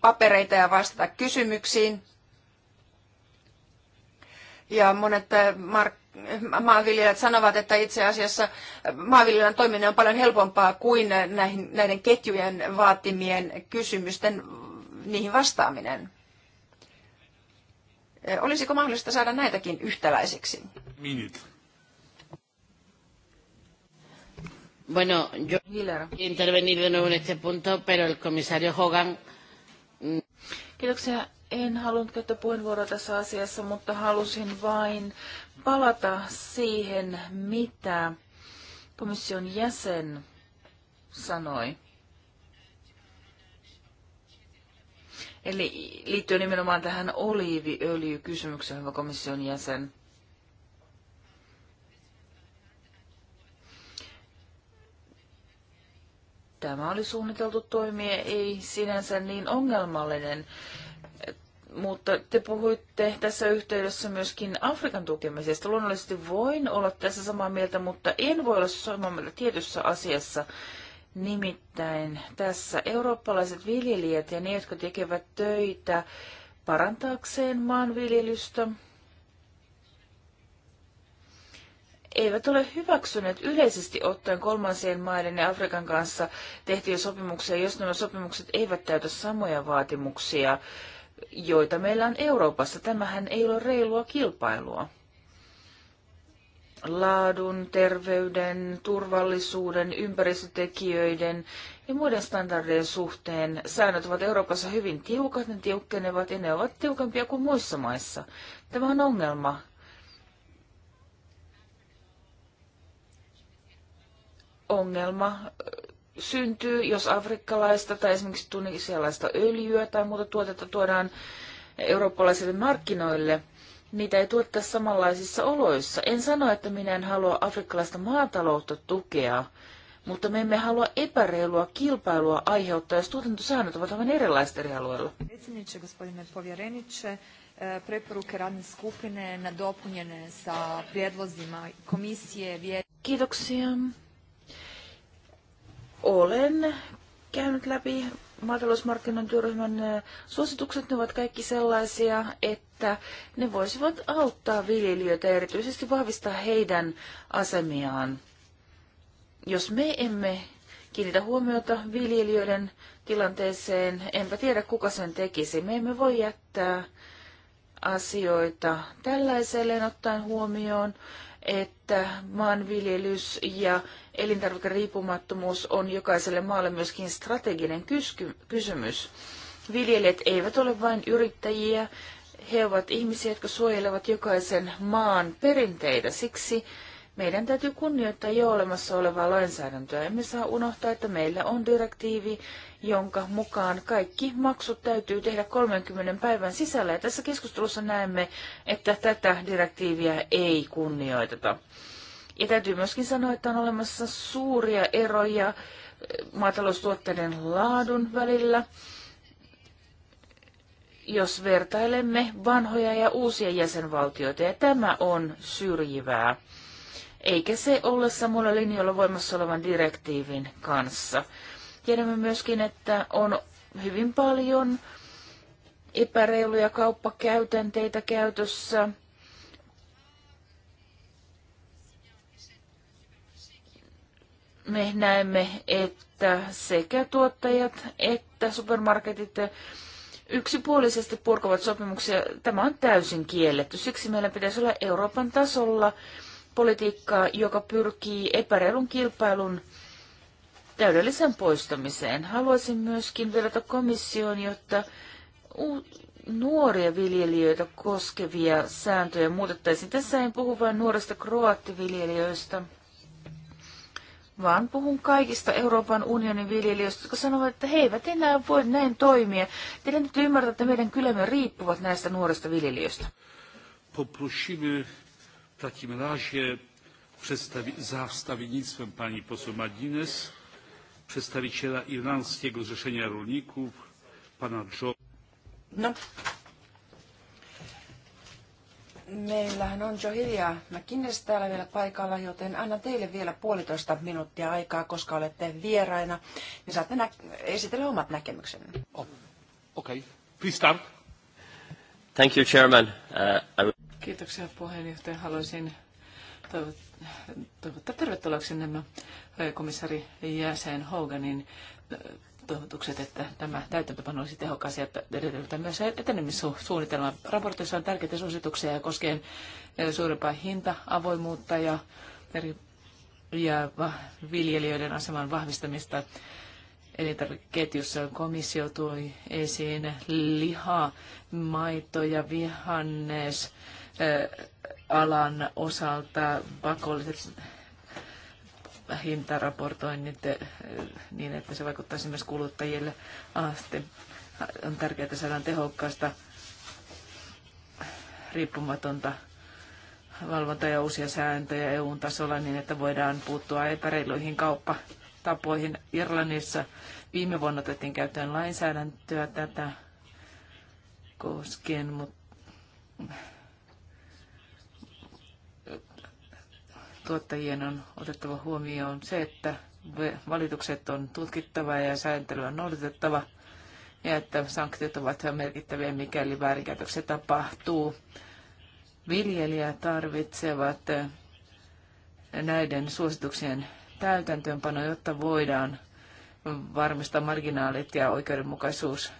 papereita ja vastata kysymyksiin. Ja monet mark- maanviljelijät sanovat, että itse asiassa maanviljelijän toiminen on paljon helpompaa kuin näihin, näiden ketjujen vaatimien kysymysten niihin vastaaminen. Olisiko mahdollista saada näitäkin yhtäläiseksi? Minit. Bueno, yo he intervenido de nuevo en este punto, pero el comisario Hogan... Mm, Kiitoksia. En halunnut käyttää puheenvuoroa tässä asiassa, mutta halusin vain palata siihen, mitä komission jäsen sanoi. Eli liittyen nimenomaan tähän oliiviöljykysymykseen, hyvä komission jäsen. Tämä oli suunniteltu toimia, ei sinänsä niin ongelmallinen. Mutta te puhuitte tässä yhteydessä myöskin Afrikan tukemisesta. Luonnollisesti voin olla tässä samaa mieltä, mutta en voi olla samaa mieltä tietyssä asiassa. Nimittäin tässä eurooppalaiset viljelijät ja ne, jotka tekevät töitä parantaakseen maanviljelystä, eivät ole hyväksyneet yleisesti ottaen kolmansien maiden ja Afrikan kanssa tehtyjä sopimuksia, jos nämä sopimukset eivät täytä samoja vaatimuksia, joita meillä on Euroopassa. Tämähän ei ole reilua kilpailua. Laadun, terveyden, turvallisuuden, ympäristötekijöiden ja muiden standardien suhteen säännöt ovat Euroopassa hyvin tiukat, ne tiukkenevat ja ne ovat tiukempia kuin muissa maissa. Tämä on ongelma ongelma syntyy, jos afrikkalaista tai esimerkiksi tunisialaista öljyä tai muuta tuotetta tuodaan eurooppalaisille markkinoille, niitä ei tuottaa samanlaisissa oloissa. En sano, että minä en halua afrikkalaista maataloutta tukea, mutta me emme halua epäreilua kilpailua aiheuttaa, jos tuotantosäännöt ovat aivan erilaiset eri alueilla. E, Kiitoksia. Olen käynyt läpi maatalousmarkkinan työryhmän suositukset, ne ovat kaikki sellaisia, että ne voisivat auttaa viljelijöitä ja erityisesti vahvistaa heidän asemiaan. Jos me emme kiinnitä huomiota viljelijöiden tilanteeseen, enpä tiedä kuka sen tekisi. Me emme voi jättää asioita tällaiselleen ottaen huomioon, että maanviljelys ja elintarvikeriippumattomuus on jokaiselle maalle myöskin strateginen kysymys. Viljelijät eivät ole vain yrittäjiä, he ovat ihmisiä, jotka suojelevat jokaisen maan perinteitä. Siksi meidän täytyy kunnioittaa jo olemassa olevaa lainsäädäntöä. Emme saa unohtaa, että meillä on direktiivi, jonka mukaan kaikki maksut täytyy tehdä 30 päivän sisällä. Ja tässä keskustelussa näemme, että tätä direktiiviä ei kunnioiteta. Ja täytyy myöskin sanoa, että on olemassa suuria eroja eh, maataloustuotteiden laadun välillä. Jos vertailemme vanhoja ja uusia jäsenvaltioita, ja tämä on syrjivää, eikä se ole samalla linjalla voimassa olevan direktiivin kanssa. Tiedämme myöskin, että on hyvin paljon epäreiluja kauppakäytänteitä käytössä me näemme, että sekä tuottajat että supermarketit yksipuolisesti purkavat sopimuksia. Tämä on täysin kielletty. Siksi meillä pitäisi olla Euroopan tasolla politiikkaa, joka pyrkii epäreilun kilpailun täydellisen poistamiseen. Haluaisin myöskin vedota komissioon, jotta nuoria viljelijöitä koskevia sääntöjä muutettaisiin. Tässä en puhu vain nuorista kroattiviljelijöistä vaan puhun kaikista Euroopan unionin viljelijöistä, jotka sanovat, että he eivät enää voi näin toimia. Teidän nyt ymmärtää, että meidän kylämme riippuvat näistä nuorista viljelijöistä. Poprosimy w takim razie za wstawiennictwem pani poseł Madines, przedstawiciela Irlandzkiego Zrzeszenia Rolników, pana Joe. No, Meillähän on jo hiljaa McKinnes täällä vielä paikalla, joten annan teille vielä puolitoista minuuttia aikaa, koska olette vieraina, niin saatte nä- esitellä omat näkemyksenne. Oh. Okei, okay. please start. Thank you, Chairman. Uh, I... Kiitoksia puheenjohtaja. Haluaisin toivottaa tervetulleeksi nämä komissari jäsen Hoganin toivotukset, että tämä täytäntöpano olisi tehokas ja edellytetään myös etenemissuunnitelma. Raportissa on tärkeitä suosituksia koskien suurempaa hinta, avoimuutta ja, ja viljelijöiden aseman vahvistamista Elintarviketjussa komissio tuoi esiin liha, maito ja vihannes alan osalta pakolliset hintaraportoinnit eh, niin, että se vaikuttaisi myös kuluttajille asti. Ah, on tärkeää, että saadaan tehokkaasta, riippumatonta valvontaa ja uusia sääntöjä EUn tasolla niin, että voidaan puuttua epäreiluihin kauppatapoihin. Irlannissa viime vuonna otettiin käyttöön lainsäädäntöä tätä koskien, mutta tuottajien on otettava huomioon se, että valitukset on tutkittava ja sääntelyä on noudatettava ja että sanktiot ovat merkittäviä, mikäli väärinkäytöksiä tapahtuu. Viljelijät tarvitsevat näiden suosituksien täytäntöönpano, jotta voidaan varmistaa marginaalit ja oikeudenmukaisuus.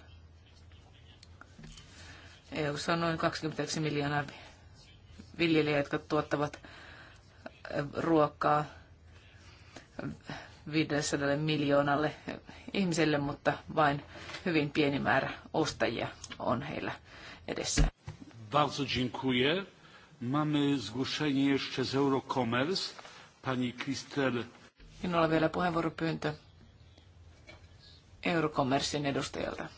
EU on noin 29 miljoonaa viljelijää, jotka tuottavat ruokaa 500 miljoonalle ihmiselle, mutta vain hyvin pieni määrä ostajia on heillä edessä. Bardzo dziękuję. Mamy zgłoszenie jeszcze z Eurocommerce. Pani Kristel. Minulla on vielä puheenvuoropyyntö Eurocommercein edustajalta.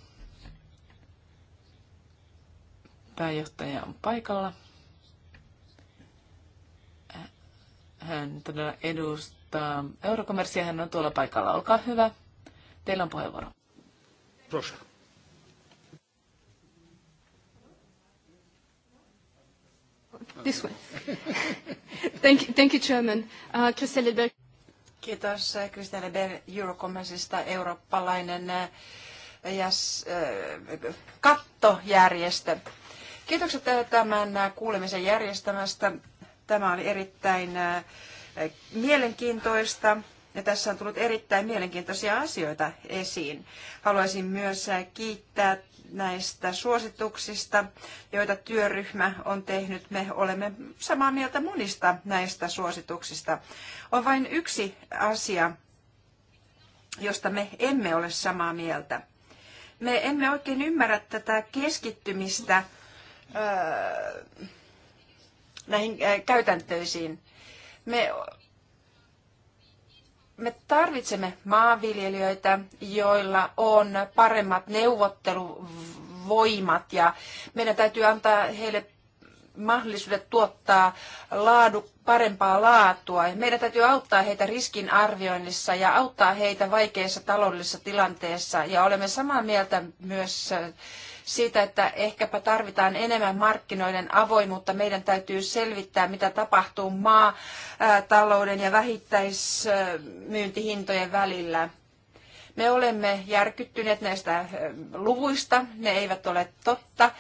Pääjohtaja on paikalla. Hän todella edustaa Eurokommersia. Hän on tuolla paikalla. Olkaa hyvä. Teillä on puheenvuoro. Proszę. This way. thank, you, thank you, Chairman. Uh, Christelle Berg. Kiitos uh, Christelle Berg Eurokomersista eurooppalainen yes, uh, uh, kattojärjestö. Kiitokset uh, tämän kuulemisen järjestämästä. Tämä oli erittäin mielenkiintoista ja tässä on tullut erittäin mielenkiintoisia asioita esiin. Haluaisin myös kiittää näistä suosituksista, joita työryhmä on tehnyt. Me olemme samaa mieltä monista näistä suosituksista. On vain yksi asia, josta me emme ole samaa mieltä. Me emme oikein ymmärrä tätä keskittymistä öö, näihin äh, käytäntöisiin. Me, me tarvitsemme maanviljelijöitä, joilla on paremmat neuvotteluvoimat ja meidän täytyy antaa heille mahdollisuudet tuottaa laadu, parempaa laatua. Meidän täytyy auttaa heitä riskinarvioinnissa ja auttaa heitä vaikeissa taloudellisessa tilanteessa. Ja olemme samaa mieltä myös siitä, että ehkäpä tarvitaan enemmän markkinoiden avoimuutta. Meidän täytyy selvittää, mitä tapahtuu maatalouden ja vähittäismyyntihintojen välillä. Me olemme järkyttyneet näistä luvuista, ne eivät ole totta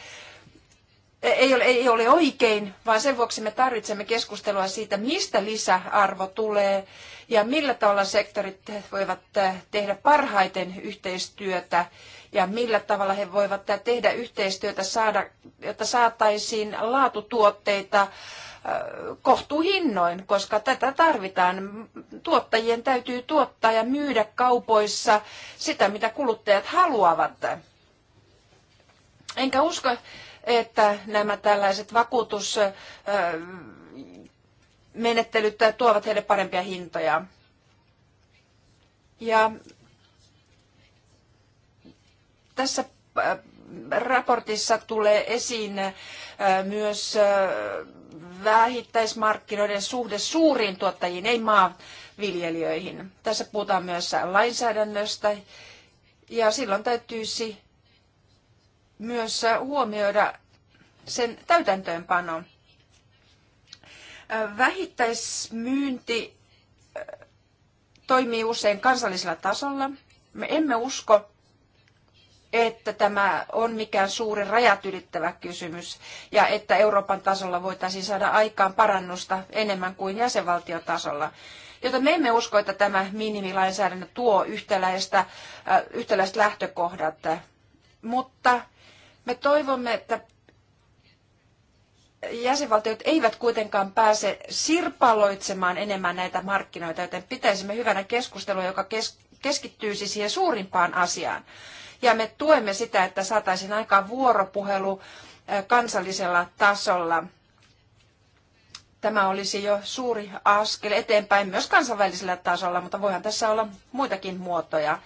e, ei ole, ei ole oikein, vaan sen vuoksi me tarvitsemme keskustelua siitä, mistä lisäarvo tulee ja millä tavalla sektorit voivat tehdä parhaiten yhteistyötä ja millä tavalla he voivat tehdä yhteistyötä, saada, jotta saataisiin laatutuotteita äh, kohtuuhinnoin, koska tätä tarvitaan. Tuottajien täytyy tuottaa ja myydä kaupoissa sitä, mitä kuluttajat haluavat. Enkä usko, että nämä tällaiset vakuutusmenettelyt äh, tuovat heille parempia hintoja. Ja tässä äh, raportissa tulee esiin äh, myös äh, vähittäismarkkinoiden suhde suuriin tuottajiin, ei maanviljelijöihin. Tässä puhutaan myös lainsäädännöstä ja silloin täytyisi myös huomioida sen täytäntöönpano. Vähittäismyynti toimii usein kansallisella tasolla. Me emme usko että tämä on mikään suuri rajat ylittävä kysymys ja että Euroopan tasolla voitaisiin saada aikaan parannusta enemmän kuin jäsenvaltiotasolla. Joten me emme usko, että tämä minimilainsäädäntö tuo yhtäläistä, äh, yhtäläiset lähtökohdat, mutta me toivomme, että jäsenvaltiot eivät kuitenkaan pääse sirpaloitsemaan enemmän näitä markkinoita, joten pitäisimme hyvänä keskustelua, joka keskittyisi siihen suurimpaan asiaan ja me tuemme sitä, että saataisiin aikaan vuoropuhelu kansallisella tasolla. Tämä olisi jo suuri askel eteenpäin myös kansainvälisellä tasolla, mutta voihan tässä olla muitakin muotoja.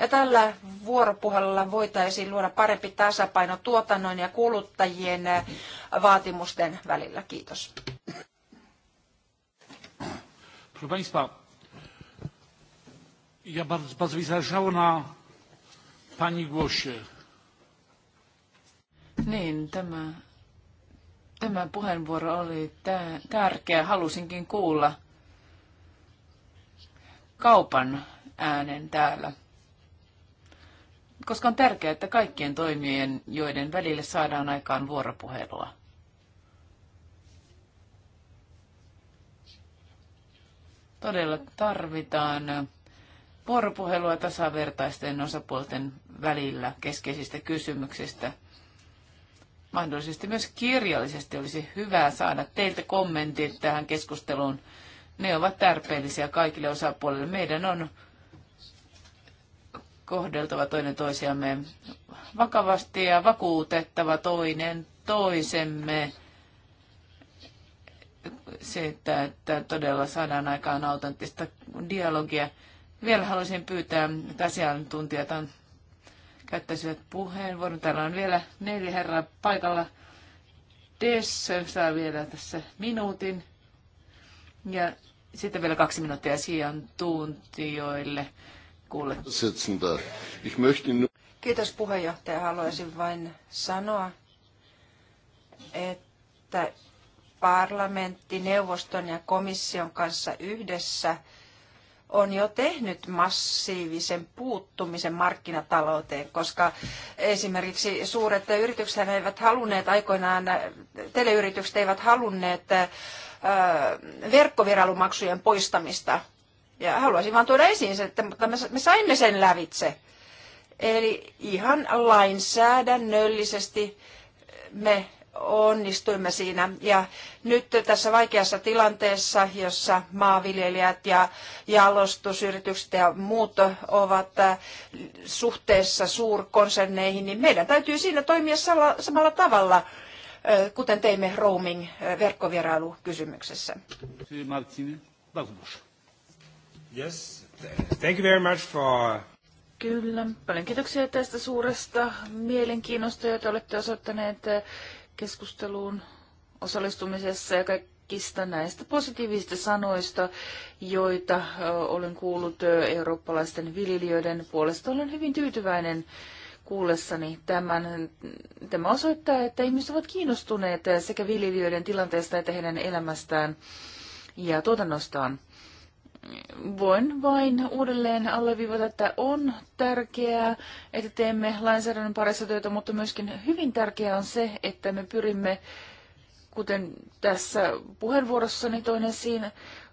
Ja tällä vuoropuhelulla voitaisiin luoda parempi tasapaino tuotannon ja kuluttajien vaatimusten välillä. Kiitos. Proszę Państwa, ja bardzo, bardzo mi zależało na Pani Głosie. Niin, tämä, tämä puheenvuoro oli tärkeä. Halusinkin kuulla kaupan äänen täällä. Koska on tärkeää, että kaikkien toimijien joiden välille saadaan aikaan vuoropuhelua. Todella tarvitaan vuoropuhelua tasavertaisten osapuolten välillä keskeisistä kysymyksistä. Mahdollisesti myös kirjallisesti olisi hyvä saada teiltä kommentit tähän keskusteluun. Ne ovat tarpeellisia kaikille osapuolille. Meidän on kohdeltava toinen toisiamme vakavasti ja vakuutettava toinen toisemme että, että todella saadaan aikaan autenttista dialogia. Vielä haluaisin pyytää, että asiantuntijat on, käyttäisivät puheenvuoron. Täällä on vielä neljä herraa paikalla. Tässä saa vielä tässä minuutin. Ja sitten vielä kaksi minuuttia asiantuntijoille. Kuule. Kiitos puheenjohtaja. Haluaisin vain sanoa, että parlamentti neuvoston ja komission kanssa yhdessä – on jo tehnyt massiivisen puuttumisen markkinatalouteen, koska esimerkiksi suuret yritykset eivät halunneet aikoinaan, teleyritykset eivät halunneet äh, verkkoviralumaksujen poistamista. Ja haluaisin vain tuoda esiin sen, että me saimme sen lävitse. Eli ihan lainsäädännöllisesti me onnistuimme siinä. Ja nyt tässä vaikeassa tilanteessa, jossa maanviljelijät ja jalostusyritykset ja muut ovat suhteessa suurkonserneihin, niin meidän täytyy siinä toimia samalla tavalla, kuten teimme roaming verkkovierailukysymyksessä. Yes. Thank you very much for Kyllä. Paljon kiitoksia tästä suuresta mielenkiinnosta, jota olette osoittaneet keskusteluun osallistumisessa ja kaikista näistä positiivisista sanoista, joita olen kuullut eurooppalaisten viljelijöiden puolesta. Olen hyvin tyytyväinen kuullessani tämän. Tämä osoittaa, että ihmiset ovat kiinnostuneet sekä viljelijöiden tilanteesta että heidän elämästään ja tuotannostaan voin vain uudelleen alleviivata, että on tärkeää, että teemme lainsäädännön parissa työtä, mutta myöskin hyvin tärkeää on se, että me pyrimme, kuten tässä puheenvuorossani toin esiin,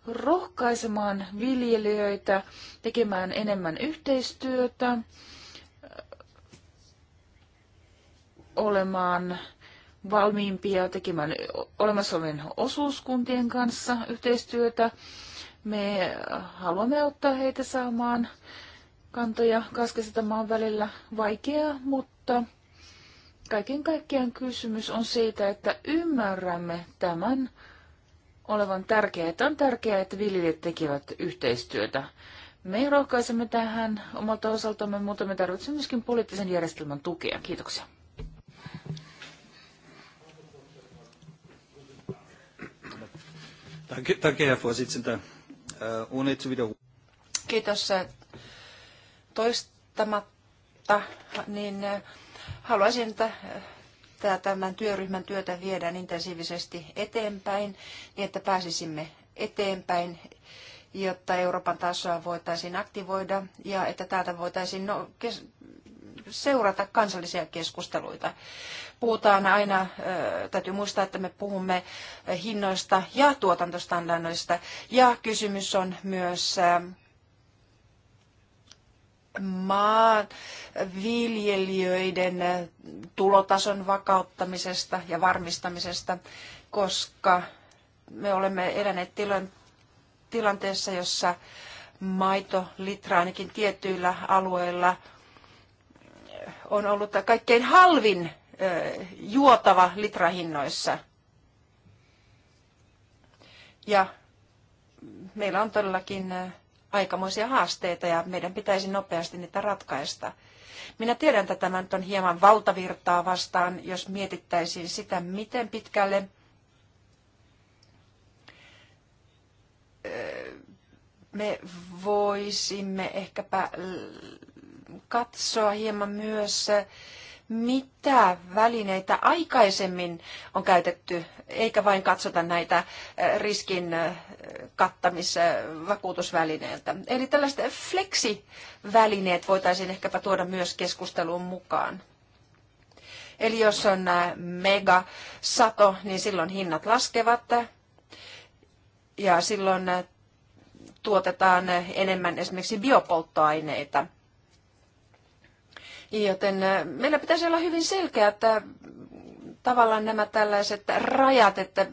rohkaisemaan viljelijöitä tekemään enemmän yhteistyötä, olemaan valmiimpia tekemään olemassa olevien osuuskuntien kanssa yhteistyötä me haluamme auttaa heitä saamaan kantoja kaskesetamaan välillä vaikeaa, mutta kaiken kaikkiaan kysymys on siitä, että ymmärrämme tämän olevan tärkeää, että on tärkeää, että viljelijät tekevät yhteistyötä. Me rohkaisemme tähän omalta osaltamme, mutta me tarvitsemme myöskin poliittisen järjestelmän tukea. Kiitoksia. Danke, danke Herr Vorsitzender. Eh, Kiitos toistamatta. Niin eh, haluaisin, että eh, tämän työryhmän työtä viedään intensiivisesti eteenpäin, niin että pääsisimme eteenpäin, jotta Euroopan tasoa voitaisiin aktivoida ja että täältä voitaisiin no, kes- seurata kansallisia keskusteluita. Puhutaan aina, täytyy muistaa, että me puhumme hinnoista ja tuotantostandardoista, ja kysymys on myös maanviljelijöiden tulotason vakauttamisesta ja varmistamisesta, koska me olemme eläneet tilanteessa, jossa maito litra ainakin tietyillä alueilla on ollut kaikkein halvin juotava litrahinnoissa. Ja meillä on todellakin aikamoisia haasteita ja meidän pitäisi nopeasti niitä ratkaista. Minä tiedän, että tämä nyt on hieman valtavirtaa vastaan, jos mietittäisiin sitä, miten pitkälle me voisimme ehkäpä katsoa hieman myös, mitä välineitä aikaisemmin on käytetty, eikä vain katsota näitä äh, riskin äh, kattamisvakuutusvälineiltä. Eli tällaiset fleksivälineet voitaisiin ehkäpä tuoda myös keskusteluun mukaan. Eli jos on äh, mega sato, niin silloin hinnat laskevat ja silloin tuotetaan enemmän esimerkiksi biopolttoaineita. Joten äh, meillä pitäisi olla hyvin selkeä, että tavallaan nämä tällaiset rajat, että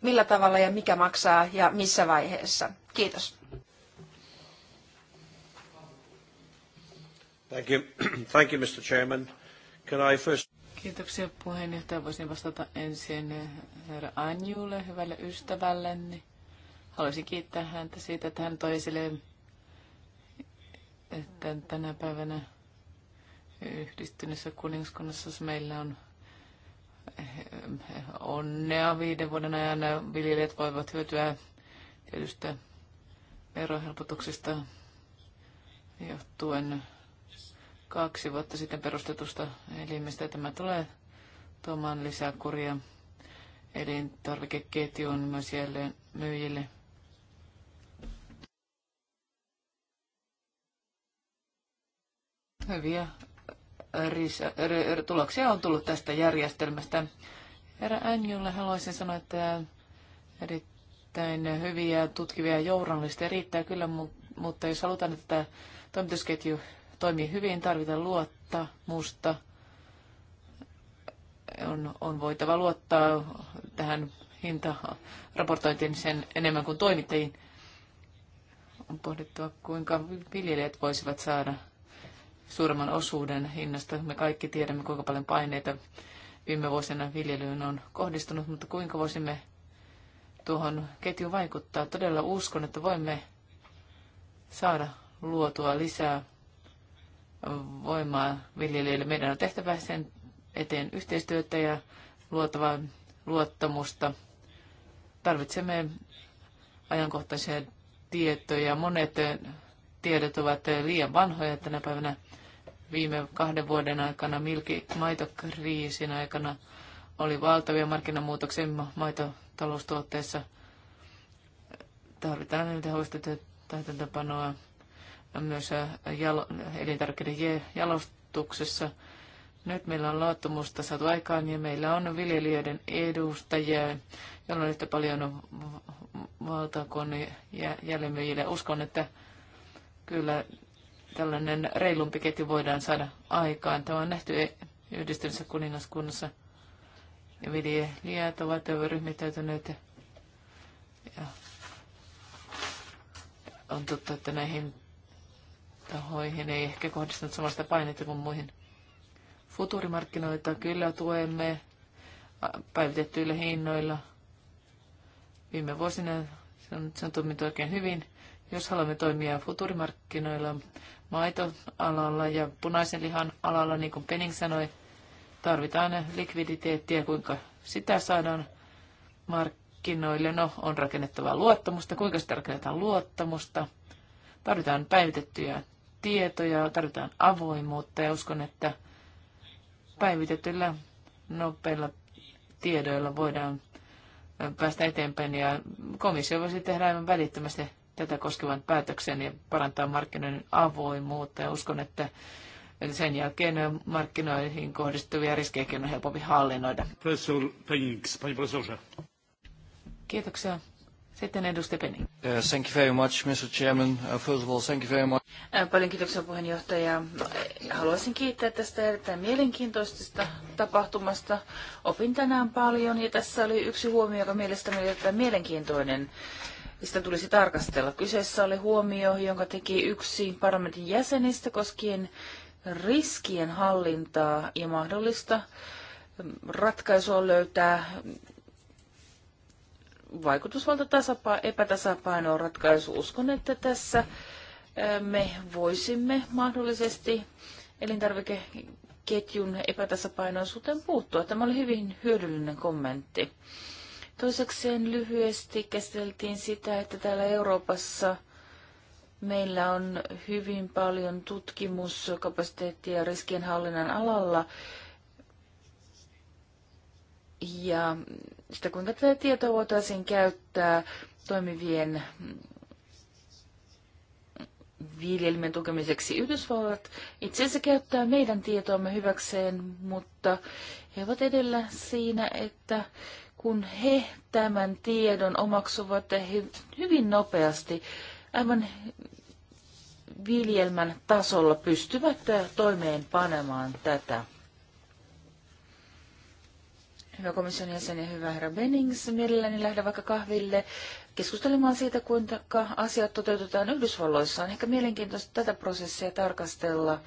millä tavalla ja mikä maksaa ja missä vaiheessa. Kiitos. Thank you. Thank you, Mr. Chairman. Can I first... Kiitoksia puheenjohtaja. Voisin vastata ensin äh, herra Anjulle, hyvälle ystävälleni. Haluaisin kiittää häntä siitä, että hän toi esille, että tänä päivänä Yhdistyneessä kuningaskunnassa meillä on onnea viiden vuoden ajan. Viljelijät voivat hyötyä tietystä verohelpotuksista johtuen kaksi vuotta sitten perustetusta elimestä. Tämä tulee tuomaan lisää kuria elintarvikeketjuun myös jälleen myyjille. Hyviä tuloksia on tullut tästä järjestelmästä. Herra Änjulle haluaisin sanoa, että erittäin hyviä tutkivia journalisteja riittää kyllä, mutta jos halutaan, että tämä toimitusketju toimii hyvin, tarvitaan luottamusta. On, on voitava luottaa tähän hintaraportointiin sen enemmän kuin toimittajiin. On pohdittava, kuinka viljelijät voisivat saada suuremman osuuden hinnasta. Me kaikki tiedämme, kuinka paljon paineita viime vuosina viljelyyn on kohdistunut, mutta kuinka voisimme tuohon ketjuun vaikuttaa. Todella uskon, että voimme saada luotua lisää voimaa viljelijöille. Meidän on tehtävä sen eteen yhteistyötä ja luotavaa luottamusta. Tarvitsemme ajankohtaisia tietoja. Monet tiedot ovat liian vanhoja tänä päivänä viime kahden vuoden aikana, milki maitokriisin aikana, oli valtavia markkinamuutoksia maitotaloustuotteissa. Tarvitaan tehoista hoistettuja täytäntöpanoa myös äh, jalo- elintarvikkeiden jalostuksessa. Nyt meillä on luottamusta saatu aikaan ja meillä on viljelijöiden edustajia, joilla on yhtä paljon valtaa kuin jäljemyjille. Uskon, että kyllä tällainen reilumpi ketju voidaan saada aikaan. Tämä on nähty yhdistyneessä kuningaskunnassa. Ja viljelijät ovat ryhmittäytyneet. Ja on totta, että näihin tahoihin ei ehkä kohdistunut samasta painetta kuin muihin. Futurimarkkinoita kyllä tuemme päivitettyillä hinnoilla. Viime vuosina se on, se on toiminut oikein hyvin. Jos haluamme toimia futurimarkkinoilla, maitoalalla ja punaisen lihan alalla, niin kuin Penning sanoi, tarvitaan likviditeettiä, kuinka sitä saadaan markkinoille. No, on rakennettava luottamusta. Kuinka sitä rakennetaan luottamusta? Tarvitaan päivitettyjä tietoja, tarvitaan avoimuutta ja uskon, että päivitetyllä nopeilla tiedoilla voidaan päästä eteenpäin ja komissio voisi tehdä aivan välittömästi tätä koskevan päätöksen ja parantaa markkinoiden avoimuutta. Ja uskon, että sen jälkeen markkinoihin kohdistuvia riskejäkin on helpompi hallinnoida. Kiitoksia. Sitten edustaja Penning. Uh, thank you very much, Mr. Chairman. Uh, first of all, thank you very much. Paljon kiitoksia puheenjohtaja. Haluaisin kiittää tästä erittäin mielenkiintoisesta tapahtumasta. Opin tänään paljon ja tässä oli yksi huomio, joka mielestäni oli erittäin mielenkiintoinen sitä tulisi tarkastella. Kyseessä oli huomio, jonka teki yksi parlamentin jäsenistä koskien riskien hallintaa ja mahdollista mm, ratkaisua löytää mm, vaikutusvalta epätasapainoa ratkaisu. Uskon, että tässä me voisimme mahdollisesti elintarvikeketjun epätasapainoisuuteen puuttua. Tämä oli hyvin hyödyllinen kommentti. Toisekseen lyhyesti käsiteltiin sitä, että täällä Euroopassa meillä on hyvin paljon tutkimuskapasiteettia riskienhallinnan alalla. Ja sitä kuinka tätä tietoa voitaisiin käyttää toimivien viljelmien tukemiseksi. Yhdysvallat itse asiassa käyttää meidän tietoamme hyväkseen, mutta he ovat edellä siinä, että kun he tämän tiedon omaksuvat he hyvin nopeasti, aivan viljelmän tasolla pystyvät toimeen panemaan tätä. Hyvä komission jäsen ja hyvä herra Bennings, mielelläni lähden vaikka kahville keskustelemaan siitä, kuinka asiat toteutetaan Yhdysvalloissa. On ehkä mielenkiintoista tätä prosessia tarkastella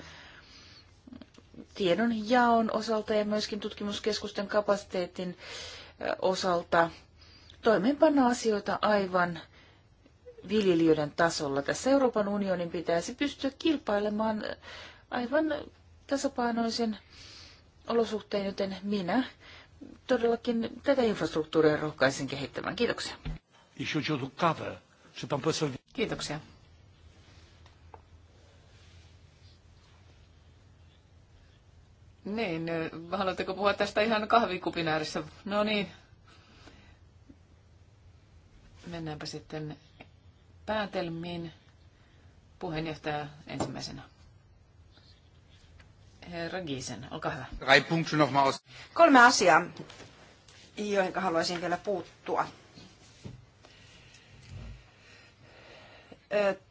tiedon jaon osalta ja myöskin tutkimuskeskusten kapasiteetin äh, osalta toimeenpanna asioita aivan viljelijöiden tasolla. Tässä Euroopan unionin pitäisi pystyä kilpailemaan aivan tasapainoisen olosuhteen, joten minä todellakin tätä infrastruktuuria rohkaisen kehittämään. Kiitoksia. Kiitoksia. Niin, haluatteko puhua tästä ihan kahvikupin ääressä? No niin. Mennäänpä sitten päätelmiin. Puheenjohtaja ensimmäisenä. Herra Giesen, olkaa hyvä. Kolme asiaa, joihin haluaisin vielä puuttua.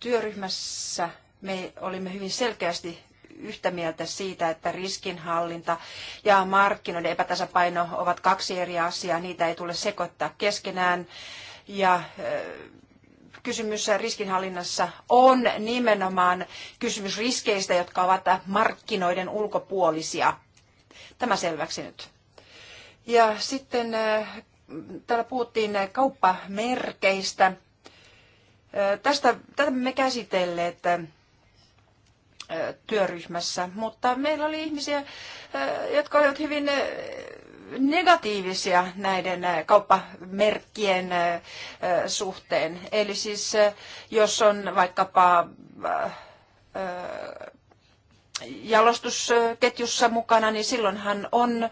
Työryhmässä me olimme hyvin selkeästi yhtä mieltä siitä, että riskinhallinta ja markkinoiden epätasapaino ovat kaksi eri asiaa. Niitä ei tule sekoittaa keskenään. Ja kysymys riskinhallinnassa on nimenomaan kysymys riskeistä, jotka ovat markkinoiden ulkopuolisia. Tämä selväksi nyt. Ja sitten täällä puhuttiin kauppamerkeistä. Tästä, tätä me käsitelleet työryhmässä, mutta meillä oli ihmisiä, jotka olivat hyvin negatiivisia näiden kauppamerkkien suhteen. Eli siis jos on vaikkapa jalostusketjussa mukana, niin silloin hän on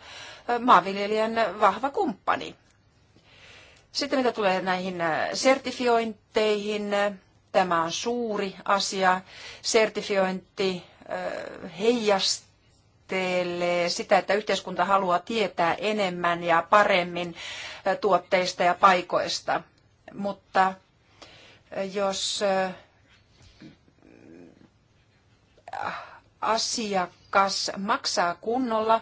maanviljelijän vahva kumppani. Sitten mitä tulee näihin sertifiointeihin, Tämä on suuri asia. Sertifiointi heijastaa sitä, että yhteiskunta haluaa tietää enemmän ja paremmin tuotteista ja paikoista. Mutta jos asiakas maksaa kunnolla,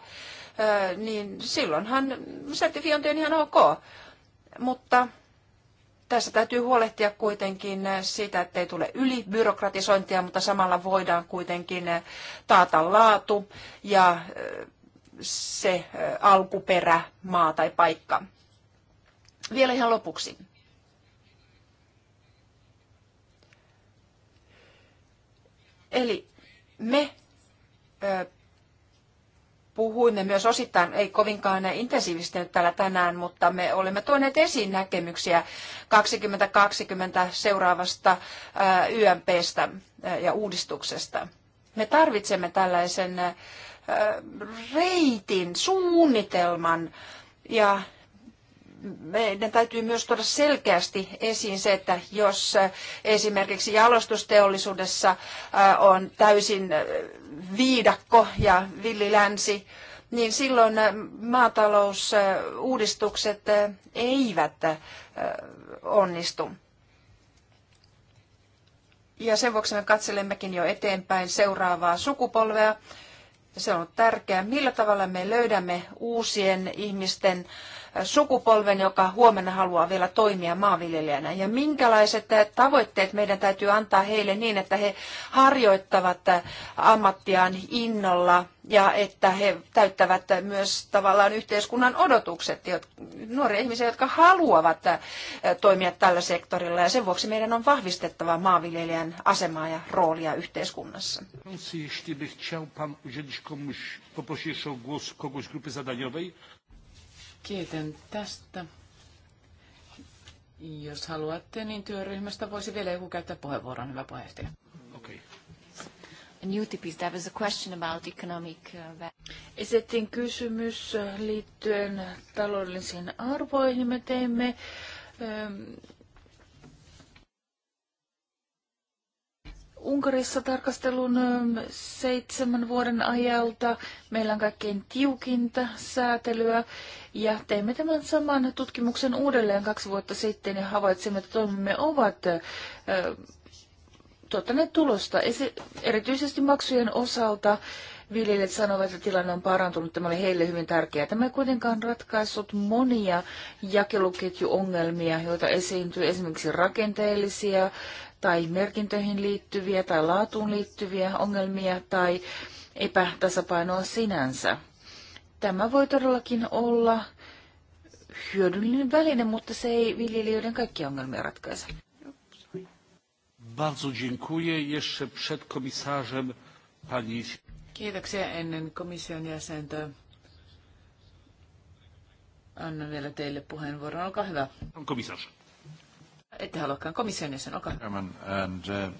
niin silloinhan sertifiointi on ihan ok. Mutta tässä täytyy huolehtia kuitenkin siitä, että ei tule ylibyrokratisointia, mutta samalla voidaan kuitenkin taata laatu ja se alkuperä, maa tai paikka. Vielä ihan lopuksi. Eli me puhuimme myös osittain, ei kovinkaan intensiivisesti nyt täällä tänään, mutta me olemme tuoneet esiin näkemyksiä 2020 seuraavasta YMPstä ja uudistuksesta. Me tarvitsemme tällaisen reitin, suunnitelman ja meidän täytyy myös tuoda selkeästi esiin se, että jos esimerkiksi jalostusteollisuudessa on täysin viidakko ja villilänsi, niin silloin äh, maatalousuudistukset äh, eivät äh, onnistu. Ja sen vuoksi me katselemmekin jo eteenpäin seuraavaa sukupolvea. Se on tärkeää, millä tavalla me löydämme uusien ihmisten sukupolven, joka huomenna haluaa vielä toimia maanviljelijänä. Ja minkälaiset tavoitteet meidän täytyy antaa heille niin, että he harjoittavat ammattiaan innolla ja että he täyttävät myös tavallaan yhteiskunnan odotukset, nuoria ihmisiä, jotka haluavat toimia tällä sektorilla. Ja sen vuoksi meidän on vahvistettava maanviljelijän asemaa ja roolia yhteiskunnassa. Jeśli by chciał pan udzielić komuś, poprosić o głos kogoś grupy zadaniowej, Kiitän tästä. Jos haluatte, niin työryhmästä voisi vielä joku käyttää puheenvuoron, hyvä puheenjohtaja. Okay. UTPs, economic uh, kysymys liittyen taloudellisiin arvoihin. Me teimme um, Unkarissa tarkastelun ähm, seitsemän vuoden ajalta. Meillä on kaikkein tiukinta säätelyä ja teimme tämän saman tutkimuksen uudelleen kaksi vuotta sitten ja havaitsimme, että toimimme ovat äh, tuottaneet tulosta. Erityisesti maksujen osalta viljelijät sanovat, että tilanne on parantunut. Tämä oli heille hyvin tärkeää. Tämä ei kuitenkaan ratkaissut monia jakeluketjuongelmia, joita esiintyy esimerkiksi rakenteellisia tai merkintöihin liittyviä tai laatuun liittyviä ongelmia tai epätasapainoa sinänsä. Tämä voi todellakin olla hyödyllinen väline, mutta se ei viljelijöiden kaikkia ongelmia ratkaise. Bardzo dziękuję. Jeszcze przed komisarzem pani... Kiitoksia ennen komission jäsentä. Annan vielä teille puheenvuoron. Olkaa hyvä. Komisarz. Ette haluakaan komission jäsen, olkaa hyvä. Uh,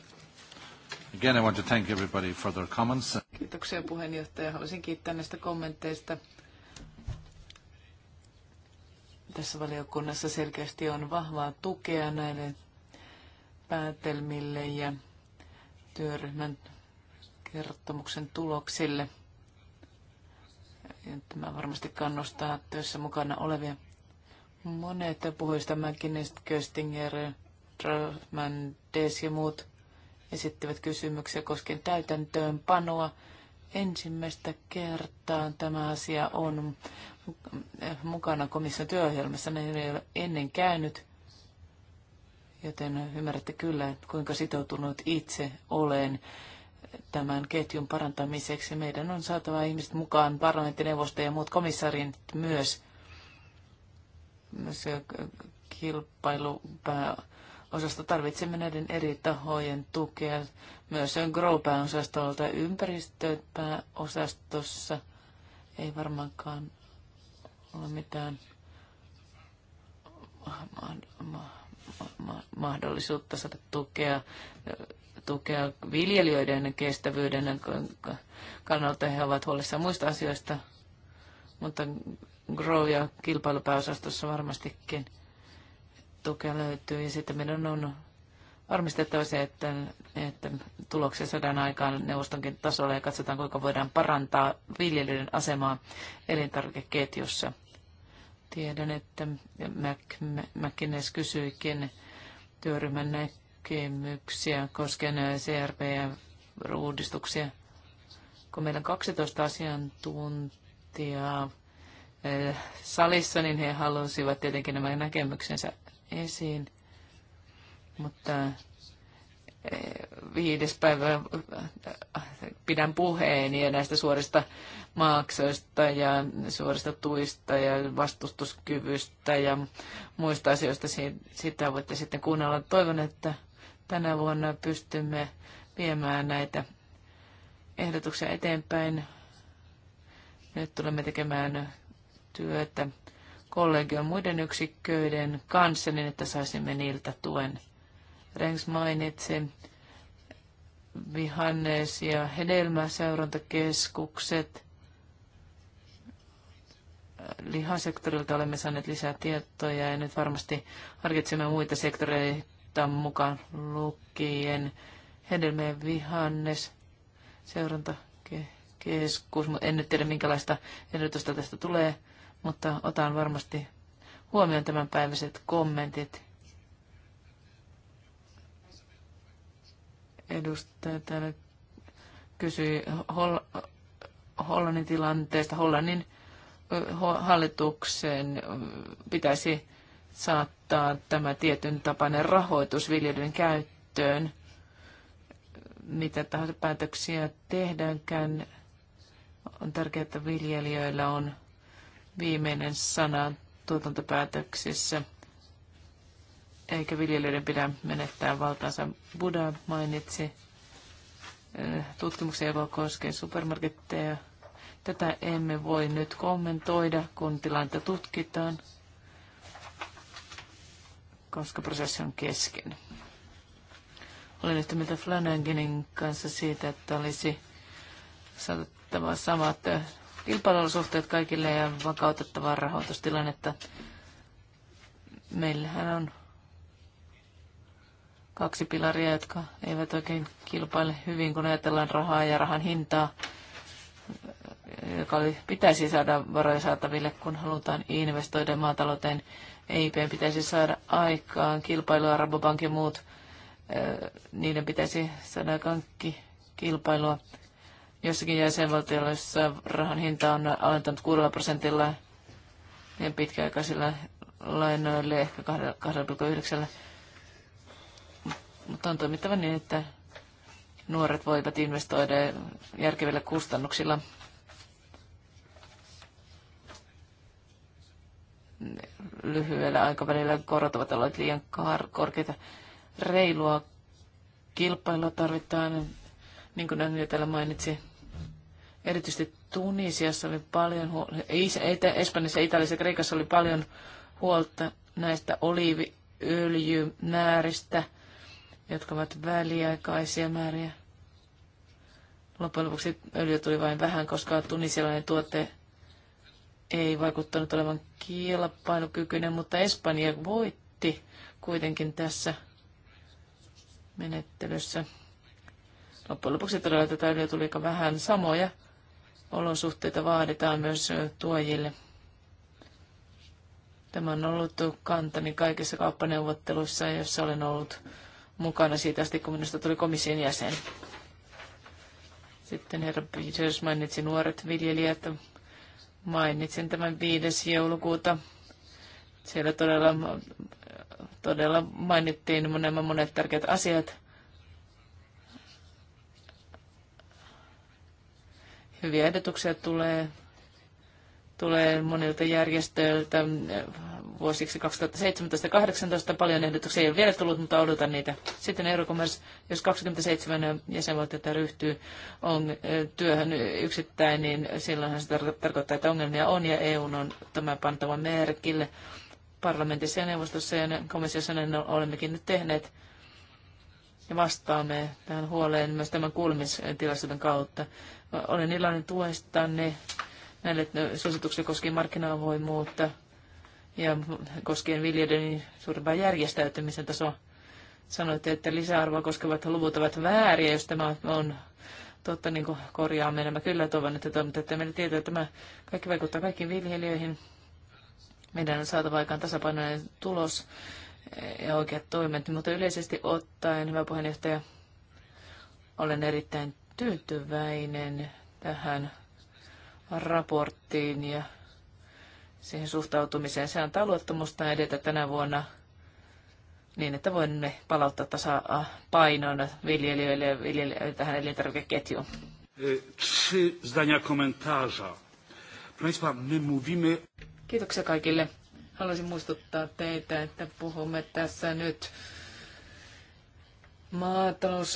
again, I want to thank everybody for their comments. Kiitoksia puheenjohtaja. Haluaisin kiittää näistä kommenteista. Tässä valiokunnassa selkeästi on vahvaa tukea näille päätelmille ja työryhmän kertomuksen tuloksille. Tämä varmasti kannustaa työssä mukana olevia. Monet puhuista McKinnist, Köstinger, Dröman, Des ja muut esittivät kysymyksiä koskien täytäntöönpanoa. Ensimmäistä kertaa tämä asia on mukana komission työohjelmassa. ne ei ole ennen käynyt, joten ymmärrätte kyllä, kuinka sitoutunut itse olen tämän ketjun parantamiseksi. Meidän on saatava ihmiset mukaan, parlamenttineuvosto ja muut komissaarit myös myös äh, kilpailupääosasto. Tarvitsemme näiden eri tahojen tukea myös on Grow-pääosastolta ympäristöpääosastossa. Ei varmaankaan ole mitään mahdollisuutta saada tukea, tukea viljelijöiden kestävyyden kannalta. He ovat huolissaan muista asioista, mutta Grow- ja kilpailupääosastossa varmastikin tukea löytyy. Ja sitten meidän on varmistettava se, että, että tuloksia saadaan aikaan neuvostonkin tasolla ja katsotaan, kuinka voidaan parantaa viljelijöiden asemaa elintarvikeketjussa. Tiedän, että McInnes kysyikin työryhmän näkemyksiä koskien ja uudistuksia Kun meillä on 12 asiantuntijaa Eh, salissa, niin he halusivat tietenkin nämä näkemyksensä esiin. Mutta eh, viides päivä eh, pidän puheeni ja näistä suorista maaksoista ja suorista tuista ja vastustuskyvystä ja muista asioista. Sitä voitte sitten kuunnella. Toivon, että tänä vuonna pystymme viemään näitä ehdotuksia eteenpäin. Nyt tulemme tekemään työtä kollegion muiden yksiköiden kanssa niin, että saisimme niiltä tuen. Rengs mainitsi vihannes- ja hedelmäseurantakeskukset. Lihasektorilta olemme saaneet lisää tietoja ja nyt varmasti harkitsemme muita sektoreita mukaan lukien hedelmien vihannes seurantakeskus, mutta en nyt tiedä minkälaista ehdotusta tästä tulee mutta otan varmasti huomioon tämän päiväiset kommentit. Edustaja täällä kysyi Hol- Hollannin tilanteesta. Hollannin hallituksen pitäisi saattaa tämä tietyn tapainen rahoitus viljelyn käyttöön. Mitä tahansa päätöksiä tehdäänkään, on tärkeää, että viljelijöillä on viimeinen sana tuotantopäätöksissä, eikä viljelijöiden pidä menettää valtaansa. Buddha mainitsi eh, tutkimuksen, joka koskee supermarketteja. Tätä emme voi nyt kommentoida, kun tilannetta tutkitaan, koska prosessi on kesken. Olen yhtä mieltä Flanaganin kanssa siitä, että olisi saatettava samat eh, kilpailuolosuhteet kaikille ja vakautettavaa rahoitustilannetta. Meillähän on kaksi pilaria, jotka eivät oikein kilpaile hyvin, kun ajatellaan rahaa ja rahan hintaa, joka oli, pitäisi saada varoja saataville, kun halutaan investoida maatalouteen. EIP pitäisi saada aikaan kilpailua, Rabobank ja muut, niiden pitäisi saada aikaan kilpailua Jossakin jäsenvaltioissa rahan hinta on alentanut 6 prosentilla ja pitkäaikaisilla lainoille ehkä 2,9. Mutta on toimittava niin, että nuoret voivat investoida järkevillä kustannuksilla. Lyhyellä aikavälillä korot ovat olleet liian korkeita. Reilua kilpailua tarvitaan, niin kuin Anni täällä mainitsi. Erityisesti Tunisiassa oli paljon, Espanjassa, Italiassa ja Kreikassa oli paljon huolta näistä oliiviöljymääristä, jotka ovat väliaikaisia määriä. Loppujen lopuksi öljy tuli vain vähän, koska tunisialainen tuote ei vaikuttanut olevan kilpailukykyinen, mutta Espanja voitti kuitenkin tässä menettelyssä. Loppujen lopuksi todella tätä öljyä tuli aika vähän samoja olosuhteita vaaditaan myös tuojille. Tämä on ollut kantani kaikissa kauppaneuvotteluissa, joissa olen ollut mukana siitä asti, kun minusta tuli komission jäsen. Sitten herra Peters mainitsi nuoret viljelijät. Mainitsin tämän 5. joulukuuta. Siellä todella, todella mainittiin nämä monet tärkeät asiat. hyviä ehdotuksia tulee, tulee monilta järjestöiltä vuosiksi 2017-2018. Paljon ehdotuksia ei ole vielä tullut, mutta odotan niitä. Sitten Eurocommerce, jos 27 jäsenvaltiota ryhtyy on, työhön yksittäin, niin silloinhan se tarkoittaa, että ongelmia on ja EU on tämä pantava merkille. Parlamentissa ja neuvostossa ja komissiossa ne olemmekin nyt tehneet ja vastaamme tähän huoleen myös tämän kuulemistilaisuuden kautta. Olen iloinen tuestanne näille suosituksille koskien markkinavoimuutta ja koskien viljelijöiden suurempaa järjestäytymisen tasoa. Sanoitte, että lisäarvoa koskevat luvut ovat vääriä, jos tämä on totta, niin kuin korjaamme Mä Kyllä toivon, että toimitatte meille tietää, että tämä kaikki vaikuttaa kaikkiin viljelijöihin. Meidän on saatava aikaan tasapainoinen tulos ja oikeat toimet. Mutta yleisesti ottaen, hyvä puheenjohtaja, olen erittäin tyytyväinen tähän raporttiin ja siihen suhtautumiseen. Se antaa luottamusta edetä tänä vuonna niin, että voimme palauttaa tasapainon viljelijöille ja viljelijöille tähän elintarvikeketjuun. E, komentarza. Kiitoksia kaikille. Haluaisin muistuttaa teitä, että puhumme tässä nyt maatalous-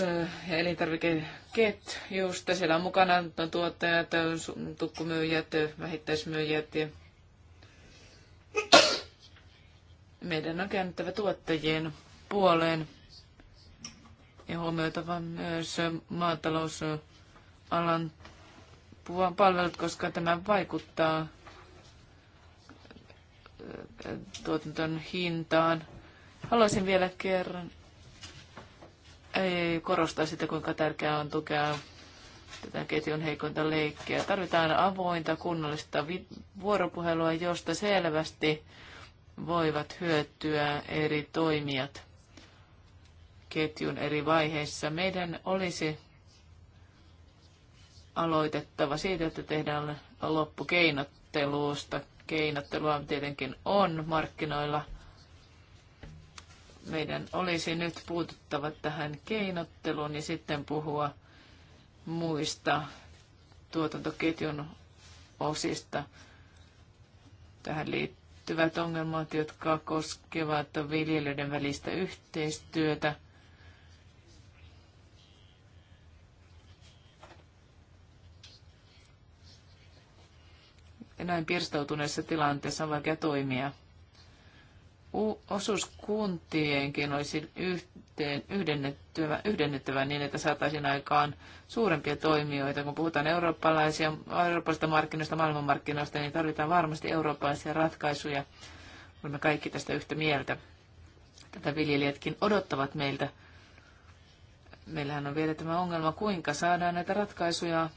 ja elintarvikeketjusta. Siellä on mukana tuottajat, tukkumyyjät, vähittäismyyjät. Ja meidän on käännettävä tuottajien puoleen ja huomioitava myös maatalousalan palvelut, koska tämä vaikuttaa tuotanton hintaan. Haluaisin vielä kerran ei korostaa sitä, kuinka tärkeää on tukea tätä ketjun heikointa leikkiä. Tarvitaan avointa, kunnollista vuoropuhelua, josta selvästi voivat hyötyä eri toimijat ketjun eri vaiheissa. Meidän olisi aloitettava siitä, että tehdään loppukeinotteluusta keinottelua tietenkin on markkinoilla. Meidän olisi nyt puututtava tähän keinotteluun ja sitten puhua muista tuotantoketjun osista. Tähän liittyvät ongelmat, jotka koskevat viljelijöiden välistä yhteistyötä – ja näin pirstoutuneessa tilanteessa on vaikea toimia. Osuuskuntienkin olisi yhteen, yhdennettävä, yhdennettävä niin, että saataisiin aikaan suurempia toimijoita. Kun puhutaan eurooppalaisia, eurooppalaisista markkinoista, maailmanmarkkinoista, niin tarvitaan varmasti eurooppalaisia ratkaisuja. Olemme kaikki tästä yhtä mieltä. Tätä viljelijätkin odottavat meiltä. Meillähän on vielä tämä ongelma, kuinka saadaan näitä ratkaisuja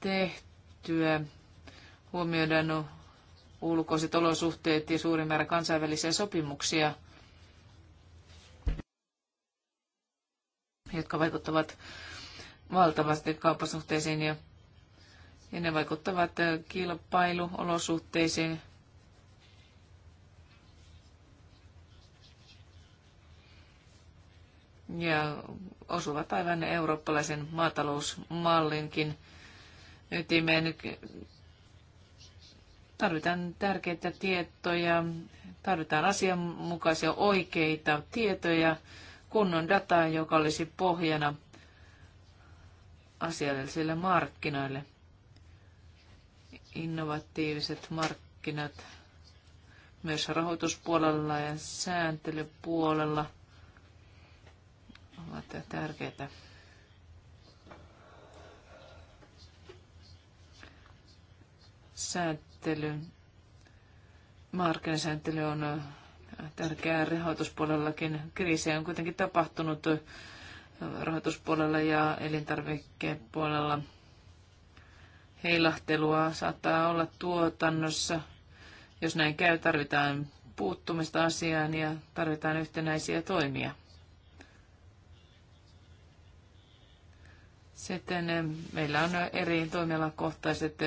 tehtyä huomioidaan ulkoiset olosuhteet ja suuri määrä kansainvälisiä sopimuksia, jotka vaikuttavat valtavasti kauppasuhteisiin ja, ja ne vaikuttavat kilpailuolosuhteisiin. Ja osuvat aivan eurooppalaisen maatalousmallinkin ytimeen Tarvitaan tärkeitä tietoja, tarvitaan asianmukaisia oikeita tietoja, kunnon dataa, joka olisi pohjana asiallisille markkinoille. Innovatiiviset markkinat myös rahoituspuolella ja sääntelypuolella ovat tärkeitä. Sääntely sääntely, markkinasääntely on äh, tärkeää rahoituspuolellakin. Kriisejä on kuitenkin tapahtunut äh, rahoituspuolella ja elintarvikepuolella. Heilahtelua saattaa olla tuotannossa. Jos näin käy, tarvitaan puuttumista asiaan ja tarvitaan yhtenäisiä toimia. Sitten äh, meillä on eri toimialakohtaiset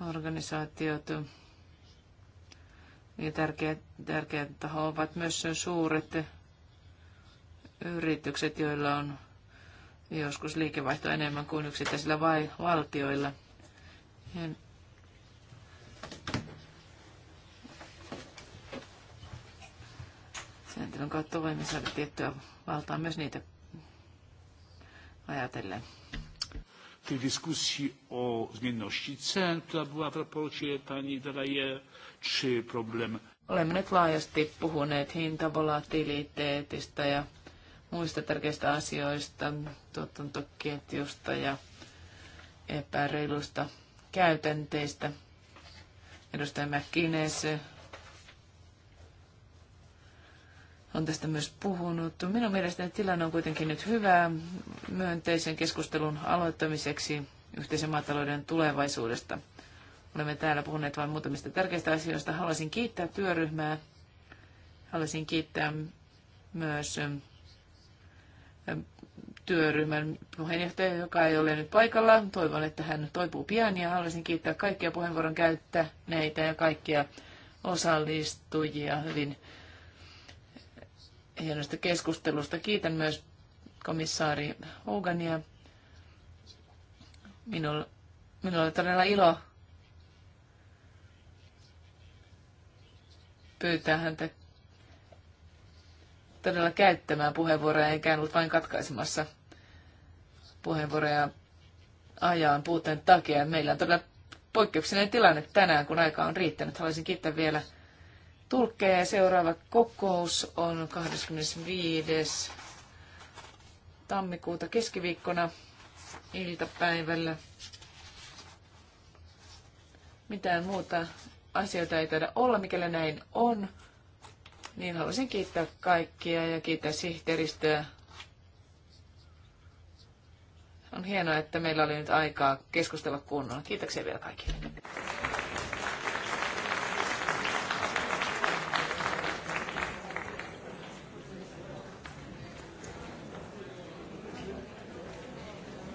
organisaatiot ja tärkeät, tärkeät taho ovat myös suuret yritykset, joilla on joskus liikevaihto enemmän kuin yksittäisillä vai valtioilla. Ja sääntelyn kautta voimme saada tiettyä valtaa myös niitä ajatellen tej dyskusji o zmienności cen, która była w raporcie pani Dalaje, czy problem... Olemme nyt laajasti puhuneet hintavolatiliteetistä ja muista tärkeistä asioista, tuotantoketjusta ja epäreilusta käytänteistä. Edustaja McGuinness on tästä myös puhunut. Minun mielestäni tilanne on kuitenkin nyt hyvä myönteisen keskustelun aloittamiseksi yhteisen maatalouden tulevaisuudesta. Olemme täällä puhuneet vain muutamista tärkeistä asioista. Haluaisin kiittää työryhmää. Haluaisin kiittää myös työryhmän puheenjohtaja, joka ei ole nyt paikalla. Toivon, että hän toipuu pian ja haluaisin kiittää kaikkia puheenvuoron käyttäneitä ja kaikkia osallistujia hyvin hienosta keskustelusta. Kiitän myös komissaari Hogania. Minulla, minulla oli todella ilo pyytää häntä todella käyttämään puheenvuoroja, eikä ollut vain katkaisemassa puheenvuoroja ajan puutteen takia. Meillä on todella poikkeuksellinen tilanne tänään, kun aika on riittänyt. Haluaisin kiittää vielä tulkkeja. Seuraava kokous on 25. tammikuuta keskiviikkona iltapäivällä. Mitään muuta asioita ei taida olla, mikäli näin on. Niin haluaisin kiittää kaikkia ja kiittää sihteeristöä. On hienoa, että meillä oli nyt aikaa keskustella kunnolla. Kiitoksia vielä kaikille.